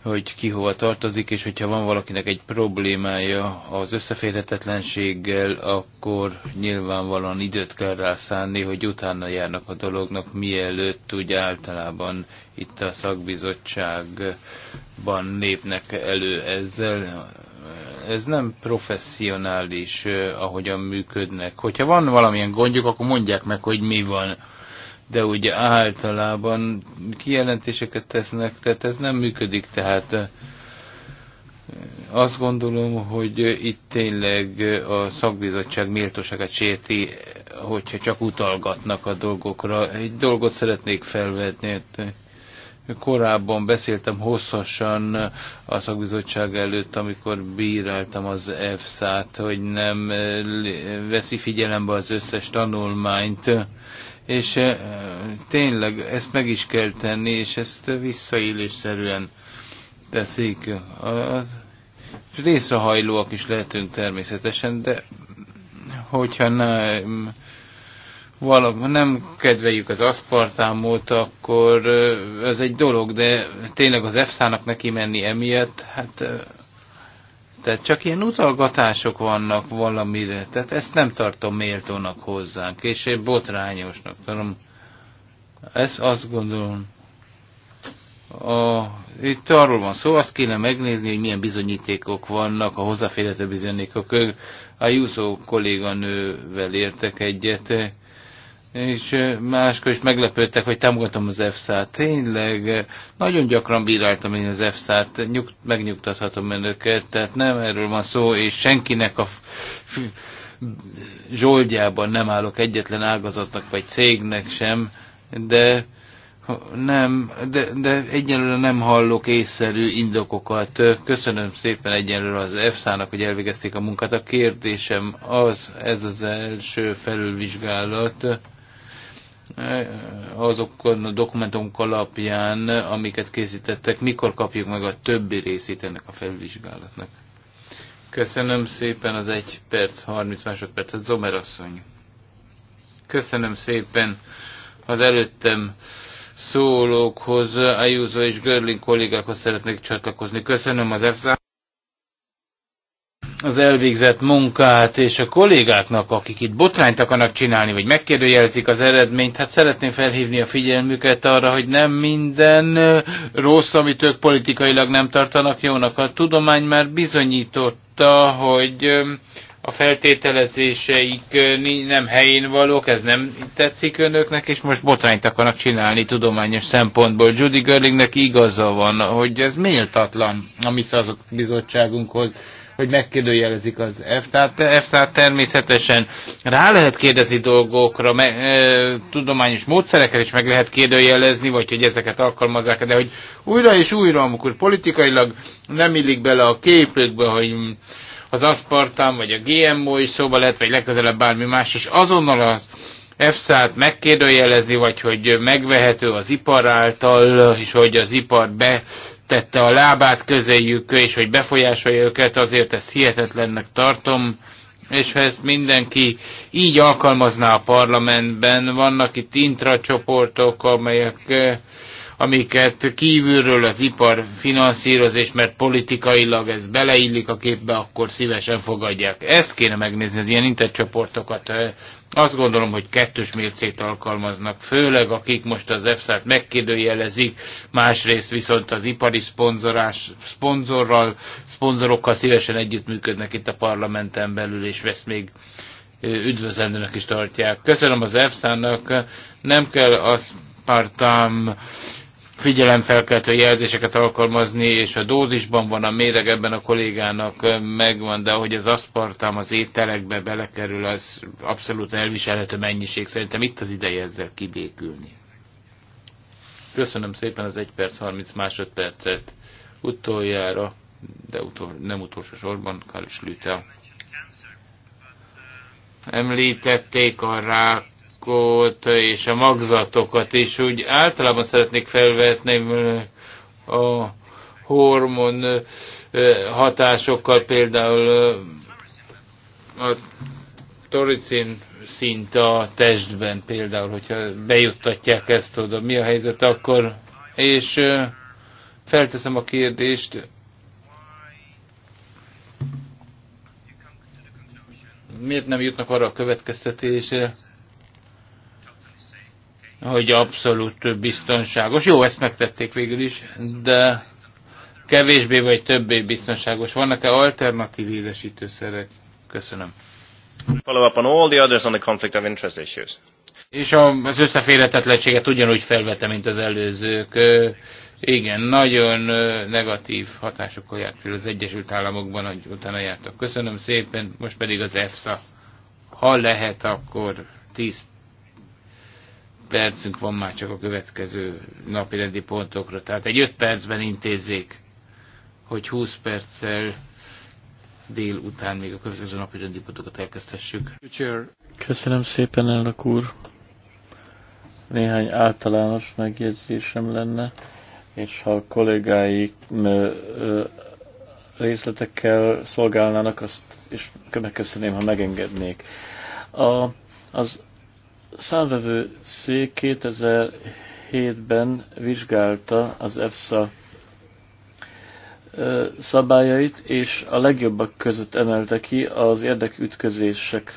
S3: hogy ki hova tartozik, és hogyha van valakinek egy problémája az összeférhetetlenséggel, akkor nyilvánvalóan időt kell rá szánni, hogy utána járnak a dolognak, mielőtt úgy általában itt a szakbizottságban lépnek elő ezzel. Ez nem professzionális, eh, ahogyan működnek. Hogyha van valamilyen gondjuk, akkor mondják meg, hogy mi van de ugye általában kijelentéseket tesznek, tehát ez nem működik, tehát azt gondolom, hogy itt tényleg a szakbizottság méltóságát sérti, hogyha csak utalgatnak a dolgokra. Egy dolgot szeretnék felvetni. Hát, korábban beszéltem hosszasan a szakbizottság előtt, amikor bíráltam az EFSA-t, hogy nem veszi figyelembe az összes tanulmányt és tényleg ezt meg is kell tenni, és ezt visszaélésszerűen teszik. Az részrehajlóak is lehetünk természetesen, de hogyha ne, valami, nem kedveljük az aszpartámot, akkor ez egy dolog, de tényleg az EFSA-nak neki menni emiatt, hát tehát csak ilyen utalgatások vannak valamire, tehát ezt nem tartom méltónak hozzánk, és én botrányosnak tudom. Ezt azt gondolom, a, itt arról van szó, azt kéne megnézni, hogy milyen bizonyítékok vannak, a hozzáférhető bizonyítékok. A Júzó kolléganővel értek egyet, és máskor is meglepődtek, hogy támogatom az EFSA-t. Tényleg, nagyon gyakran bíráltam én az EFSA-t, nyug, megnyugtathatom önöket, tehát nem erről van szó, és senkinek a zsoldjában nem állok egyetlen ágazatnak vagy cégnek sem, de nem, de, de egyelőre nem hallok észszerű indokokat. Köszönöm szépen egyelőre az EFSA-nak, hogy elvégezték a munkát. A kérdésem az, ez az első felülvizsgálat azokon a dokumentumok alapján, amiket készítettek, mikor kapjuk meg a többi részét ennek a felvizsgálatnak? Köszönöm szépen az 1 perc, 30 másodpercet, Zomer asszony. Köszönöm szépen az előttem szólókhoz, Ayuso és Görling kollégákhoz szeretnék csatlakozni. Köszönöm az EFSA az elvégzett munkát, és a kollégáknak, akik itt botrányt akarnak csinálni, vagy megkérdőjelezik az eredményt, hát szeretném felhívni a figyelmüket arra, hogy nem minden rossz, amit ők politikailag nem tartanak jónak. A tudomány már bizonyította, hogy a feltételezéseik nem helyén valók, ez nem tetszik önöknek, és most botrányt akarnak csinálni tudományos szempontból. Judy Görlingnek igaza van, hogy ez méltatlan a mi bizottságunkhoz hogy megkérdőjelezik az EFTA-t. EFTA természetesen rá lehet kérdezni dolgokra, me, e, tudományos módszereket is meg lehet kérdőjelezni, vagy hogy ezeket alkalmazzák, de hogy újra és újra, amikor politikailag nem illik bele a képükbe, hogy az aszpartam, vagy a GMO is szóba lehet, vagy legközelebb bármi más, és azonnal az EFSA-t megkérdőjelezni, vagy hogy megvehető az ipar által, és hogy az ipar be tette a lábát közéjük, és hogy befolyásolja őket, azért ezt hihetetlennek tartom, és ha ezt mindenki így alkalmazná a parlamentben, vannak itt intracsoportok, amelyek eh, amiket kívülről az ipar finanszíroz, és mert politikailag ez beleillik a képbe, akkor szívesen fogadják. Ezt kéne megnézni, az ilyen intercsoportokat eh, azt gondolom, hogy kettős mércét alkalmaznak, főleg akik most az EFSA-t megkérdőjelezik, másrészt viszont az ipari szponzorás, szponzorral, szponzorokkal szívesen együttműködnek itt a parlamenten belül, és ezt még üdvözlendőnek is tartják. Köszönöm az EFSA-nak, nem kell azt pártam, figyelemfelkeltő jelzéseket alkalmazni, és a dózisban van a méreg ebben a kollégának megvan, de hogy az aszpartam az ételekbe belekerül, az abszolút elviselhető mennyiség. Szerintem itt az ideje ezzel kibékülni. Köszönöm szépen az 1 perc 30 másodpercet utoljára, de utol, nem utolsó sorban, Karl Schlüter. Említették a rák magukat és a magzatokat is úgy általában szeretnék felvetni a hormon hatásokkal, például a toricin szint a testben például, hogyha bejuttatják ezt oda, mi a helyzet akkor? És felteszem a kérdést, miért nem jutnak arra a következtetésre, hogy abszolút biztonságos. Jó, ezt megtették végül is, de kevésbé vagy többé biztonságos. Vannak-e alternatív édesítőszerek? Köszönöm. Follow up on all the others on the conflict
S1: of interest issues.
S3: És az összeférhetetlenséget ugyanúgy felvette, mint az előzők. Igen, nagyon negatív hatásokkal járt az Egyesült Államokban, hogy utána jártak. Köszönöm szépen, most pedig az EFSA. Ha lehet, akkor 10 percünk van már csak a következő napi rendi pontokra, tehát egy 5 percben intézzék, hogy 20 perccel délután még a következő napi rendi pontokat elkezdhessük.
S1: Köszönöm szépen, elnök úr! Néhány általános megjegyzésem lenne, és ha a kollégáik részletekkel szolgálnának, azt és megköszönném, ha megengednék. A, az számvevő szék 2007-ben vizsgálta az EFSA szabályait, és a legjobbak között emelte ki az érdekütközések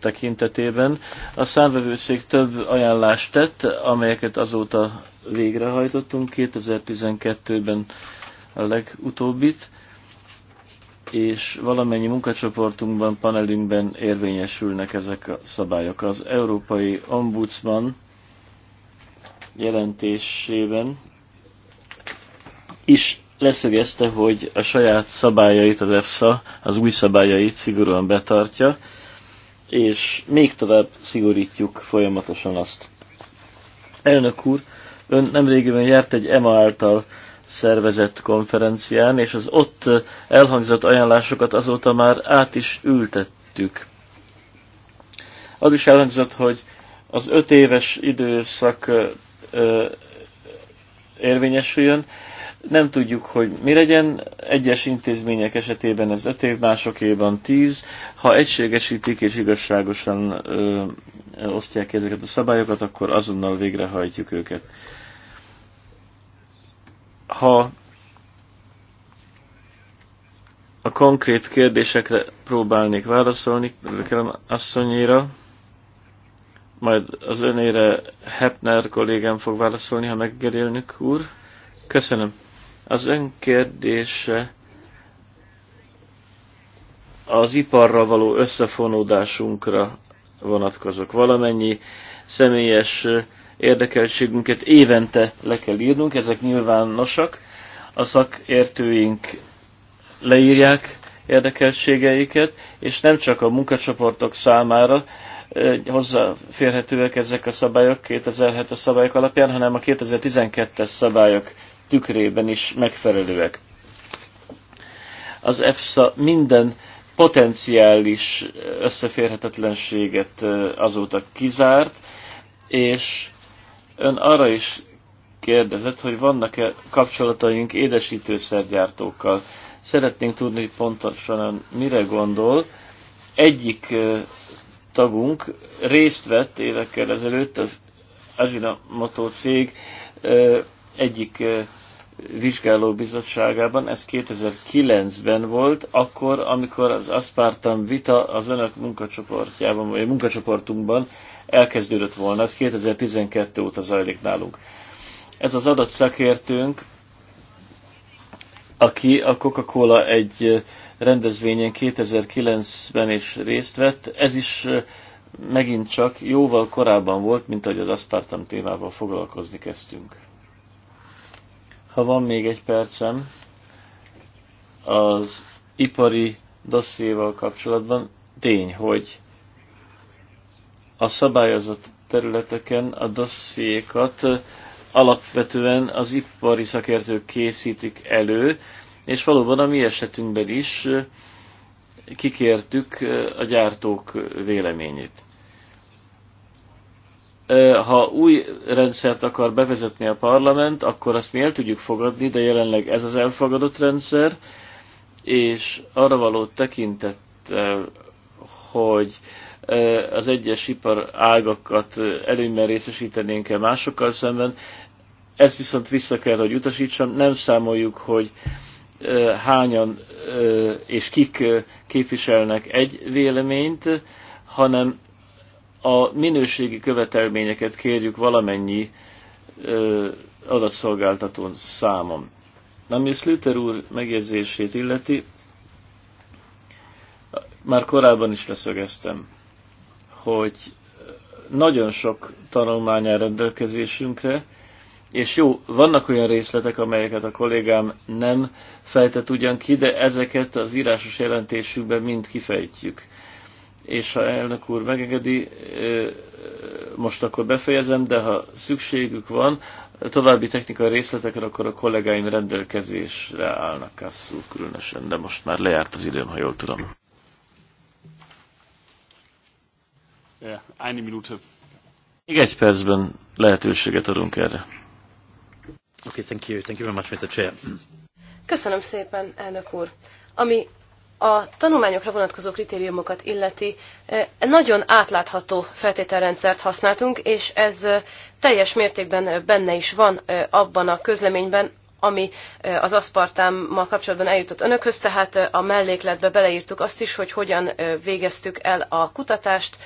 S1: tekintetében. A számvevőszék több ajánlást tett, amelyeket azóta végrehajtottunk, 2012-ben a legutóbbit, és valamennyi munkacsoportunkban, panelünkben érvényesülnek ezek a szabályok. Az Európai Ombudsman jelentésében is leszögezte, hogy a saját szabályait az EFSA, az új szabályait szigorúan betartja, és még tovább szigorítjuk folyamatosan azt. Elnök úr, ön nemrégiben járt egy EMA által szervezett konferencián, és az ott elhangzott ajánlásokat azóta már át is ültettük. Az is elhangzott, hogy az öt éves időszak érvényesüljön. Nem tudjuk, hogy mi legyen. Egyes intézmények esetében ez öt év, másokéban tíz. Ha egységesítik és igazságosan ö, osztják ezeket a szabályokat, akkor azonnal végrehajtjuk őket. Ha a konkrét kérdésekre próbálnék válaszolni, kérem asszonyira, majd az önére Hepner kollégám fog válaszolni, ha megéri úr. Köszönöm. Az ön kérdése az iparra való összefonódásunkra vonatkozok. Valamennyi személyes érdekeltségünket évente le kell írnunk, ezek nyilvánosak. A szakértőink leírják érdekeltségeiket, és nem csak a munkacsoportok számára hozzáférhetőek ezek a szabályok 2007-es szabályok alapján, hanem a 2012-es szabályok tükrében is megfelelőek. Az EFSA minden potenciális összeférhetetlenséget azóta kizárt, és Ön arra is kérdezett, hogy vannak-e kapcsolataink édesítőszergyártókkal. Szeretnénk tudni, hogy pontosan mire gondol. Egyik tagunk részt vett évekkel ezelőtt az Ajinomoto cég egyik vizsgálóbizottságában, ez 2009-ben volt, akkor, amikor az Aspartam vita az önök munkacsoportjában, vagy munkacsoportunkban elkezdődött volna, ez 2012 óta zajlik nálunk. Ez az adat szakértőnk, aki a Coca-Cola egy rendezvényen 2009-ben is részt vett, ez is megint csak jóval korábban volt, mint ahogy az aspartam témával foglalkozni kezdtünk. Ha van még egy percem, az ipari dossziéval kapcsolatban tény, hogy a szabályozott területeken a dossziékat alapvetően az ipari szakértők készítik elő, és valóban a mi esetünkben is kikértük a gyártók véleményét. Ha új rendszert akar bevezetni a parlament, akkor azt mi el tudjuk fogadni, de jelenleg ez az elfogadott rendszer, és arra való tekintettel, hogy az egyes ipar ágakat előnyben részesítenénk el másokkal szemben. Ezt viszont vissza kell, hogy utasítsam. Nem számoljuk, hogy hányan és kik képviselnek egy véleményt, hanem a minőségi követelményeket kérjük valamennyi adatszolgáltatón számon. mi Slüter úr megjegyzését illeti, már korábban is leszögeztem hogy nagyon sok tanulmány áll rendelkezésünkre, és jó, vannak olyan részletek, amelyeket a kollégám nem fejtett ugyan ki, de ezeket az írásos jelentésükben mind kifejtjük. És ha elnök úr megengedi, most akkor befejezem, de ha szükségük van, további technikai részletekre, akkor a kollégáim rendelkezésre állnak, Kasszú különösen, de most már lejárt az időm, ha jól tudom. Eine Minute. Még egy percben lehetőséget adunk erre. Okay, thank you. Thank you very much, Mr. Chair.
S2: Köszönöm szépen, elnök úr. Ami a tanulmányokra vonatkozó kritériumokat illeti, nagyon átlátható feltételrendszert használtunk, és ez teljes mértékben benne is van abban a közleményben, ami az aszpartámmal kapcsolatban eljutott önökhöz, tehát a mellékletbe beleírtuk azt is, hogy hogyan végeztük el a kutatást,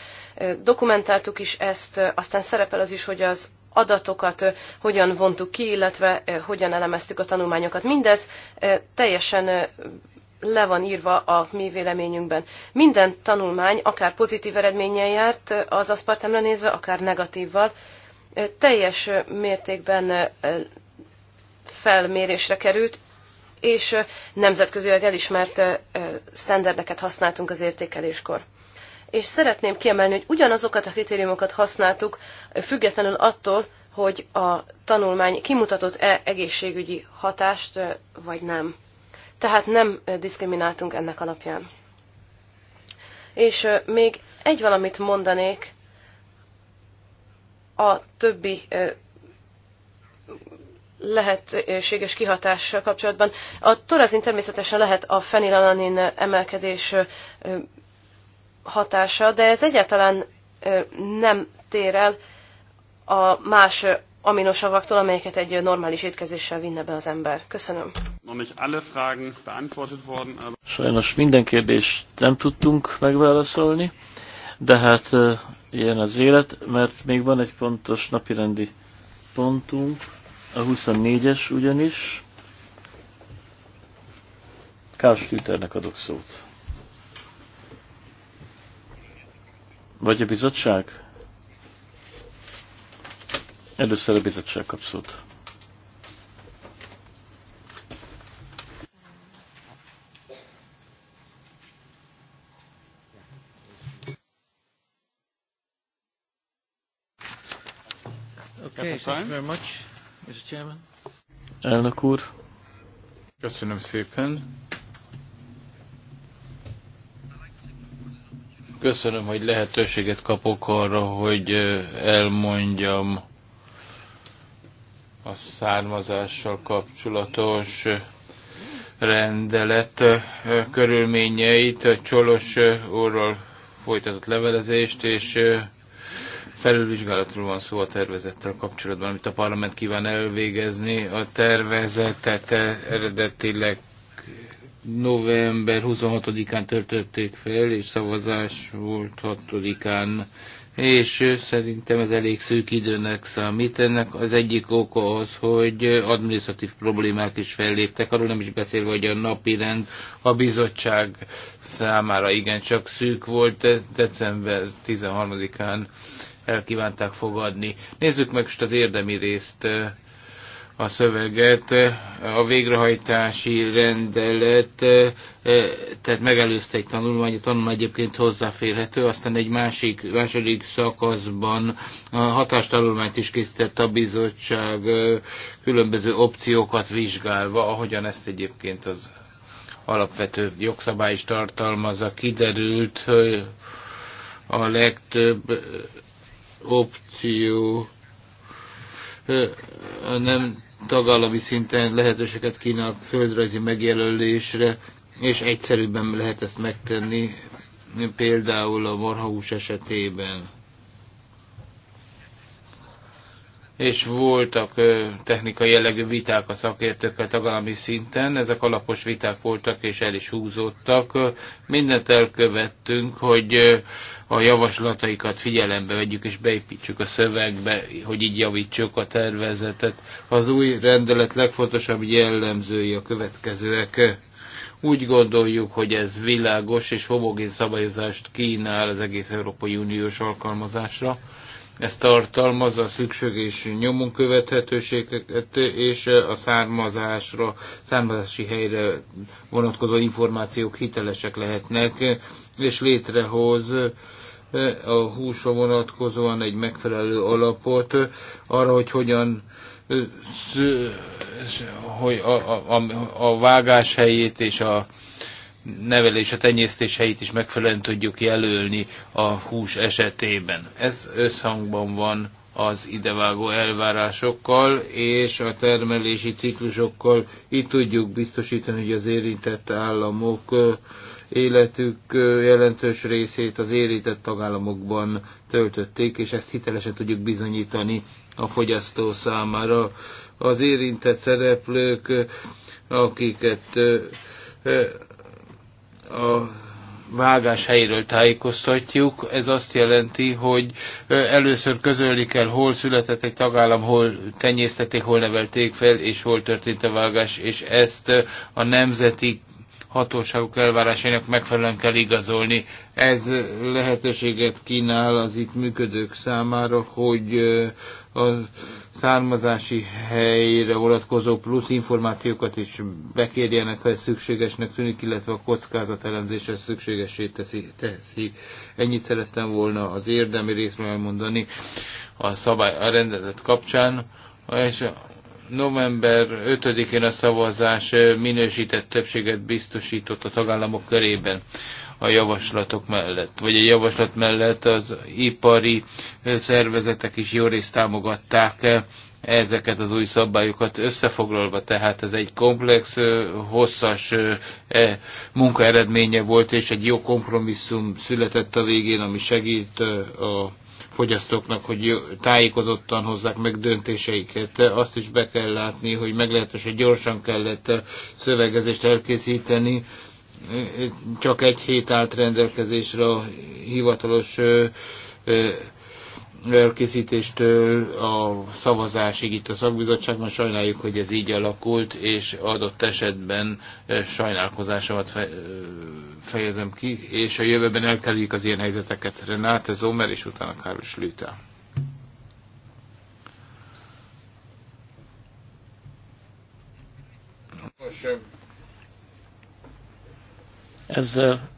S2: dokumentáltuk is ezt, aztán szerepel az is, hogy az adatokat hogyan vontuk ki, illetve hogyan elemeztük a tanulmányokat. Mindez teljesen le van írva a mi véleményünkben. Minden tanulmány, akár pozitív eredménnyel járt az aszpartemre nézve, akár negatívval, teljes mértékben felmérésre került, és nemzetközileg elismert sztenderdeket használtunk az értékeléskor és szeretném kiemelni, hogy ugyanazokat a kritériumokat használtuk, függetlenül attól, hogy a tanulmány kimutatott-e egészségügyi hatást, vagy nem. Tehát nem diszkrimináltunk ennek alapján. És még egy valamit mondanék a többi lehetséges kihatással kapcsolatban. A torazin természetesen lehet a fenilalanin emelkedés hatása, de ez egyáltalán nem tér el a más aminosavaktól, amelyeket egy normális étkezéssel vinne be az ember. Köszönöm.
S1: Sajnos minden kérdést nem tudtunk megválaszolni, de hát ilyen az élet, mert még van egy pontos napirendi pontunk, a 24-es ugyanis. Kárslüternek adok szót. Vagy a bizottság? Először a bizottság kap szót. Elnök úr.
S3: Köszönöm szépen. Köszönöm, hogy lehetőséget kapok arra, hogy elmondjam a származással kapcsolatos rendelet körülményeit, a Csolos úrral folytatott levelezést, és felülvizsgálatról van szó a tervezettel kapcsolatban, amit a parlament kíván elvégezni. A tervezetet eredetileg november 26-án törtötték fel, és szavazás volt 6-án, és szerintem ez elég szűk időnek számít. Ennek az egyik oka az, hogy administratív problémák is felléptek, arról nem is beszélve, hogy a napi rend a bizottság számára igencsak szűk volt, ez december 13-án elkívánták fogadni. Nézzük meg most az érdemi részt a szöveget. A végrehajtási rendelet, e, tehát megelőzte egy tanulmány, a tanulmány egyébként hozzáférhető, aztán egy másik, második szakaszban a hatástanulmányt is készített a bizottság e, különböző opciókat vizsgálva, ahogyan ezt egyébként az alapvető jogszabály is tartalmazza, kiderült, hogy a legtöbb opció e, nem tagállami szinten lehetőséget kínál földrajzi megjelölésre, és egyszerűbben lehet ezt megtenni, például a marhahús esetében. és voltak technikai jellegű viták a szakértőkkel tagalami szinten, ezek alapos viták voltak, és el is húzódtak. Mindent elkövettünk, hogy a javaslataikat figyelembe vegyük, és beépítsük a szövegbe, hogy így javítsuk a tervezetet. Az új rendelet legfontosabb jellemzői a következőek úgy gondoljuk, hogy ez világos és homogén szabályozást kínál az egész Európai Uniós alkalmazásra ez tartalmaz a szükséges nyomon követhetőséget és a származásra, származási helyre vonatkozó információk hitelesek lehetnek, és létrehoz eh, a húsa vonatkozóan egy megfelelő alapot arra, hogy hogyan eh, hogy a, a, a, a vágás helyét és a nevelés, a tenyésztés helyét is megfelelően tudjuk jelölni a hús esetében. Ez összhangban van az idevágó elvárásokkal és a termelési ciklusokkal. Itt tudjuk biztosítani, hogy az érintett államok életük jelentős részét az érintett tagállamokban töltötték, és ezt hitelesen tudjuk bizonyítani a fogyasztó számára. Az érintett szereplők, akiket a vágás helyéről tájékoztatjuk. Ez azt jelenti, hogy először közölik el, hol született egy tagállam, hol tenyésztették, hol nevelték fel, és hol történt a vágás, és ezt a nemzeti hatóságok elvárásainak megfelelően kell igazolni. Ez lehetőséget kínál az itt működők számára, hogy a származási helyre vonatkozó plusz információkat is bekérjenek, ha ez szükségesnek tűnik, illetve a kockázatelemzésre szükségesé teszi, teszi. Ennyit szerettem volna az érdemi részről elmondani a, szabály, a rendelet kapcsán, és november 5-én a szavazás minősített többséget biztosított a tagállamok körében a javaslatok mellett, vagy a javaslat mellett az ipari szervezetek is jó részt támogatták ezeket az új szabályokat összefoglalva, tehát ez egy komplex, hosszas e, munka eredménye volt, és egy jó kompromisszum született a végén, ami segít a fogyasztóknak, hogy tájékozottan hozzák meg döntéseiket. Azt is be kell látni, hogy meglehetősen gyorsan kellett szövegezést elkészíteni, csak egy hét állt rendelkezésre a hivatalos elkészítéstől a szavazásig itt a szakbizottságban. Sajnáljuk, hogy ez így alakult, és adott esetben sajnálkozásomat fejezem ki, és a jövőben elkerüljük az ilyen helyzeteket. Renáte Zomer, és utána Káros Lüte.
S1: Ezzel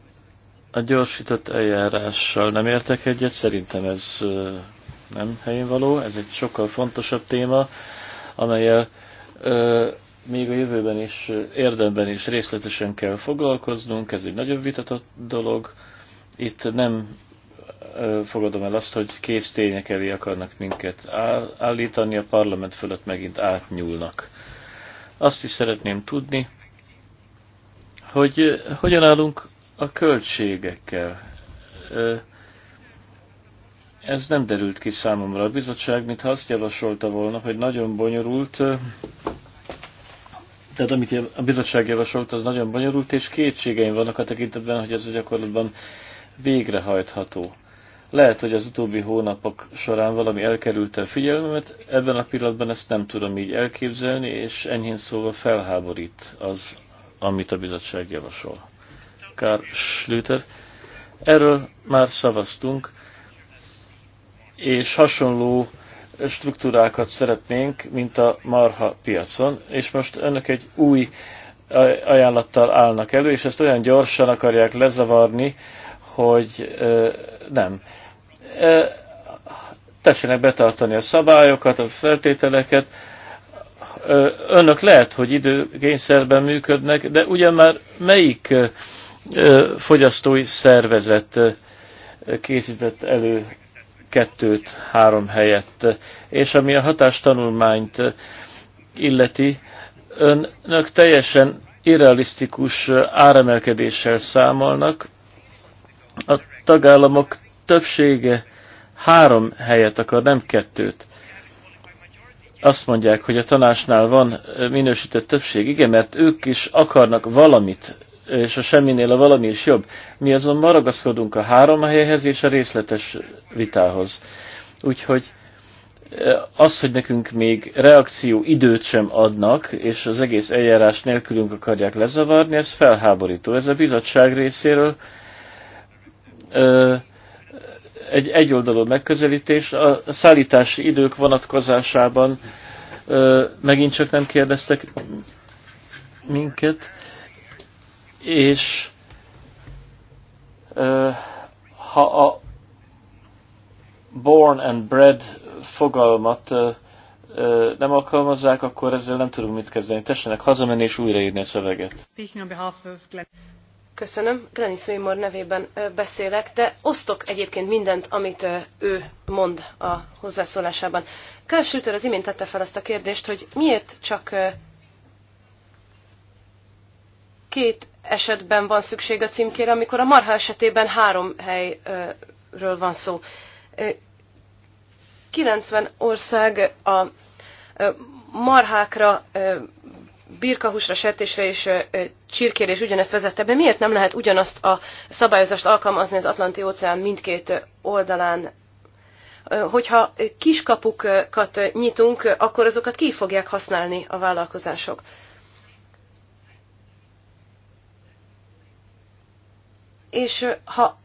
S1: a gyorsított eljárással nem értek egyet, szerintem ez nem helyén való, ez egy sokkal fontosabb téma, amelyel ö, még a jövőben is, érdemben is részletesen kell foglalkoznunk, ez egy nagyobb vitatott dolog. Itt nem ö, fogadom el azt, hogy kész tények elé akarnak minket állítani, a parlament fölött megint átnyúlnak. Azt is szeretném tudni, hogy hogyan állunk a költségekkel. Ö, ez nem derült ki számomra. A bizottság mintha azt javasolta volna, hogy nagyon bonyolult, tehát amit a bizottság javasolt, az nagyon bonyolult, és kétségeim vannak a tekintetben, hogy ez a gyakorlatban végrehajtható. Lehet, hogy az utóbbi hónapok során valami elkerülte a figyelmemet, ebben a pillanatban ezt nem tudom így elképzelni, és enyhén szóval felháborít az, amit a bizottság javasol. Kár Schlüter. Erről már szavaztunk és hasonló struktúrákat szeretnénk, mint a marha piacon, és most önök egy új ajánlattal állnak elő, és ezt olyan gyorsan akarják lezavarni, hogy nem. Tessenek betartani a szabályokat, a feltételeket. Önök lehet, hogy időkényszerben működnek, de ugyan már melyik fogyasztói szervezet készített elő kettőt, három helyett. És ami a hatástanulmányt illeti, önök teljesen irrealisztikus áremelkedéssel számolnak. A tagállamok többsége három helyet akar, nem kettőt. Azt mondják, hogy a tanásnál van minősített többség. Igen, mert ők is akarnak valamit és a semminél a valami is jobb. Mi azonban ragaszkodunk a három helyhez és a részletes vitához. Úgyhogy eh, az, hogy nekünk még reakció időt sem adnak, és az egész eljárás nélkülünk akarják lezavarni, ez felháborító. Ez a bizottság részéről ö, eh, egy egyoldalú megközelítés. A szállítási idők vonatkozásában ö, eh, megint csak nem kérdeztek minket és ha a born and bred fogalmat nem alkalmazzák, akkor ezzel nem tudunk mit kezdeni. Tessenek hazamenni és újraírni a szöveget.
S2: Köszönöm. Glenny Swaymore nevében beszélek, de osztok egyébként mindent, amit ő mond a hozzászólásában. Kársultőr az imént tette fel azt a kérdést, hogy miért csak két esetben van szükség a címkére, amikor a marha esetében három helyről van szó. 90 ország a marhákra, birkahúsra, sertésre és csirkére is ugyanezt vezette be. Miért nem lehet ugyanazt a szabályozást alkalmazni az Atlanti-óceán mindkét oldalán? Hogyha kiskapukat nyitunk, akkor azokat ki fogják használni a vállalkozások. és ha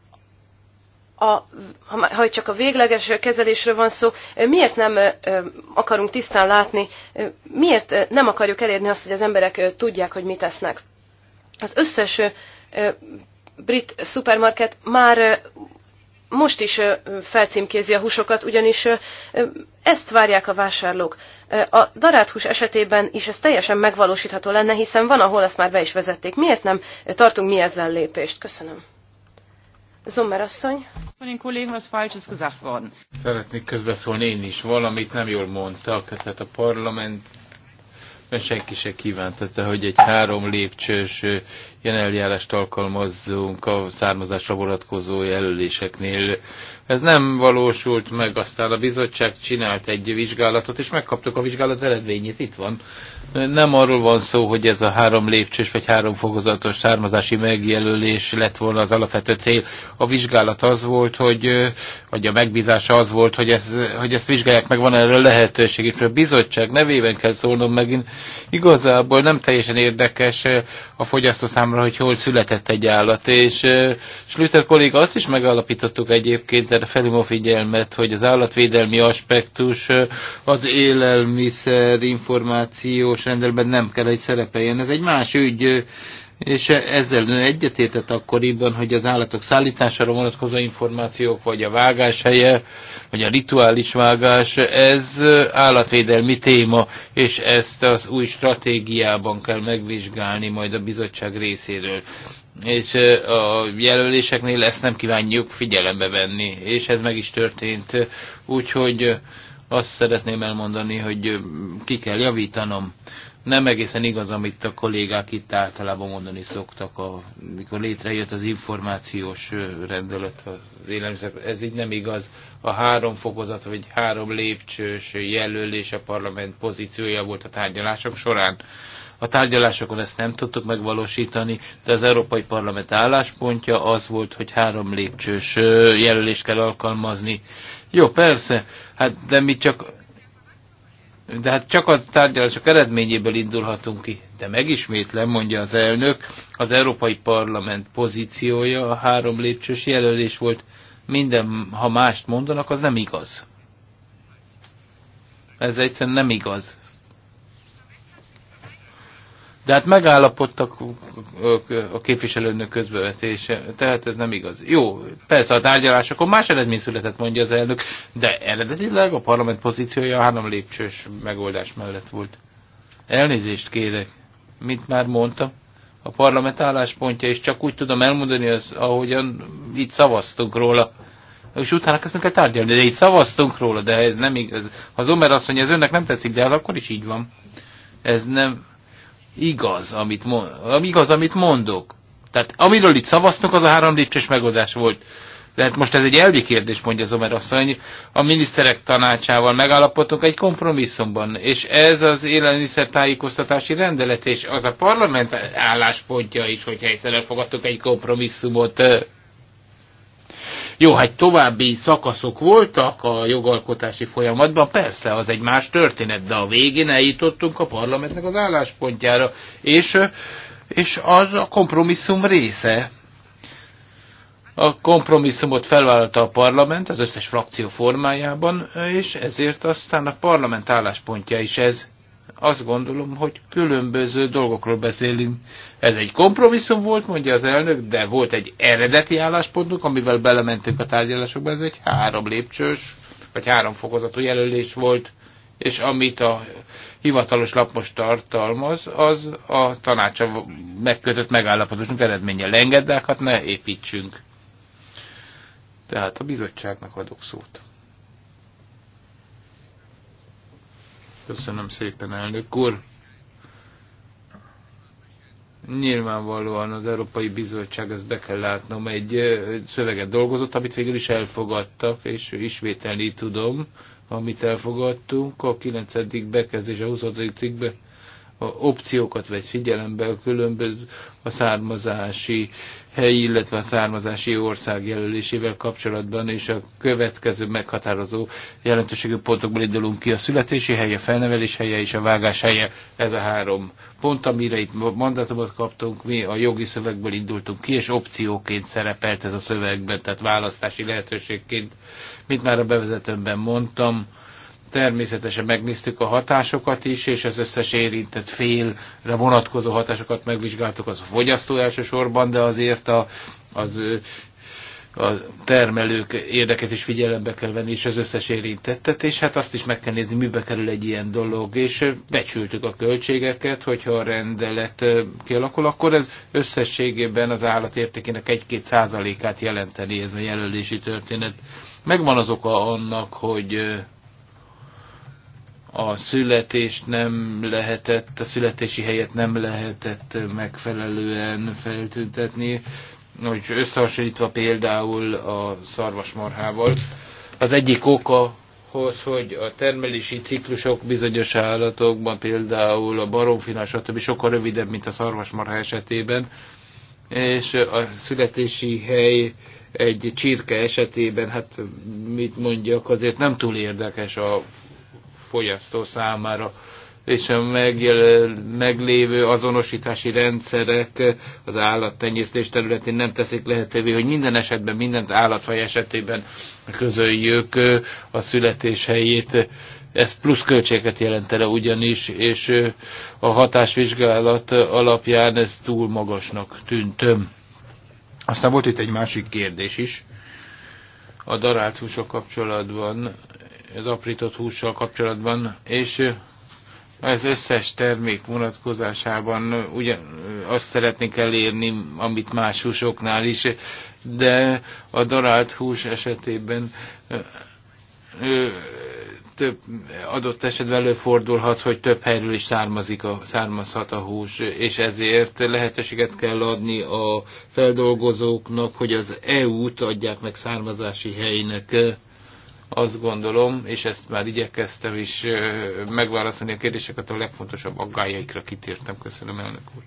S2: a, ha, ha csak a végleges kezelésről van szó, miért nem akarunk tisztán látni, miért nem akarjuk elérni azt, hogy az emberek tudják, hogy mit tesznek. Az összes brit szupermarket már most is felcímkézi a húsokat, ugyanis ezt várják a vásárlók. A darált hús esetében is ez teljesen megvalósítható lenne, hiszen van, ahol ezt már be is vezették. Miért nem tartunk mi ezzel lépést? Köszönöm.
S3: Szeretnék közbeszólni én is. Valamit nem jól mondtak. Tehát a parlament senki se kívántette, hogy egy három lépcsős ilyen eljárást alkalmazzunk a származásra vonatkozó jelöléseknél. Ez nem valósult meg, aztán a bizottság csinált egy vizsgálatot, és megkaptuk a vizsgálat eredményét, itt van. Nem arról van szó, hogy ez a három lépcsős vagy három fokozatos származási megjelölés lett volna az alapvető cél. A vizsgálat az volt, hogy, vagy a megbízása az volt, hogy, ez, hogy ezt vizsgálják meg, van erre lehetőség. És a bizottság nevében kell szólnom megint, igazából nem teljesen érdekes a fogyasztó számára számra, hogy hol született egy állat, és Slüter kolléga azt is megállapítottuk egyébként, erre felhívom a figyelmet, hogy az állatvédelmi aspektus az élelmiszer információs rendelben nem kell, hogy szerepeljen. Ez egy más ügy, és e- ezzel egyetértett akkoriban, hogy az állatok szállítására vonatkozó információk, vagy a vágás helye, vagy a rituális vágás, ez állatvédelmi téma, és ezt az új stratégiában kell megvizsgálni majd a bizottság részéről. És a jelöléseknél ezt nem kívánjuk figyelembe venni, és ez meg is történt. Úgyhogy azt szeretném elmondani, hogy ki kell javítanom nem egészen igaz, amit a kollégák itt általában mondani szoktak, amikor létrejött az információs rendelet az élelmiszer. Ez így nem igaz. A három fokozat, vagy három lépcsős jelölés a parlament pozíciója volt a tárgyalások során. A tárgyalásokon ezt nem tudtuk megvalósítani, de az Európai Parlament álláspontja az volt, hogy három lépcsős jelölést kell alkalmazni. Jó, persze, hát de mi csak de hát csak a tárgyalások eredményéből indulhatunk ki. De megismétlem, mondja az elnök, az Európai Parlament pozíciója a három lépcsős jelölés volt. Minden, ha mást mondanak, az nem igaz. Ez egyszerűen nem igaz. De hát megállapodtak a képviselőnök közbevetése, tehát ez nem igaz. Jó, persze a tárgyalásokon más eredmény született, mondja az elnök, de eredetileg a parlament pozíciója a három lépcsős megoldás mellett volt. Elnézést kérek, mint már mondtam, a parlament álláspontja, és csak úgy tudom elmondani, az, ahogyan itt szavaztunk róla. És utána kezdtünk el tárgyalni, de itt szavaztunk róla, de ez nem igaz. Ha Omer azt mondja, ez önnek nem tetszik, de az akkor is így van. Ez nem, igaz, amit, igaz, amit mondok. Tehát amiről itt szavaztunk, az a három lépcsős megoldás volt. De hát most ez egy elvi kérdés, mondja Zomer asszony. A miniszterek tanácsával megállapodtunk egy kompromisszumban, és ez az tájékoztatási rendelet, és az a parlament álláspontja is, hogy egyszer elfogadtuk egy kompromisszumot jó, hát további szakaszok voltak a jogalkotási folyamatban, persze, az egy más történet, de a végén eljutottunk a parlamentnek az álláspontjára, és, és az a kompromisszum része. A kompromisszumot felvállalta a parlament az összes frakció formájában, és ezért aztán a parlament álláspontja is ez azt gondolom, hogy különböző dolgokról beszélünk. Ez egy kompromisszum volt, mondja az elnök, de volt egy eredeti álláspontunk, amivel belementünk a tárgyalásokba, ez egy három lépcsős, vagy három fokozatú jelölés volt, és amit a hivatalos lap most tartalmaz, az a tanácsa megkötött megállapodásunk eredménye. Lengeddákat ne építsünk. Tehát a bizottságnak adok szót. Köszönöm szépen, elnök úr. Nyilvánvalóan az Európai Bizottság, ezt be kell látnom, egy szöveget dolgozott, amit végül is elfogadtak, és ismételni tudom, amit elfogadtunk a 9. bekezdés a 20. cikkbe opciókat vegy figyelembe, a különböző a származási helyi, illetve a származási ország jelölésével kapcsolatban, és a következő meghatározó jelentőségű pontokból indulunk ki a születési helye, a felnevelés helye és a vágás helye. Ez a három pont, amire itt mandátumot kaptunk, mi a jogi szövegből indultunk ki, és opcióként szerepelt ez a szövegben, tehát választási lehetőségként, mint már a bevezetőmben mondtam, Természetesen megnéztük a hatásokat is, és az összes érintett félre vonatkozó hatásokat megvizsgáltuk, az a fogyasztó elsősorban, de azért a, az a termelők érdeket is figyelembe kell venni, és az összes érintettet, és hát azt is meg kell nézni, mibe kerül egy ilyen dolog, és becsültük a költségeket, hogyha a rendelet kialakul, akkor ez összességében az állatértékének 1-2 százalékát jelenteni ez a jelölési történet. Megvan az oka annak, hogy a születést nem lehetett, a születési helyet nem lehetett megfelelően feltüntetni, hogy összehasonlítva például a szarvasmarhával. Az egyik oka hoz, hogy a termelési ciklusok bizonyos állatokban, például a baromfina, stb. sokkal rövidebb, mint a szarvasmarha esetében, és a születési hely egy csirke esetében, hát mit mondjak, azért nem túl érdekes a fogyasztó számára és a megjel, meglévő azonosítási rendszerek az állattenyésztés területén nem teszik lehetővé, hogy minden esetben, mindent állatfaj esetében közöljük a születés helyét. Ez plusz költséget jelentene ugyanis, és a hatásvizsgálat alapján ez túl magasnak tűnt. Aztán volt itt egy másik kérdés is a darált húsok kapcsolatban az aprított hússal kapcsolatban, és az összes termék vonatkozásában ugyan, azt szeretnék elérni, amit más húsoknál is, de a darált hús esetében több adott esetben előfordulhat, hogy több helyről is származik a, származhat a hús, és ezért lehetőséget kell adni a feldolgozóknak, hogy az EU-t adják meg származási helynek azt gondolom, és ezt már igyekeztem is megválaszolni a kérdéseket, a legfontosabb aggájaikra kitértem. Köszönöm, elnök úr.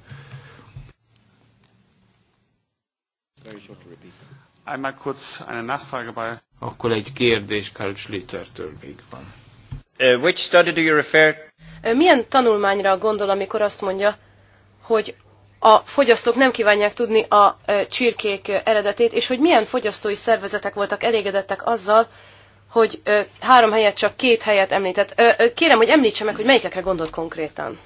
S3: Akkor egy kérdés Karl Schlittertől még van. Uh, which study do you refer?
S2: Milyen tanulmányra gondol, amikor azt mondja, hogy a fogyasztók nem kívánják tudni a csirkék eredetét, és hogy milyen fogyasztói szervezetek voltak elégedettek azzal, hogy ö, három helyet csak két helyet említett. Ö, ö, kérem, hogy említse meg, hogy melyikekre gondolt konkrétan.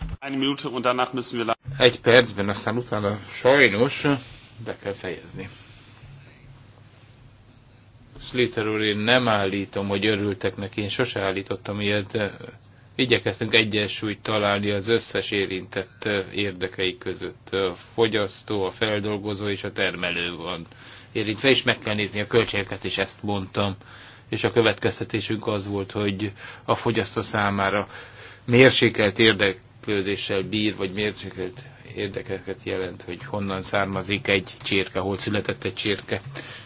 S3: Egy percben, aztán utána sajnos be kell fejezni. Sliter úr, én nem állítom, hogy örültek neki, én sose állítottam ilyet. Igyekeztünk egyensúlyt találni az összes érintett érdekei között. A fogyasztó, a feldolgozó és a termelő van érintve, és meg kell nézni a költségeket, és ezt mondtam és a következtetésünk az volt, hogy a fogyasztó számára mérsékelt érdeklődéssel bír, vagy mérsékelt érdekeket jelent, hogy honnan származik egy csirke, hol született egy csirke.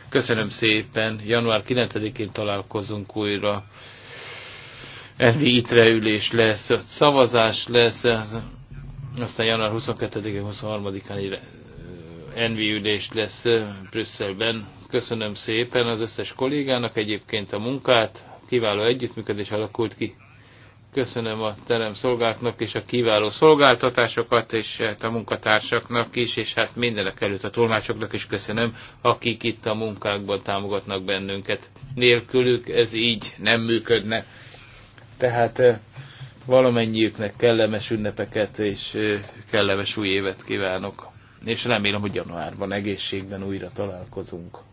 S3: Köszönöm szépen, január 9-én találkozunk újra. Envi itre ülés lesz, szavazás lesz, aztán január 22-én, 23-án egy Envi ülés lesz Brüsszelben, Köszönöm szépen az összes kollégának egyébként a munkát, kiváló együttműködés alakult ki. Köszönöm a terem szolgáknak és a kiváló szolgáltatásokat, és hát a munkatársaknak is, és hát mindenek előtt a tolmácsoknak is köszönöm, akik itt a munkákban támogatnak bennünket. Nélkülük ez így nem működne. Tehát eh, valamennyiüknek kellemes ünnepeket és eh, kellemes új évet kívánok. És remélem, hogy januárban egészségben újra találkozunk.